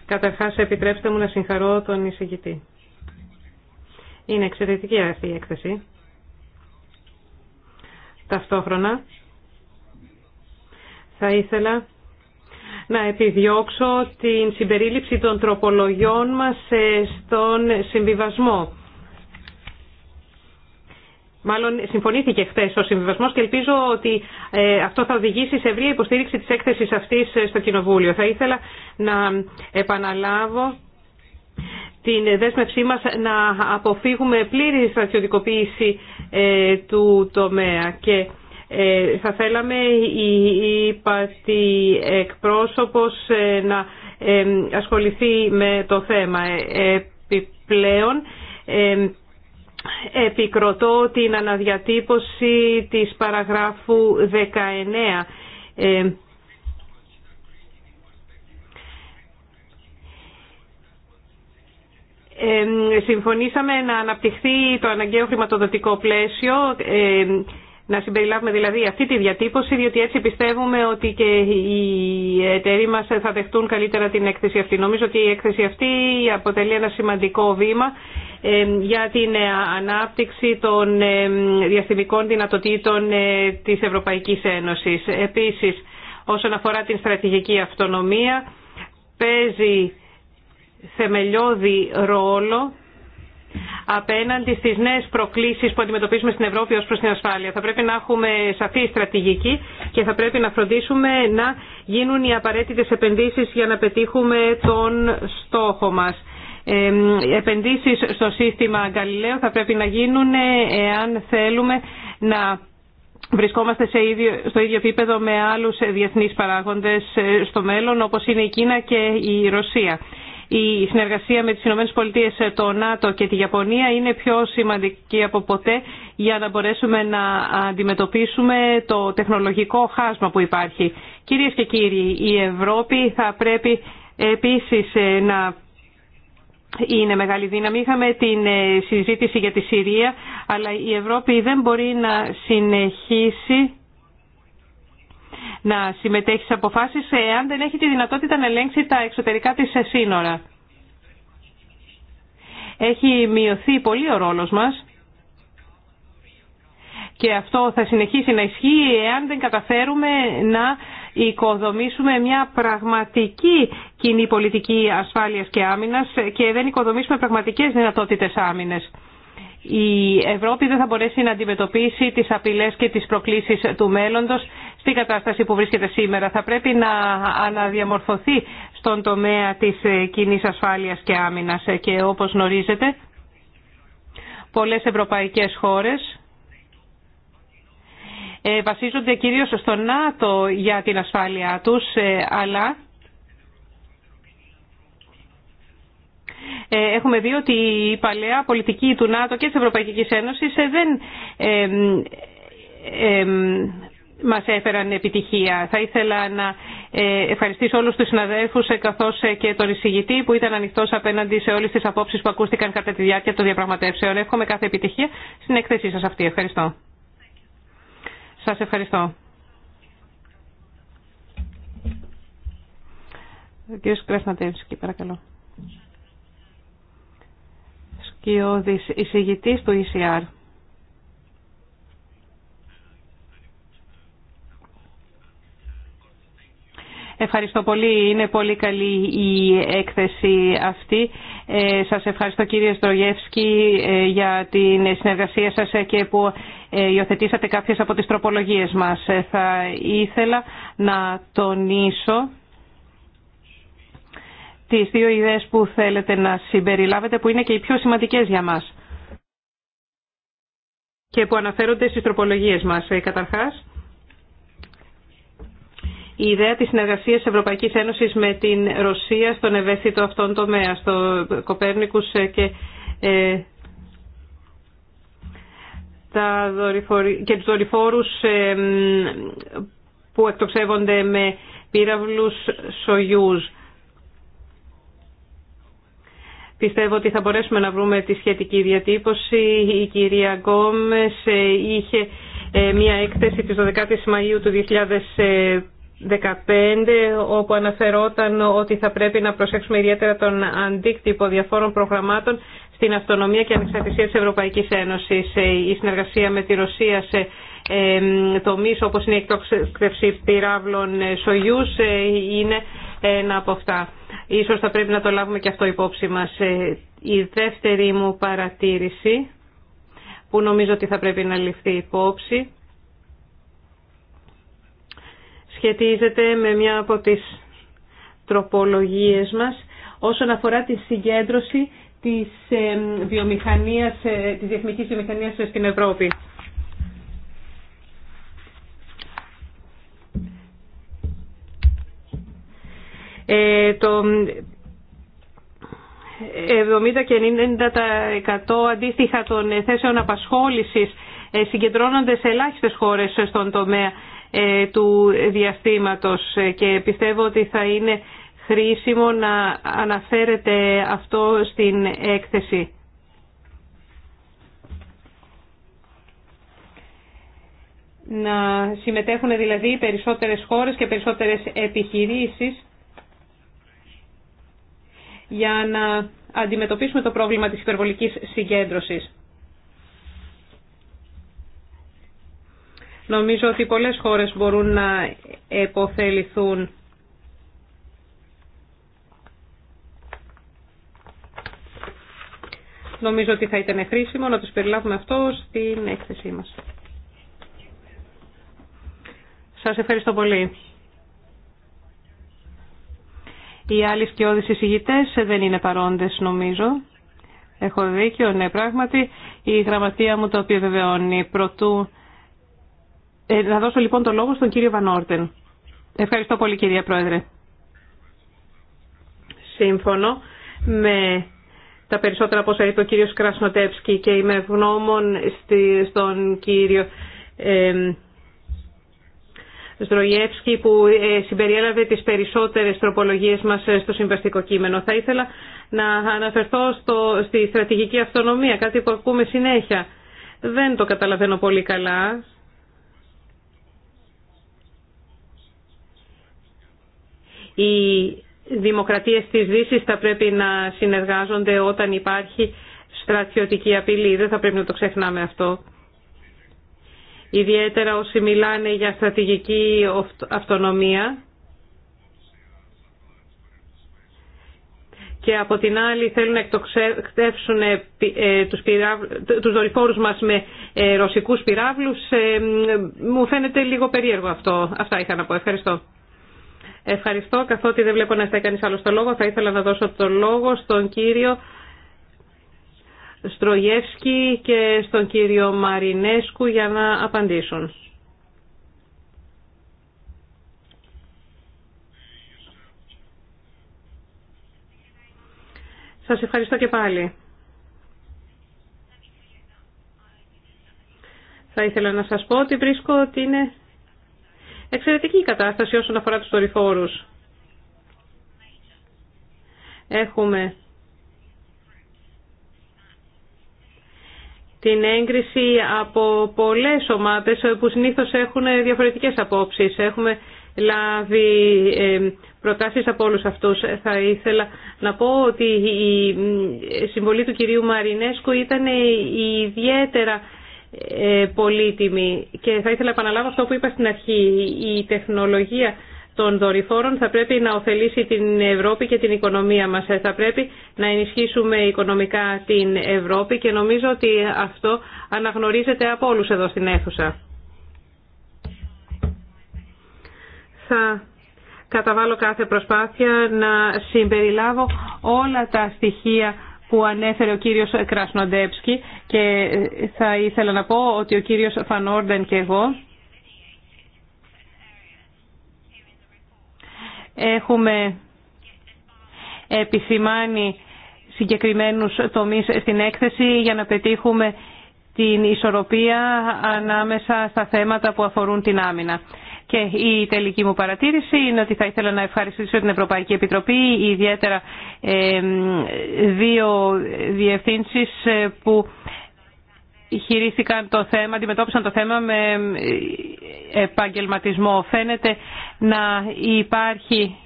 καταρχά επιτρέψτε μου να συγχαρώ τον εισηγητή. Είναι εξαιρετική αυτή η έκθεση. Ταυτόχρονα θα ήθελα να επιδιώξω την συμπερίληψη των τροπολογιών μας ε, στον συμβιβασμό Μάλλον συμφωνήθηκε χθε ο συμβιβασμό και ελπίζω ότι ε, αυτό θα οδηγήσει σε ευρία υποστήριξη τη έκθεση αυτή ε, στο Κοινοβούλιο. Θα ήθελα να επαναλάβω την δέσμευσή μας να αποφύγουμε πλήρη στρατιωτικοποίηση ε, του τομέα και θα θέλαμε η πατή εκπρόσωπος να ασχοληθεί με το θέμα. Επιπλέον επικροτώ την αναδιατύπωση της παραγράφου 19. Ε, ε, συμφωνήσαμε να αναπτυχθεί το αναγκαίο χρηματοδοτικό πλαίσιο ε, να συμπεριλάβουμε δηλαδή αυτή τη διατύπωση, διότι έτσι πιστεύουμε ότι και οι εταιροί μας θα δεχτούν καλύτερα την έκθεση αυτή. Νομίζω ότι η έκθεση αυτή αποτελεί ένα σημαντικό βήμα ε, για την ε, ανάπτυξη των ε, διαστημικών δυνατοτήτων της Ευρωπαϊκής Ένωσης. Επίσης, όσον αφορά την στρατηγική αυτονομία, παίζει θεμελιώδη ρόλο απέναντι στις νέες προκλήσεις που αντιμετωπίζουμε στην Ευρώπη ως προς την ασφάλεια. Θα πρέπει να έχουμε σαφή στρατηγική και θα πρέπει να φροντίσουμε να γίνουν οι απαραίτητες επενδύσεις για να πετύχουμε τον στόχο μας. επενδύσεις στο σύστημα Γκαλιλαίου θα πρέπει να γίνουν ε, εάν θέλουμε να βρισκόμαστε σε ίδιο, στο ίδιο επίπεδο με άλλους διεθνείς παράγοντες ε, στο μέλλον όπως είναι η Κίνα και η Ρωσία η συνεργασία με τις Ηνωμένες Πολιτείες, ε, το ΝΑΤΟ και τη Ιαπωνία είναι πιο σημαντική από ποτέ για να μπορέσουμε να αντιμετωπίσουμε το τεχνολογικό χάσμα που υπάρχει. Κυρίες και κύριοι, η Ευρώπη θα πρέπει επίσης ε, να είναι μεγάλη δύναμη. Είχαμε την ε, συζήτηση για τη Συρία, αλλά η Ευρώπη δεν μπορεί να συνεχίσει να συμμετέχει σε αποφάσεις εάν δεν έχει τη δυνατότητα να ελέγξει τα εξωτερικά της σύνορα. Έχει μειωθεί πολύ ο ρόλος μας και αυτό θα συνεχίσει να ισχύει εάν δεν καταφέρουμε να οικοδομήσουμε μια πραγματική κοινή πολιτική ασφάλειας και άμυνας και δεν οικοδομήσουμε πραγματικές δυνατότητες άμυνες. Η Ευρώπη δεν θα μπορέσει να αντιμετωπίσει τις απειλές και τις προκλήσεις του μέλλοντος η κατάσταση που βρίσκεται σήμερα. Θα πρέπει να αναδιαμορφωθεί στον τομέα της ε, κοινή ασφάλειας και άμυνας ε, και όπως γνωρίζετε πολλές ευρωπαϊκές χώρες ε, βασίζονται κυρίως στο ΝΑΤΟ για την ασφάλειά τους, αλλά έχουμε δει ότι η παλαιά πολιτική του ΝΑΤΟ και της Ευρωπαϊκής Ένωσης δεν μας έφεραν επιτυχία. Θα ήθελα να ε, ευχαριστήσω όλους τους συναδέλφους ε, καθώς ε, και τον εισηγητή που ήταν ανοιχτός απέναντι σε όλες τις απόψεις που ακούστηκαν κατά τη διάρκεια των διαπραγματεύσεων. Εύχομαι κάθε επιτυχία στην έκθεσή σας αυτή. Ευχαριστώ. Σας ευχαριστώ. Ο κύριος Κρασνατεύσκη, παρακαλώ. Σκιώδης εισηγητής του ECR. Ευχαριστώ πολύ. Είναι πολύ καλή η έκθεση αυτή. Ε, σας ευχαριστώ κύριε Στρογεύσκη ε, για την συνεργασία σας ε, και που ε, υιοθετήσατε κάποιες από τις τροπολογίες μας. θα ήθελα να τονίσω τις δύο ιδέες που θέλετε να συμπεριλάβετε που είναι και οι πιο σημαντικές για μας και που αναφέρονται στις τροπολογίες μας. Καταρχάς, η ιδέα της συνεργασίας Ευρωπαϊκής Ένωσης με την Ρωσία στον ευαίσθητο αυτόν τομέα, στο Κοπέρνικους ε, και, ε, τα και τους δορυφόρους ε, που εκτοξεύονται με πύραυλους Σογιούς. Πιστεύω ότι θα μπορέσουμε να βρούμε τη σχετική διατύπωση. Η κυρία Γκόμες ε, είχε μια έκθεση της 12ης Μαΐου του 2015. 15 όπου αναφερόταν ότι θα πρέπει να προσέξουμε ιδιαίτερα τον αντίκτυπο διαφόρων προγραμμάτων στην αυτονομία και ανεξαρτησία της Ευρωπαϊκής Ένωσης. Ε, η συνεργασία με τη Ρωσία σε ε, τομείς όπως είναι η εκτόξευση πυράβλων Σογιούς ε, είναι ένα από αυτά. Ίσως θα πρέπει να το λάβουμε και αυτό υπόψη μας. Η δεύτερη μου παρατήρηση που νομίζω ότι θα πρέπει να ληφθεί υπόψη σχετίζεται με μια από τις τροπολογίες μας όσον αφορά τη συγκέντρωση της, βιομηχανίας, ε, της διεθνικής βιομηχανίας στην Ευρώπη. Ε, το 70 και 90% αντίστοιχα των θέσεων απασχόλησης ε, συγκεντρώνονται σε ελάχιστες χώρες στον τομέα ε, του διαστήματος ε, και πιστεύω ότι θα είναι χρήσιμο να αναφέρεται αυτό στην έκθεση. Να συμμετέχουν δηλαδή περισσότερες χώρες και περισσότερες επιχειρήσεις για να αντιμετωπίσουμε το πρόβλημα της υπερβολικής συγκέντρωσης. Νομίζω ότι πολλές χώρες μπορούν να επωφεληθούν Νομίζω ότι θα ήταν χρήσιμο να τους περιλάβουμε αυτό στην έκθεσή μας. Σας ευχαριστώ πολύ. Οι άλλοι σκιώδεις εισηγητές δεν είναι παρόντες νομίζω. Έχω δίκιο, ναι πράγματι. Η γραμματεία μου το βεβαιώνει Προτού να ε, δώσω λοιπόν το λόγο στον κύριο Βανόρτεν. Ευχαριστώ πολύ κυρία Πρόεδρε. Σύμφωνο με τα περισσότερα από όσα είπε ο κύριος Κρασνοτεύσκη και είμαι ευγνώμων στον κύριο ε, που συμπεριέλαβε τις περισσότερες τροπολογίες μας ε, στο συμβαστικό κείμενο. Θα ήθελα να αναφερθώ στο, στη στρατηγική αυτονομία, κάτι που ακούμε συνέχεια. Δεν το καταλαβαίνω πολύ καλά Οι δημοκρατίες της Δύσης θα πρέπει να συνεργάζονται όταν υπάρχει στρατιωτική απειλή. Δεν θα πρέπει να το ξεχνάμε αυτό. Ιδιαίτερα όσοι μιλάνε για στρατηγική αυτονομία και από την άλλη θέλουν να εκτοξεύσουν ε, ε, τους, τους δορυφόρους μας με ε, ρωσικούς πυράβλους. Μου φαίνεται λίγο περίεργο αυτό. Αυτά είχα να πω. Ευχαριστώ. Ευχαριστώ. Καθότι δεν βλέπω να είστε κανείς άλλο το λόγο, θα ήθελα να δώσω το λόγο στον κύριο Στρογεύσκη και στον κύριο Μαρινέσκου για να απαντήσουν. Σας ευχαριστώ και πάλι. Θα ήθελα να σας πω ότι βρίσκω ότι είναι Εξαιρετική η κατάσταση όσον αφορά τους δορυφόρους. Έχουμε την έγκριση από πολλές ομάδες που συνήθως έχουν διαφορετικές απόψεις. Έχουμε λάβει ε, προτάσεις από όλους αυτούς. Θα ήθελα να πω ότι η συμβολή του κυρίου Μαρινέσκου ήταν ιδιαίτερα ε, πολύτιμη. Και θα ήθελα να επαναλάβω αυτό που είπα στην αρχή. Η τεχνολογία των δορυφόρων θα πρέπει να ωφελήσει την Ευρώπη και την οικονομία μας. Ε, θα πρέπει να ενισχύσουμε οικονομικά την Ευρώπη και νομίζω ότι αυτό αναγνωρίζεται από όλους εδώ στην αίθουσα. Θα καταβάλω κάθε προσπάθεια να συμπεριλάβω όλα τα στοιχεία που ανέφερε ο κύριος Κρασνοντέψκι και ε, θα ήθελα να πω ότι ο κύριος Φανόρντεν και εγώ έχουμε επισημάνει συγκεκριμένους τομείς στην έκθεση για να πετύχουμε την ισορροπία ανάμεσα στα θέματα που αφορούν την άμυνα. Και η τελική μου παρατήρηση είναι ότι θα ήθελα να ευχαριστήσω την Ευρωπαϊκή Επιτροπή, ιδιαίτερα δύο διευθύνσει ε, που χειρίστηκαν το θέμα, αντιμετώπισαν το θέμα με ε, επαγγελματισμό. Φαίνεται να υπάρχει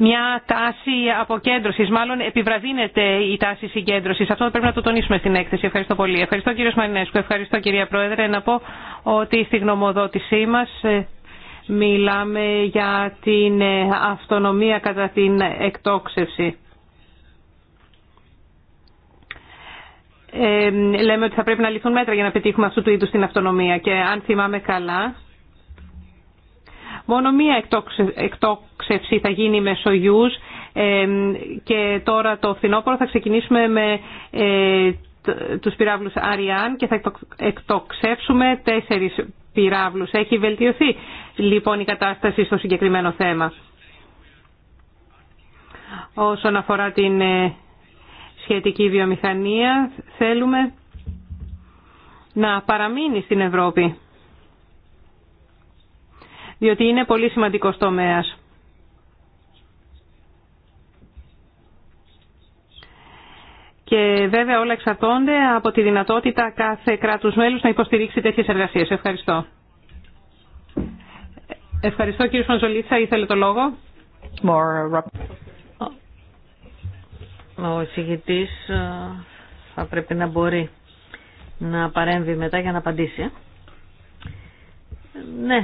μια τάση αποκέντρωση, Μάλλον επιβραδύνεται η τάση συγκέντρωση. Αυτό πρέπει να το τονίσουμε στην έκθεση. Ευχαριστώ πολύ. Ευχαριστώ κύριο Μαρινέσκου. Ευχαριστώ κυρία Πρόεδρε. Να πω ότι στη γνωμοδότησή μας ε, μιλάμε για την ε, αυτονομία κατά την εκτόξευση. Ε, λέμε ότι θα πρέπει να ληφθούν μέτρα για να πετύχουμε αυτού του είδους την αυτονομία και αν θυμάμαι καλά Μόνο μία εκτόξευση θα γίνει με Σογιούς και τώρα το φθινόπωρο θα ξεκινήσουμε με ε, τους πυράβλους Αριάν και θα εκτοξεύσουμε τέσσερις πυράβλους. Έχει βελτιωθεί λοιπόν η κατάσταση στο συγκεκριμένο θέμα. Όσον αφορά την ε, σχετική βιομηχανία θέλουμε να παραμείνει στην Ευρώπη διότι είναι πολύ σημαντικός τομέας. Και βέβαια όλα εξαρτώνται από τη δυνατότητα κάθε κράτους μέλους να υποστηρίξει τέτοιες εργασίες. Ευχαριστώ. Ευχαριστώ κύριε Φανζολίτσα. Ήθελε το λόγο. Ο εισηγητής ε, θα πρέπει να μπορεί να παρέμβει μετά για να απαντήσει. Ε. Ναι,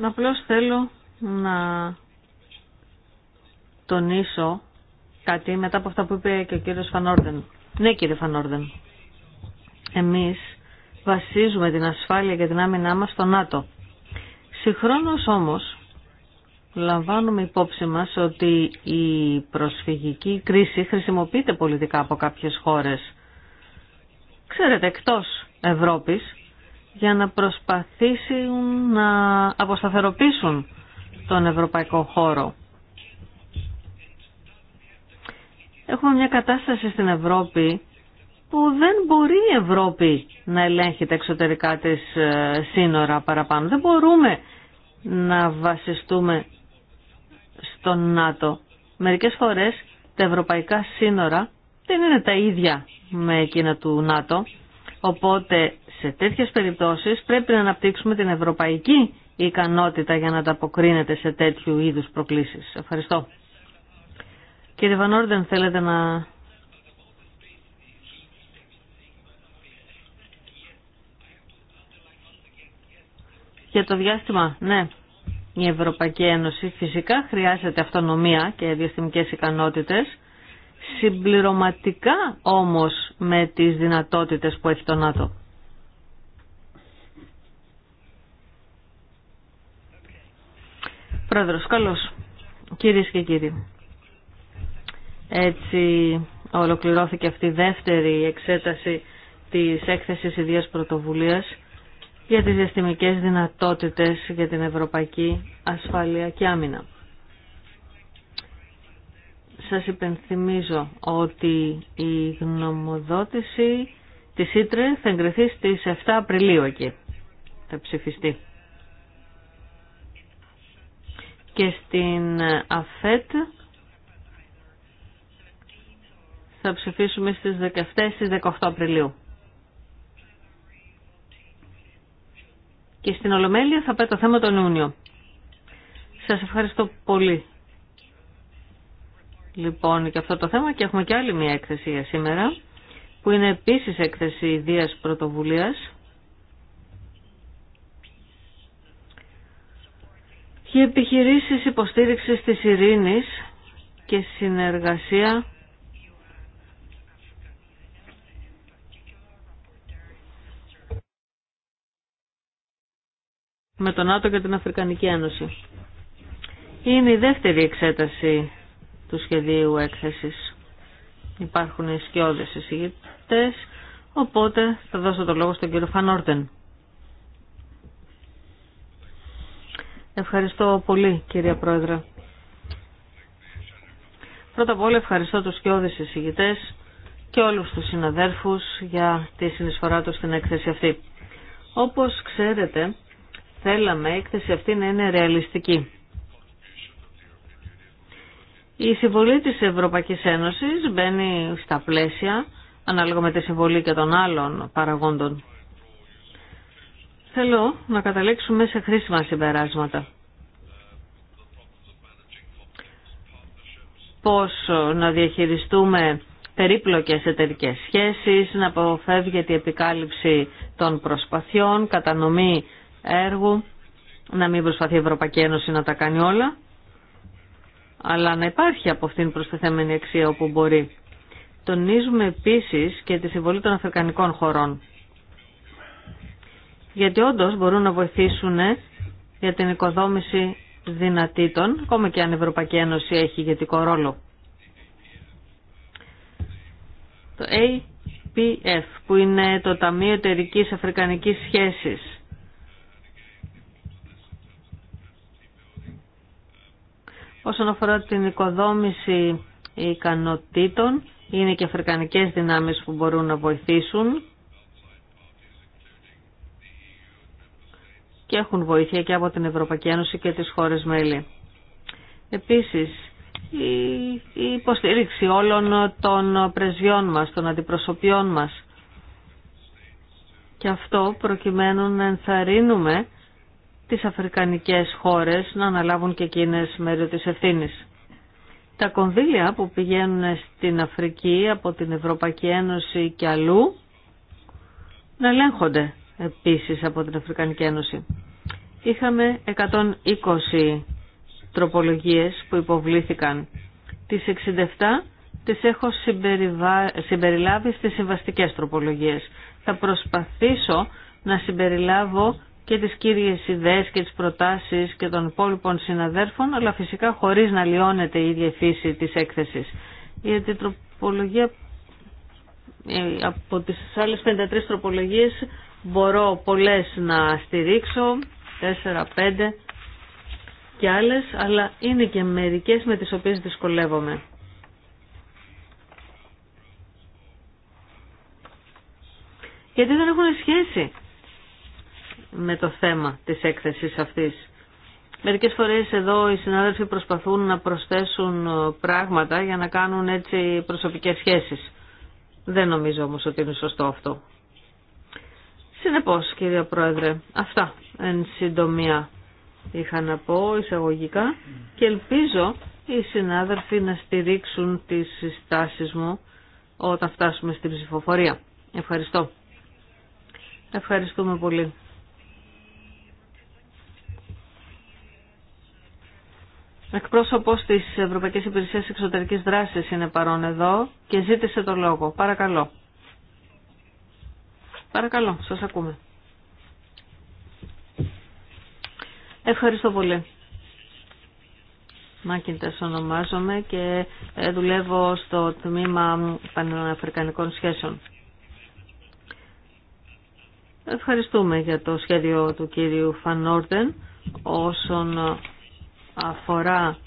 Απλώς θέλω να τονίσω κάτι μετά από αυτά που είπε και ο κύριος Φανόρδεν. Ναι κύριε Φανόρδεν, εμείς βασίζουμε την ασφάλεια και την άμυνά μας στο ΝΑΤΟ. Συγχρόνως όμως λαμβάνουμε υπόψη μας ότι η προσφυγική κρίση χρησιμοποιείται πολιτικά από κάποιες χώρες. Ξέρετε, εκτός Ευρώπης για να προσπαθήσουν να αποσταθεροποιήσουν τον ευρωπαϊκό χώρο. Έχουμε μια κατάσταση στην Ευρώπη που δεν μπορεί η Ευρώπη να ελέγχει τα εξωτερικά της ε, σύνορα παραπάνω. Δεν μπορούμε να βασιστούμε στον ΝΑΤΟ. Μερικές φορές τα ευρωπαϊκά σύνορα δεν είναι τα ίδια με εκείνα του ΝΑΤΟ, οπότε σε τέτοιες περιπτώσεις πρέπει να αναπτύξουμε την ευρωπαϊκή ικανότητα για να ανταποκρίνεται σε τέτοιου είδους προκλήσεις. Ευχαριστώ. Κύριε δεν θέλετε να... Για το διάστημα, ναι. Η Ευρωπαϊκή Ένωση φυσικά χρειάζεται αυτονομία και διαστημικές ικανότητες, συμπληρωματικά όμως με τις δυνατότητες που έχει το ΝΑΤΟ. Πρόεδρος, καλώς. Κυρίες και κύριοι. Έτσι ολοκληρώθηκε αυτή η δεύτερη εξέταση της έκθεσης ιδίας πρωτοβουλίας για τις διαστημικές δυνατότητες για την ευρωπαϊκή ασφάλεια και άμυνα. Σας υπενθυμίζω ότι η γνωμοδότηση της Ήτρε θα εγκριθεί στις 7 Απριλίου εκεί. Θα ψηφιστεί και στην ΑΦΕΤ θα ψηφίσουμε στις 17 στις 18 Απριλίου. Και στην Ολομέλεια θα πάει το θέμα τον Ιούνιο. Σας ευχαριστώ πολύ. Λοιπόν, και αυτό το θέμα και έχουμε και άλλη μια έκθεση για σήμερα, που είναι επίσης έκθεση ιδίας πρωτοβουλίας. και επιχειρήσεις υποστήριξης της ειρήνης και συνεργασία με τον ΝΑΤΟ και την Αφρικανική Ένωση. Είναι η δεύτερη εξέταση του σχεδίου έκθεσης. Υπάρχουν οι σκιώδες οπότε θα δώσω το λόγο στον κύριο Φανόρτεν. Ευχαριστώ πολύ κυρία Πρόεδρε. Πρώτα απ' όλα ευχαριστώ τους και όδες εισηγητές και όλους τους συναδέρφους για τη συνεισφορά τους στην έκθεση αυτή. Όπως ξέρετε, θέλαμε η έκθεση αυτή να είναι ρεαλιστική. Η συμβολή της Ευρωπαϊκής Ένωσης μπαίνει στα πλαίσια, ανάλογα με τη συμβολή και των άλλων παραγόντων. Θέλω να καταλήξουμε σε χρήσιμα συμπεράσματα. Πώς ε, να διαχειριστούμε περίπλοκες εταιρικέ σχέσεις, να αποφεύγεται η επικάλυψη των προσπαθειών, κατανομή έργου, να μην προσπαθεί η Ευρωπαϊκή Ένωση να τα κάνει όλα, αλλά να υπάρχει από αυτήν προσθεθέμενη αξία όπου μπορεί. Τονίζουμε επίσης και τη συμβολή των αφρικανικών χωρών γιατί όντω μπορούν να βοηθήσουν για την οικοδόμηση δυνατήτων, ακόμα και αν η Ευρωπαϊκή Ένωση έχει ηγετικό ρόλο. Το APF, που είναι το Ταμείο εταιρική Αφρικανικής σχέση. Όσον αφορά την οικοδόμηση ικανοτήτων, είναι και αφρικανικές δυνάμεις που μπορούν να βοηθήσουν και έχουν βοήθεια και από την Ευρωπαϊκή Ένωση και τις χώρες μέλη. Επίσης, η υποστήριξη όλων των πρεσβειών μας, των αντιπροσωπιών μας. Και αυτό προκειμένου να ενθαρρύνουμε τις αφρικανικές χώρες να αναλάβουν και εκείνες μέρος της ευθύνης. Τα κονδύλια που πηγαίνουν στην Αφρική από την Ευρωπαϊκή Ένωση και αλλού να ελέγχονται επίσης από την Αφρικανική Ένωση. Είχαμε 120 τροπολογίες που υποβλήθηκαν. Τις 67 τις έχω συμπεριλάβει στις συμβαστικές τροπολογίες. Θα προσπαθήσω να συμπεριλάβω και τις κύριες ιδέες και τις προτάσεις και των υπόλοιπων συναδέρφων, αλλά φυσικά χωρίς να λιώνεται η ίδια φύση της έκθεσης. Γιατί η τροπολογία ε, από τις άλλες 53 τροπολογίες μπορώ πολλές να στηρίξω, 4, 5 και άλλες, αλλά είναι και μερικές με τις οποίες δυσκολεύομαι. Γιατί δεν έχουν σχέση με το θέμα της έκθεσης αυτής. Μερικές φορές εδώ οι συνάδελφοι προσπαθούν να προσθέσουν ε, πράγματα για να κάνουν έτσι προσωπικές σχέσεις. Δεν νομίζω όμως ότι είναι σωστό αυτό. Συνεπώς κύριε Πρόεδρε, αυτά εν συντομία είχα να πω εισαγωγικά και ελπίζω οι συνάδελφοι να στηρίξουν τις συστάσεις μου όταν φτάσουμε στην ψηφοφορία. Ευχαριστώ. Ευχαριστούμε πολύ. Εκπρόσωπος της Ευρωπαϊκής Υπηρεσίας Εξωτερικής Δράσης είναι παρόν εδώ και ζήτησε το λόγο. Παρακαλώ. Παρακαλώ, σας ακούμε. Ευχαριστώ πολύ. Μάκιντας ονομάζομαι και ε, δουλεύω στο τμήμα Πανεπιστημιακών Σχέσεων. Ευχαριστούμε για το σχέδιο του κύριου Φανόρτεν όσον αφορά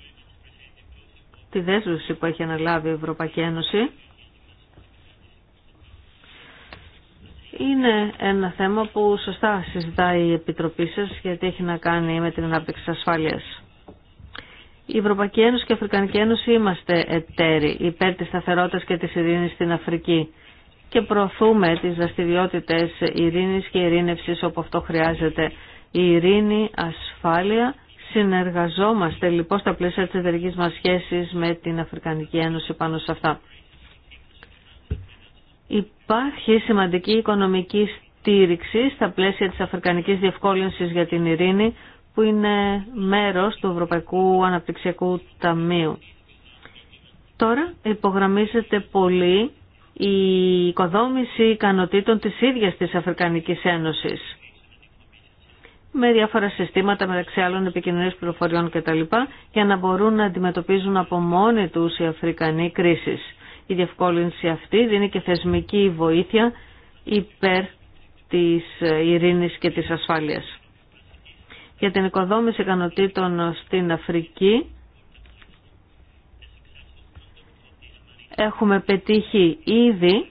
τη δέσμευση που έχει αναλάβει η Ευρωπαϊκή Ένωση Είναι ένα θέμα που σωστά συζητάει η Επιτροπή σας γιατί έχει να κάνει με την ανάπτυξη ασφάλειας. Η Ευρωπαϊκή Ένωση και η Αφρικανική Ένωση είμαστε εταίροι υπέρ της σταθερότητας και της ειρήνης στην Αφρική και προωθούμε τις δραστηριότητες ειρήνης και ειρήνευσης όπου αυτό χρειάζεται. Η ειρήνη, ασφάλεια, συνεργαζόμαστε λοιπόν στα πλαίσια της εταιρικής μας σχέσης με την Αφρικανική Ένωση πάνω σε αυτά. Υπάρχει σημαντική οικονομική στήριξη στα πλαίσια της Αφρικανικής Διευκόλυνσης για την Ειρήνη που είναι μέρος του Ευρωπαϊκού Αναπτυξιακού Ταμείου. Τώρα υπογραμμίζεται πολύ η οικοδόμηση ικανοτήτων της ίδιας της Αφρικανικής Ένωσης με διάφορα συστήματα μεταξύ άλλων επικοινωνίες πληροφοριών κτλ. για να μπορούν να αντιμετωπίζουν από μόνοι τους οι Αφρικανοί κρίσεις. Η διευκόλυνση αυτή δίνει και θεσμική βοήθεια υπέρ της ειρήνης και της ασφάλειας. Για την οικοδόμηση ικανοτήτων στην Αφρική έχουμε πετύχει ήδη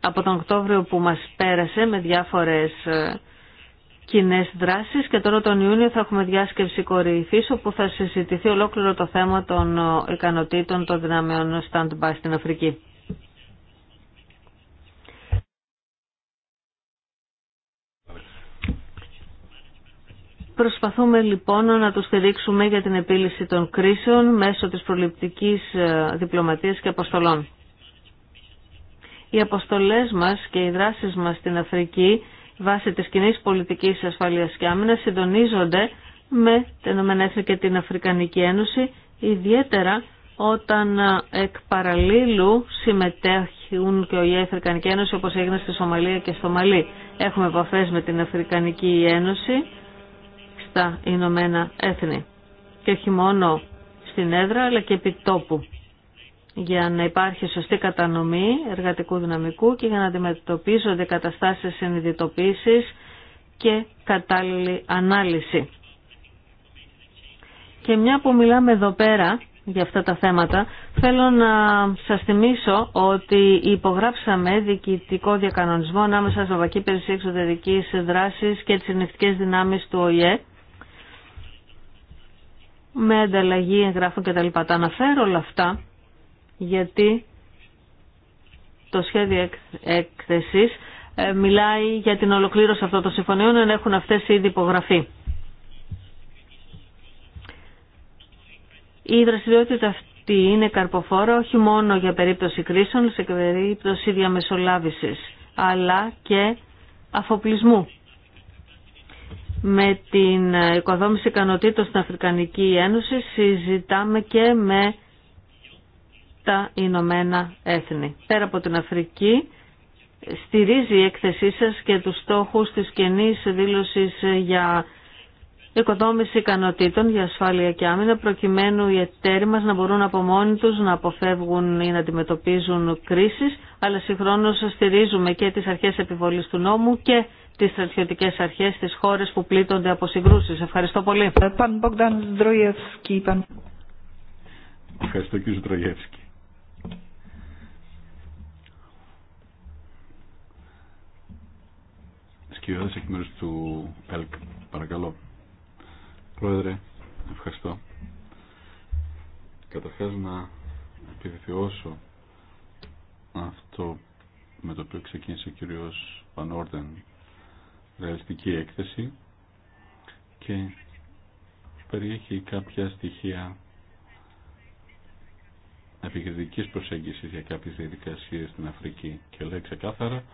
από τον Οκτώβριο που μας πέρασε με διάφορες ε, κοινέ δράσεις και τώρα τον Ιούνιο θα έχουμε διάσκεψη κορυφή όπου θα συζητηθεί ολόκληρο το θέμα των ικανοτήτων των δυνάμεων stand-by στην Αφρική. Προσπαθούμε λοιπόν να τους στηρίξουμε για την επίλυση των κρίσεων μέσω της προληπτικής ε, διπλωματίας και αποστολών. Οι αποστολές μας και οι δράσεις μας στην Αφρική βάσει της κοινή πολιτικής ασφαλείας και άμυνας συντονίζονται με την ΕΕ και την Αφρικανική Ένωση, ιδιαίτερα όταν ε, εκ παραλίλου συμμετέχουν και η Αφρικανική Ένωση όπως έγινε στη Σομαλία και στο Μαλί. Έχουμε επαφέ με την Αφρικανική Ένωση στα Ηνωμένα Έθνη και όχι μόνο στην έδρα αλλά και επί τόπου για να υπάρχει σωστή κατανομή εργατικού δυναμικού και για να αντιμετωπίζονται καταστάσεις συνειδητοποίησης και κατάλληλη ανάλυση. Και μια που μιλάμε εδώ πέρα για αυτά τα θέματα, θέλω να σας θυμίσω ότι υπογράψαμε διοικητικό διακανονισμό ανάμεσα Βακή Περισσία Εξωτερικής Δράσης και τις Συνεχτικές Δυνάμεις του ΟΗΕ με ανταλλαγή εγγράφων κτλ. Τα αναφέρω όλα αυτά γιατί το σχέδιο έκθεσης ε, μιλάει για την ολοκλήρωση αυτών των συμφωνιών ενώ έχουν αυτές ήδη υπογραφεί. Η δραστηριότητα αυτή είναι καρποφόρα όχι μόνο για περίπτωση κρίσεων, σε περίπτωση διαμεσολάβησης, αλλά και αφοπλισμού. Με την οικοδόμηση ικανοτήτων στην Αφρικανική Ένωση συζητάμε και με τα Ηνωμένα Έθνη. Πέρα από την Αφρική, στηρίζει η έκθεσή σας και τους στόχους της κενής δήλωσης για οικοδόμηση ικανοτήτων για ασφάλεια και άμυνα, προκειμένου οι εταίροι μας να μπορούν από μόνοι τους να αποφεύγουν ή να αντιμετωπίζουν κρίσεις, αλλά συγχρόνως στηρίζουμε και τις αρχές επιβολής του νόμου και τις στρατιωτικές αρχές στις χώρες που πλήττονται από συγκρούσεις. Ευχαριστώ πολύ. Ευχαριστώ κύριε Τρογεύσκη. κυβέρνηση εκ μέρου του ΕΛΚ. Παρακαλώ. Πρόεδρε, ευχαριστώ. Καταρχά να επιβεβαιώσω αυτό με το οποίο ξεκίνησε ο κύριος Πανόρτεν. Ρεαλιστική έκθεση και περιέχει κάποια στοιχεία επικριτικής προσέγγισης για κάποιες διαδικασίε στην Αφρική και λέει ξεκάθαρα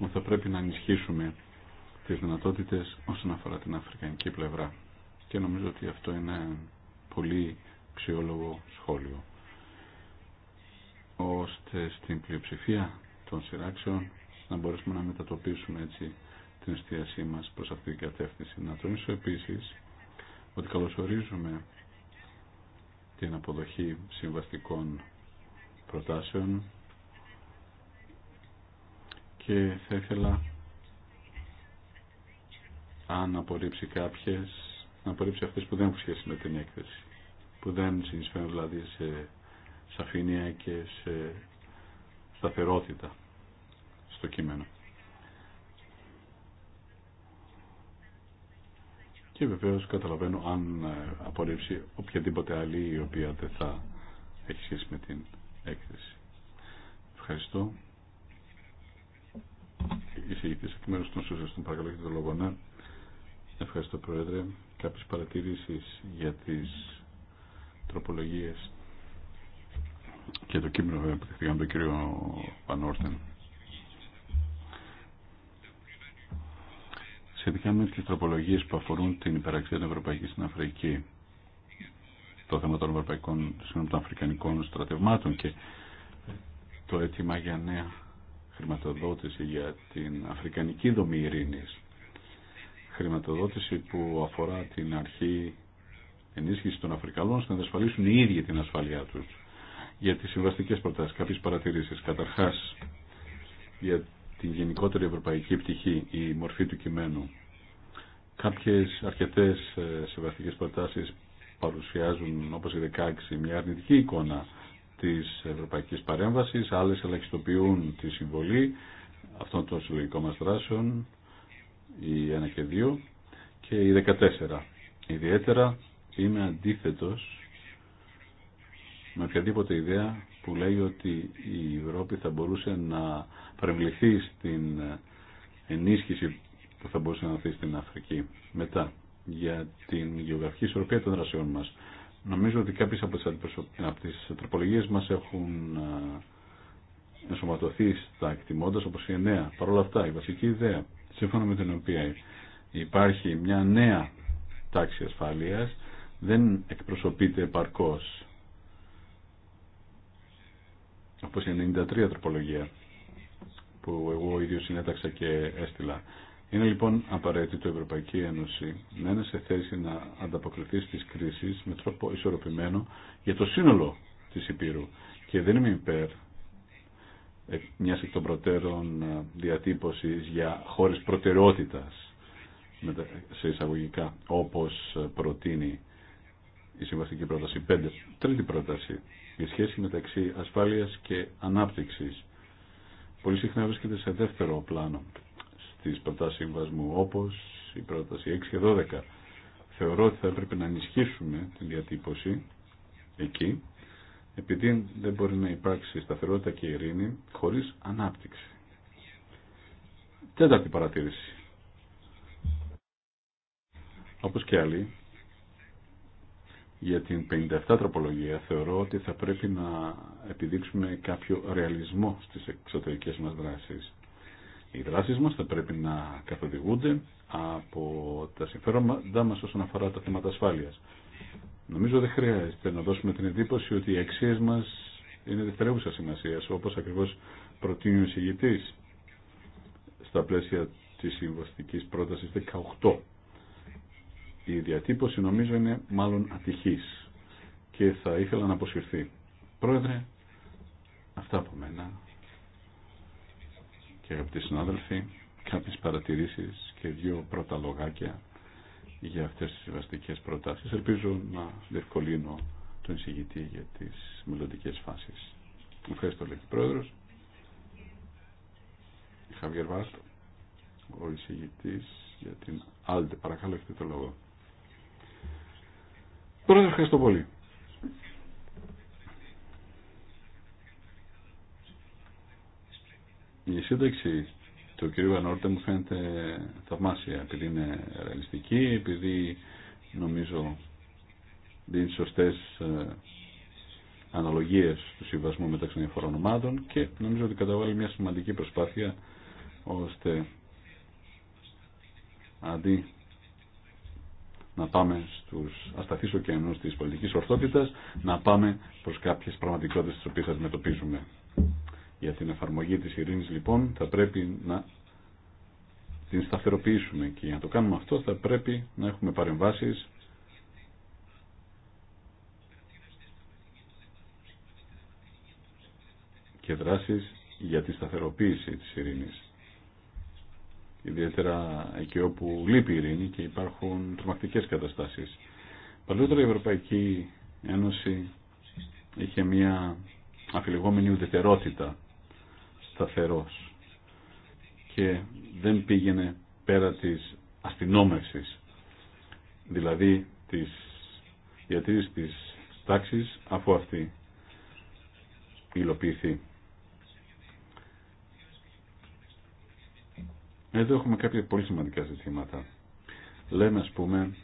ότι θα πρέπει να ενισχύσουμε τις δυνατότητες όσον αφορά την αφρικανική πλευρά. Και νομίζω ότι αυτό είναι πολύ αξιόλογο σχόλιο. Ώστε στην πλειοψηφία των σειράξεων να μπορέσουμε να μετατοπίσουμε έτσι την εστίασή μας προς αυτή την κατεύθυνση. Να τονίσω επίσης ότι καλωσορίζουμε την αποδοχή συμβαστικών προτάσεων και θα ήθελα αν απορρίψει κάποιες, να απορρίψει αυτές που δεν έχουν σχέση με την έκθεση, που δεν συνεισφέρουν δηλαδή σε σαφήνεια και σε σταθερότητα στο κείμενο. Και βεβαίω καταλαβαίνω αν ε, απορρίψει οποιαδήποτε άλλη η οποία δεν θα έχει σχέση με την έκθεση. Ευχαριστώ. Εισηγητή εκ μέρου των Σοσιαλιστών, παρακαλώ, και το λόγο. Ναι, Ευχαριστώ Πρόεδρε. Κάποιες παρατηρήσεις για τις τροπολογίες και το κείμενο που δεχτήκαμε τον κύριο Πανόρθεν. Σχετικά με τις τροπολογίες που αφορούν την υπεραξία των Ευρωπαϊκή στην Αφρική, το θέμα των ευρωπαϊκών, συγγνώμη, των αφρικανικών στρατευμάτων και το αίτημα για νέα χρηματοδότηση για την αφρικανική δομή ειρήνης χρηματοδότηση που αφορά την αρχή ενίσχυση των Αφρικανών να ασφαλίσουν οι ίδιοι την ασφαλειά τους. Για τις συμβαστικέ προτάσεις, κάποιε παρατηρήσεις. Καταρχάς, για την γενικότερη ευρωπαϊκή πτυχή, η μορφή του κειμένου. Κάποιες αρκετέ ε, συμβαστικέ προτάσεις παρουσιάζουν, όπως η 16, μια αρνητική εικόνα της Ευρωπαϊκή παρέμβαση, άλλε ελαχιστοποιούν τη συμβολή αυτών των συλλογικών μα δράσεων η 1 και 2 και η 14. Ιδιαίτερα είμαι αντίθετος με οποιαδήποτε ιδέα που λέει ότι η Ευρώπη θα μπορούσε να παρεμβληθεί στην ενίσχυση που θα μπορούσε να δει στην Αφρική. Μετά, για την γεωγραφική ισορροπία των δρασιών μας. Νομίζω ότι κάποιες από τις, αντιπροσω... από τις τροπολογίες μας έχουν ε, ενσωματωθεί στα εκτιμώντα όπως η 9. Παρ' όλα αυτά, η βασική ιδέα σύμφωνα με την οποία υπάρχει μια νέα τάξη ασφαλείας δεν εκπροσωπείται επαρκώς όπως η 93 τροπολογία που εγώ ίδιο συνέταξα και έστειλα. Είναι λοιπόν απαραίτητο η Ευρωπαϊκή Ένωση να είναι σε θέση να ανταποκριθεί στις κρίσεις με τρόπο ισορροπημένο για το σύνολο της Υπήρου. Και δεν είμαι υπέρ μιας εκ των προτέρων ε, διατύπωσης για χώρες προτεραιότητας σε εισαγωγικά όπως ε, προτείνει η συμβαστική πρόταση 5. Τρίτη πρόταση η σχέση μεταξύ ασφάλειας και ανάπτυξης πολύ συχνά βρίσκεται σε δεύτερο πλάνο στις προτάσεις συμβασμού όπως η πρόταση 6 και 12. Θεωρώ ότι θα έπρεπε να ενισχύσουμε τη διατύπωση εκεί επειδή δεν μπορεί να υπάρξει σταθερότητα και ειρήνη χωρίς ανάπτυξη. Τέταρτη παρατήρηση. Όπως και άλλοι, για την 57 τροπολογία θεωρώ ότι θα πρέπει να επιδείξουμε κάποιο ρεαλισμό στις εξωτερικές μας δράσεις. Οι δράσεις μας θα πρέπει να καθοδηγούνται από τα συμφέροντά μας όσον αφορά τα θέματα ασφάλειας. Νομίζω δεν χρειάζεται να δώσουμε την εντύπωση ότι οι αξίε μα είναι δευτερεύουσα σημασία, όπω ακριβώ προτείνει ο εισηγητή στα πλαίσια τη συμβαστική πρόταση 18. Η διατύπωση νομίζω είναι μάλλον ατυχή και θα ήθελα να αποσυρθεί. Πρόεδρε, αυτά από μένα και αγαπητοί συνάδελφοι, κάποιες παρατηρήσεις και δύο πρώτα λογάκια για αυτές τις συμβαστικές προτάσεις. Ελπίζω να διευκολύνω τον εισηγητή για τις μελλοντικέ φάσεις. Ευχαριστώ, πρόεδρο Πρόεδρος. Χαβιερ Βάστο, ο εισηγητής για την Άλτε. Παρακαλώ, έχετε το λόγο. Πρόεδρε, ευχαριστώ πολύ. Η σύνταξη το κ. Βανόρτε μου φαίνεται θαυμάσια επειδή είναι ρεαλιστική, επειδή νομίζω δίνει σωστέ ε, αναλογίες του συμβασμού μεταξύ των διαφορών ομάδων και νομίζω ότι καταβάλλει μια σημαντική προσπάθεια ώστε αντί να πάμε στους ασταθείς ωκεανούς της πολιτικής ορθότητας, να πάμε προς κάποιες πραγματικότητες τις οποίες αντιμετωπίζουμε. Για την εφαρμογή της ειρήνης λοιπόν θα πρέπει να την σταθεροποιήσουμε και για να το κάνουμε αυτό θα πρέπει να έχουμε παρεμβάσεις και δράσεις για τη σταθεροποίηση της ειρήνης. Ιδιαίτερα εκεί όπου λείπει η ειρήνη και υπάρχουν τρομακτικές καταστάσεις. Παλαιότερα η Ευρωπαϊκή Ένωση είχε μια αφιλεγόμενη ουδετερότητα σταθερός και δεν πήγαινε πέρα της αστυνόμευσης, δηλαδή της διατήρησης της τάξης αφού αυτή υλοποιηθεί. Εδώ έχουμε κάποια πολύ σημαντικά ζητήματα. Λέμε, ας πούμε,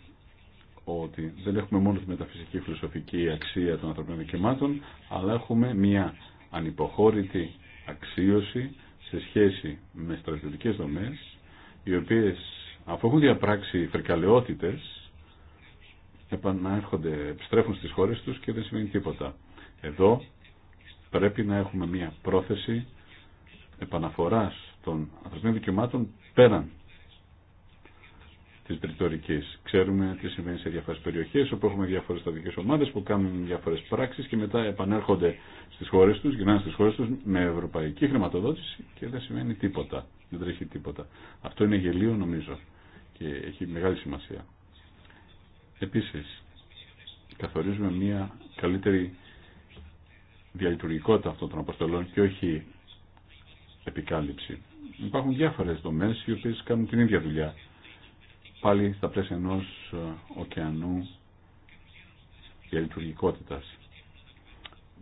ότι δεν έχουμε μόνο τη μεταφυσική φιλοσοφική αξία των ανθρωπίνων δικαιωμάτων, αλλά έχουμε μια ανυποχώρητη αξίωση σε σχέση με στρατιωτικές δομές οι οποίες αφού έχουν διαπράξει φρικαλαιότητες επιστρέφουν στις χώρες τους και δεν σημαίνει τίποτα. Εδώ πρέπει να έχουμε μια πρόθεση επαναφοράς των ανθρωπίνων δικαιωμάτων πέραν της πριτορικής. Ξέρουμε τι συμβαίνει σε διάφορες περιοχές όπου έχουμε διάφορες στατικές ομάδες που κάνουν διάφορες πράξεις και μετά επανέρχονται στις χώρες τους, γυρνάνε στις χώρες τους με ευρωπαϊκή χρηματοδότηση και δεν σημαίνει τίποτα. Δεν τρέχει τίποτα. Αυτό είναι γελίο νομίζω και έχει μεγάλη σημασία. Επίσης, καθορίζουμε μια καλύτερη διαλειτουργικότητα αυτών των αποστολών και όχι επικάλυψη. Υπάρχουν διάφορες δομές οι οποίες κάνουν την ίδια δουλειά πάλι στα πλαίσια ενό ε, ωκεανού διαλειτουργικότητα.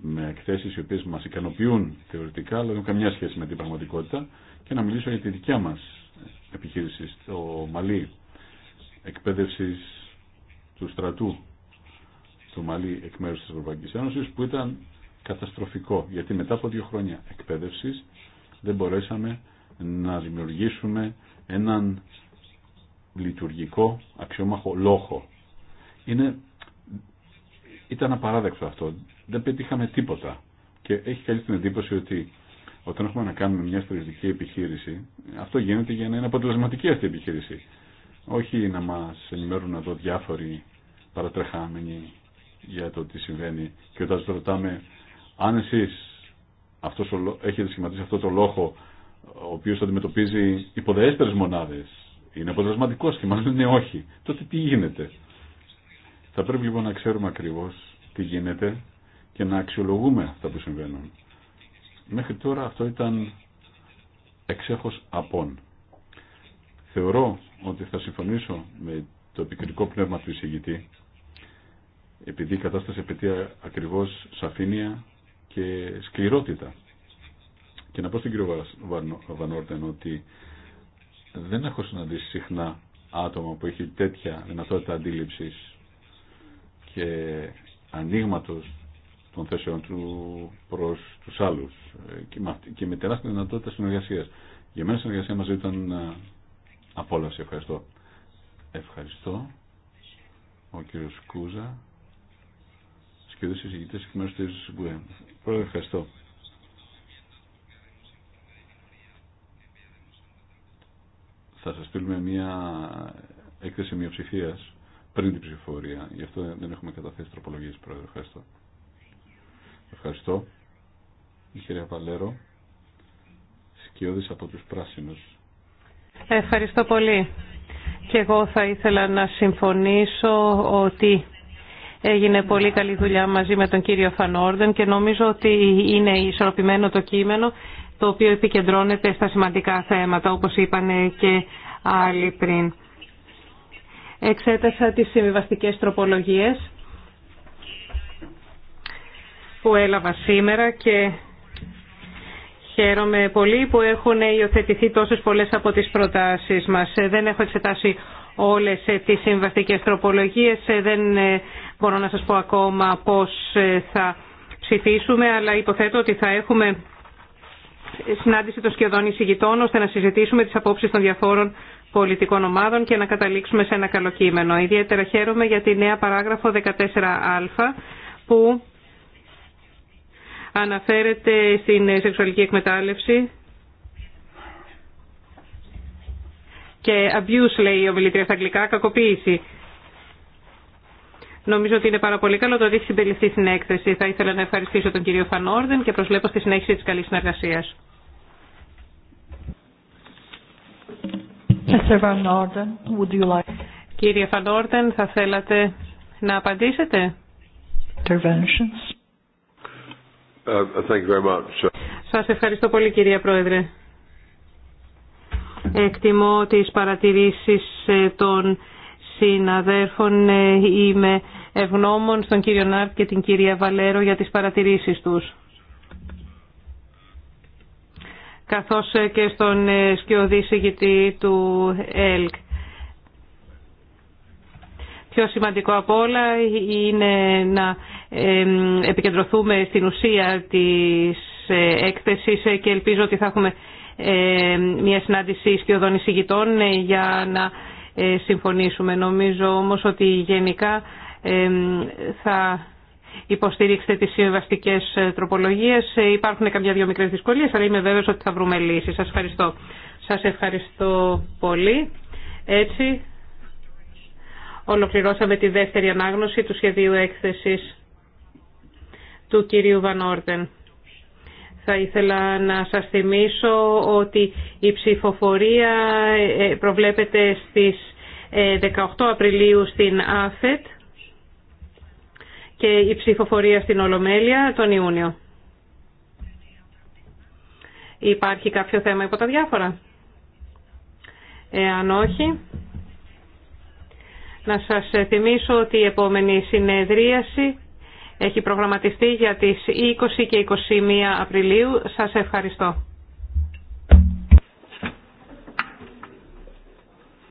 Με εκθέσει οι οποίε μα ικανοποιούν θεωρητικά, αλλά δεν έχουν καμιά σχέση με την πραγματικότητα και να μιλήσω για τη δικιά μα επιχείρηση το Μαλί εκπαίδευση του στρατού του Μαλί εκ μέρου τη Ευρωπαϊκή Ένωση που ήταν καταστροφικό γιατί μετά από δύο χρόνια εκπαίδευση δεν μπορέσαμε να δημιουργήσουμε έναν λειτουργικό αξιόμαχο λόγο. Είναι... Ήταν απαράδεκτο αυτό. Δεν πετύχαμε τίποτα. Και έχει καλή την εντύπωση ότι όταν έχουμε να κάνουμε μια στρατιωτική επιχείρηση, αυτό γίνεται για να είναι αποτελεσματική αυτή η επιχείρηση. Όχι να μα ενημέρουν εδώ διάφοροι παρατρεχάμενοι για το τι συμβαίνει. Και όταν του ρωτάμε, αν εσεί έχετε σχηματίσει αυτό το λόγο, ο οποίο αντιμετωπίζει υποδεέστερε μονάδε είναι αποτελεσματικός και μάλλον είναι όχι. Τότε τι γίνεται. Θα πρέπει λοιπόν να ξέρουμε ακριβώς τι γίνεται και να αξιολογούμε αυτά που συμβαίνουν. Μέχρι τώρα αυτό ήταν εξέχως απόν. Θεωρώ ότι θα συμφωνήσω με το επικριτικό πνεύμα του εισηγητή επειδή η κατάσταση απαιτεί ακριβώς σαφήνεια και σκληρότητα. Και να πω στον κύριο Βανόρτεν ότι δεν έχω συναντήσει συχνά άτομα που έχει τέτοια δυνατότητα αντίληψης και ανοίγματο των θέσεων του προς τους άλλους και με τεράστια δυνατότητα συνεργασίας. Για μένα η συνεργασία μαζί ήταν ε, απόλαυση. Ευχαριστώ. Ευχαριστώ. Ο κύριος Κούζα. Σκεδούς εισηγητές εκ μέρους της Πρόεδρε, ευχαριστώ. θα σας στείλουμε μια έκθεση μειοψηφία πριν την ψηφορία. Γι' αυτό δεν έχουμε καταθέσει τροπολογίες, Πρόεδρε. Ευχαριστώ. Ευχαριστώ. Η κυρία Παλέρο, σκιώδης από τους πράσινους. Ευχαριστώ πολύ. Και εγώ θα ήθελα να συμφωνήσω ότι έγινε πολύ καλή δουλειά μαζί με τον κύριο Φανόρδεν και νομίζω ότι είναι ισορροπημένο το κείμενο το οποίο επικεντρώνεται στα σημαντικά θέματα, όπως είπαν και άλλοι πριν. Εξέτασα τις συμβιβαστικές τροπολογίες που έλαβα σήμερα και χαίρομαι πολύ που έχουν υιοθετηθεί τόσες πολλές από τις προτάσεις μας. Δεν έχω εξετάσει όλες τις συμβαστικές τροπολογίες, δεν μπορώ να σας πω ακόμα πώς θα ψηφίσουμε, αλλά υποθέτω ότι θα έχουμε συνάντηση των σχεδόν εισηγητών ώστε να συζητήσουμε τις απόψεις των διαφόρων πολιτικών ομάδων και να καταλήξουμε σε ένα καλοκείμενο. κείμενο. Ιδιαίτερα χαίρομαι για τη νέα παράγραφο 14α που αναφέρεται στην σεξουαλική εκμετάλλευση και abuse λέει ο ομιλητρία στα αγγλικά, κακοποίηση. Νομίζω ότι είναι πάρα πολύ καλό το ότι έχει συμπεριληφθεί στην έκθεση. Θα ήθελα να ευχαριστήσω τον κύριο Φανόρδεν και προσλέπω στη συνέχιση της καλή συνεργασία. Κύριε Φανόρδεν, θα θέλατε να απαντήσετε. Interventions. Uh, Σας ευχαριστώ πολύ κυρία Πρόεδρε. Εκτιμώ τις παρατηρήσεις ε, των συναδέρφων. Ε, είμαι ευγνώμων στον κύριο Νάρτ και την κυρία Βαλέρο για τις παρατηρήσεις τους. Καθώς ε, και στον ε, σκιωδή συγητή του ΕΛΚ. Πιο σημαντικό από όλα είναι να επικεντρωθούμε στην ουσία της ε, έκθεσης και ελπίζω ότι θα έχουμε μια συνάντηση σκιωδών εισηγητών για να συμφωνήσουμε. Νομίζω όμως ότι γενικά θα υποστήριξετε τις συμβαστικές ε, τροπολογίες. Ε, υπάρχουν κάποια δύο μικρές δυσκολίες, αλλά είμαι βέβαιος ότι θα βρούμε λύση. Σας ευχαριστώ. Σας ευχαριστώ πολύ. Έτσι, ολοκληρώσαμε τη δεύτερη ανάγνωση του σχεδίου έκθεσης του κυρίου Βανόρτεν. Θα ήθελα να σας θυμίσω ότι η ψηφοφορία ε, προβλέπεται στις 18 Απριλίου στην ΑΦΕΤ και η ψηφοφορία στην Ολομέλεια τον Ιούνιο. Υπάρχει κάποιο θέμα υπό τα διάφορα. Εάν όχι, να σας θυμίσω ότι η επόμενη συνεδρίαση έχει προγραμματιστεί για τις 20 και 21 Απριλίου. Σας ευχαριστώ.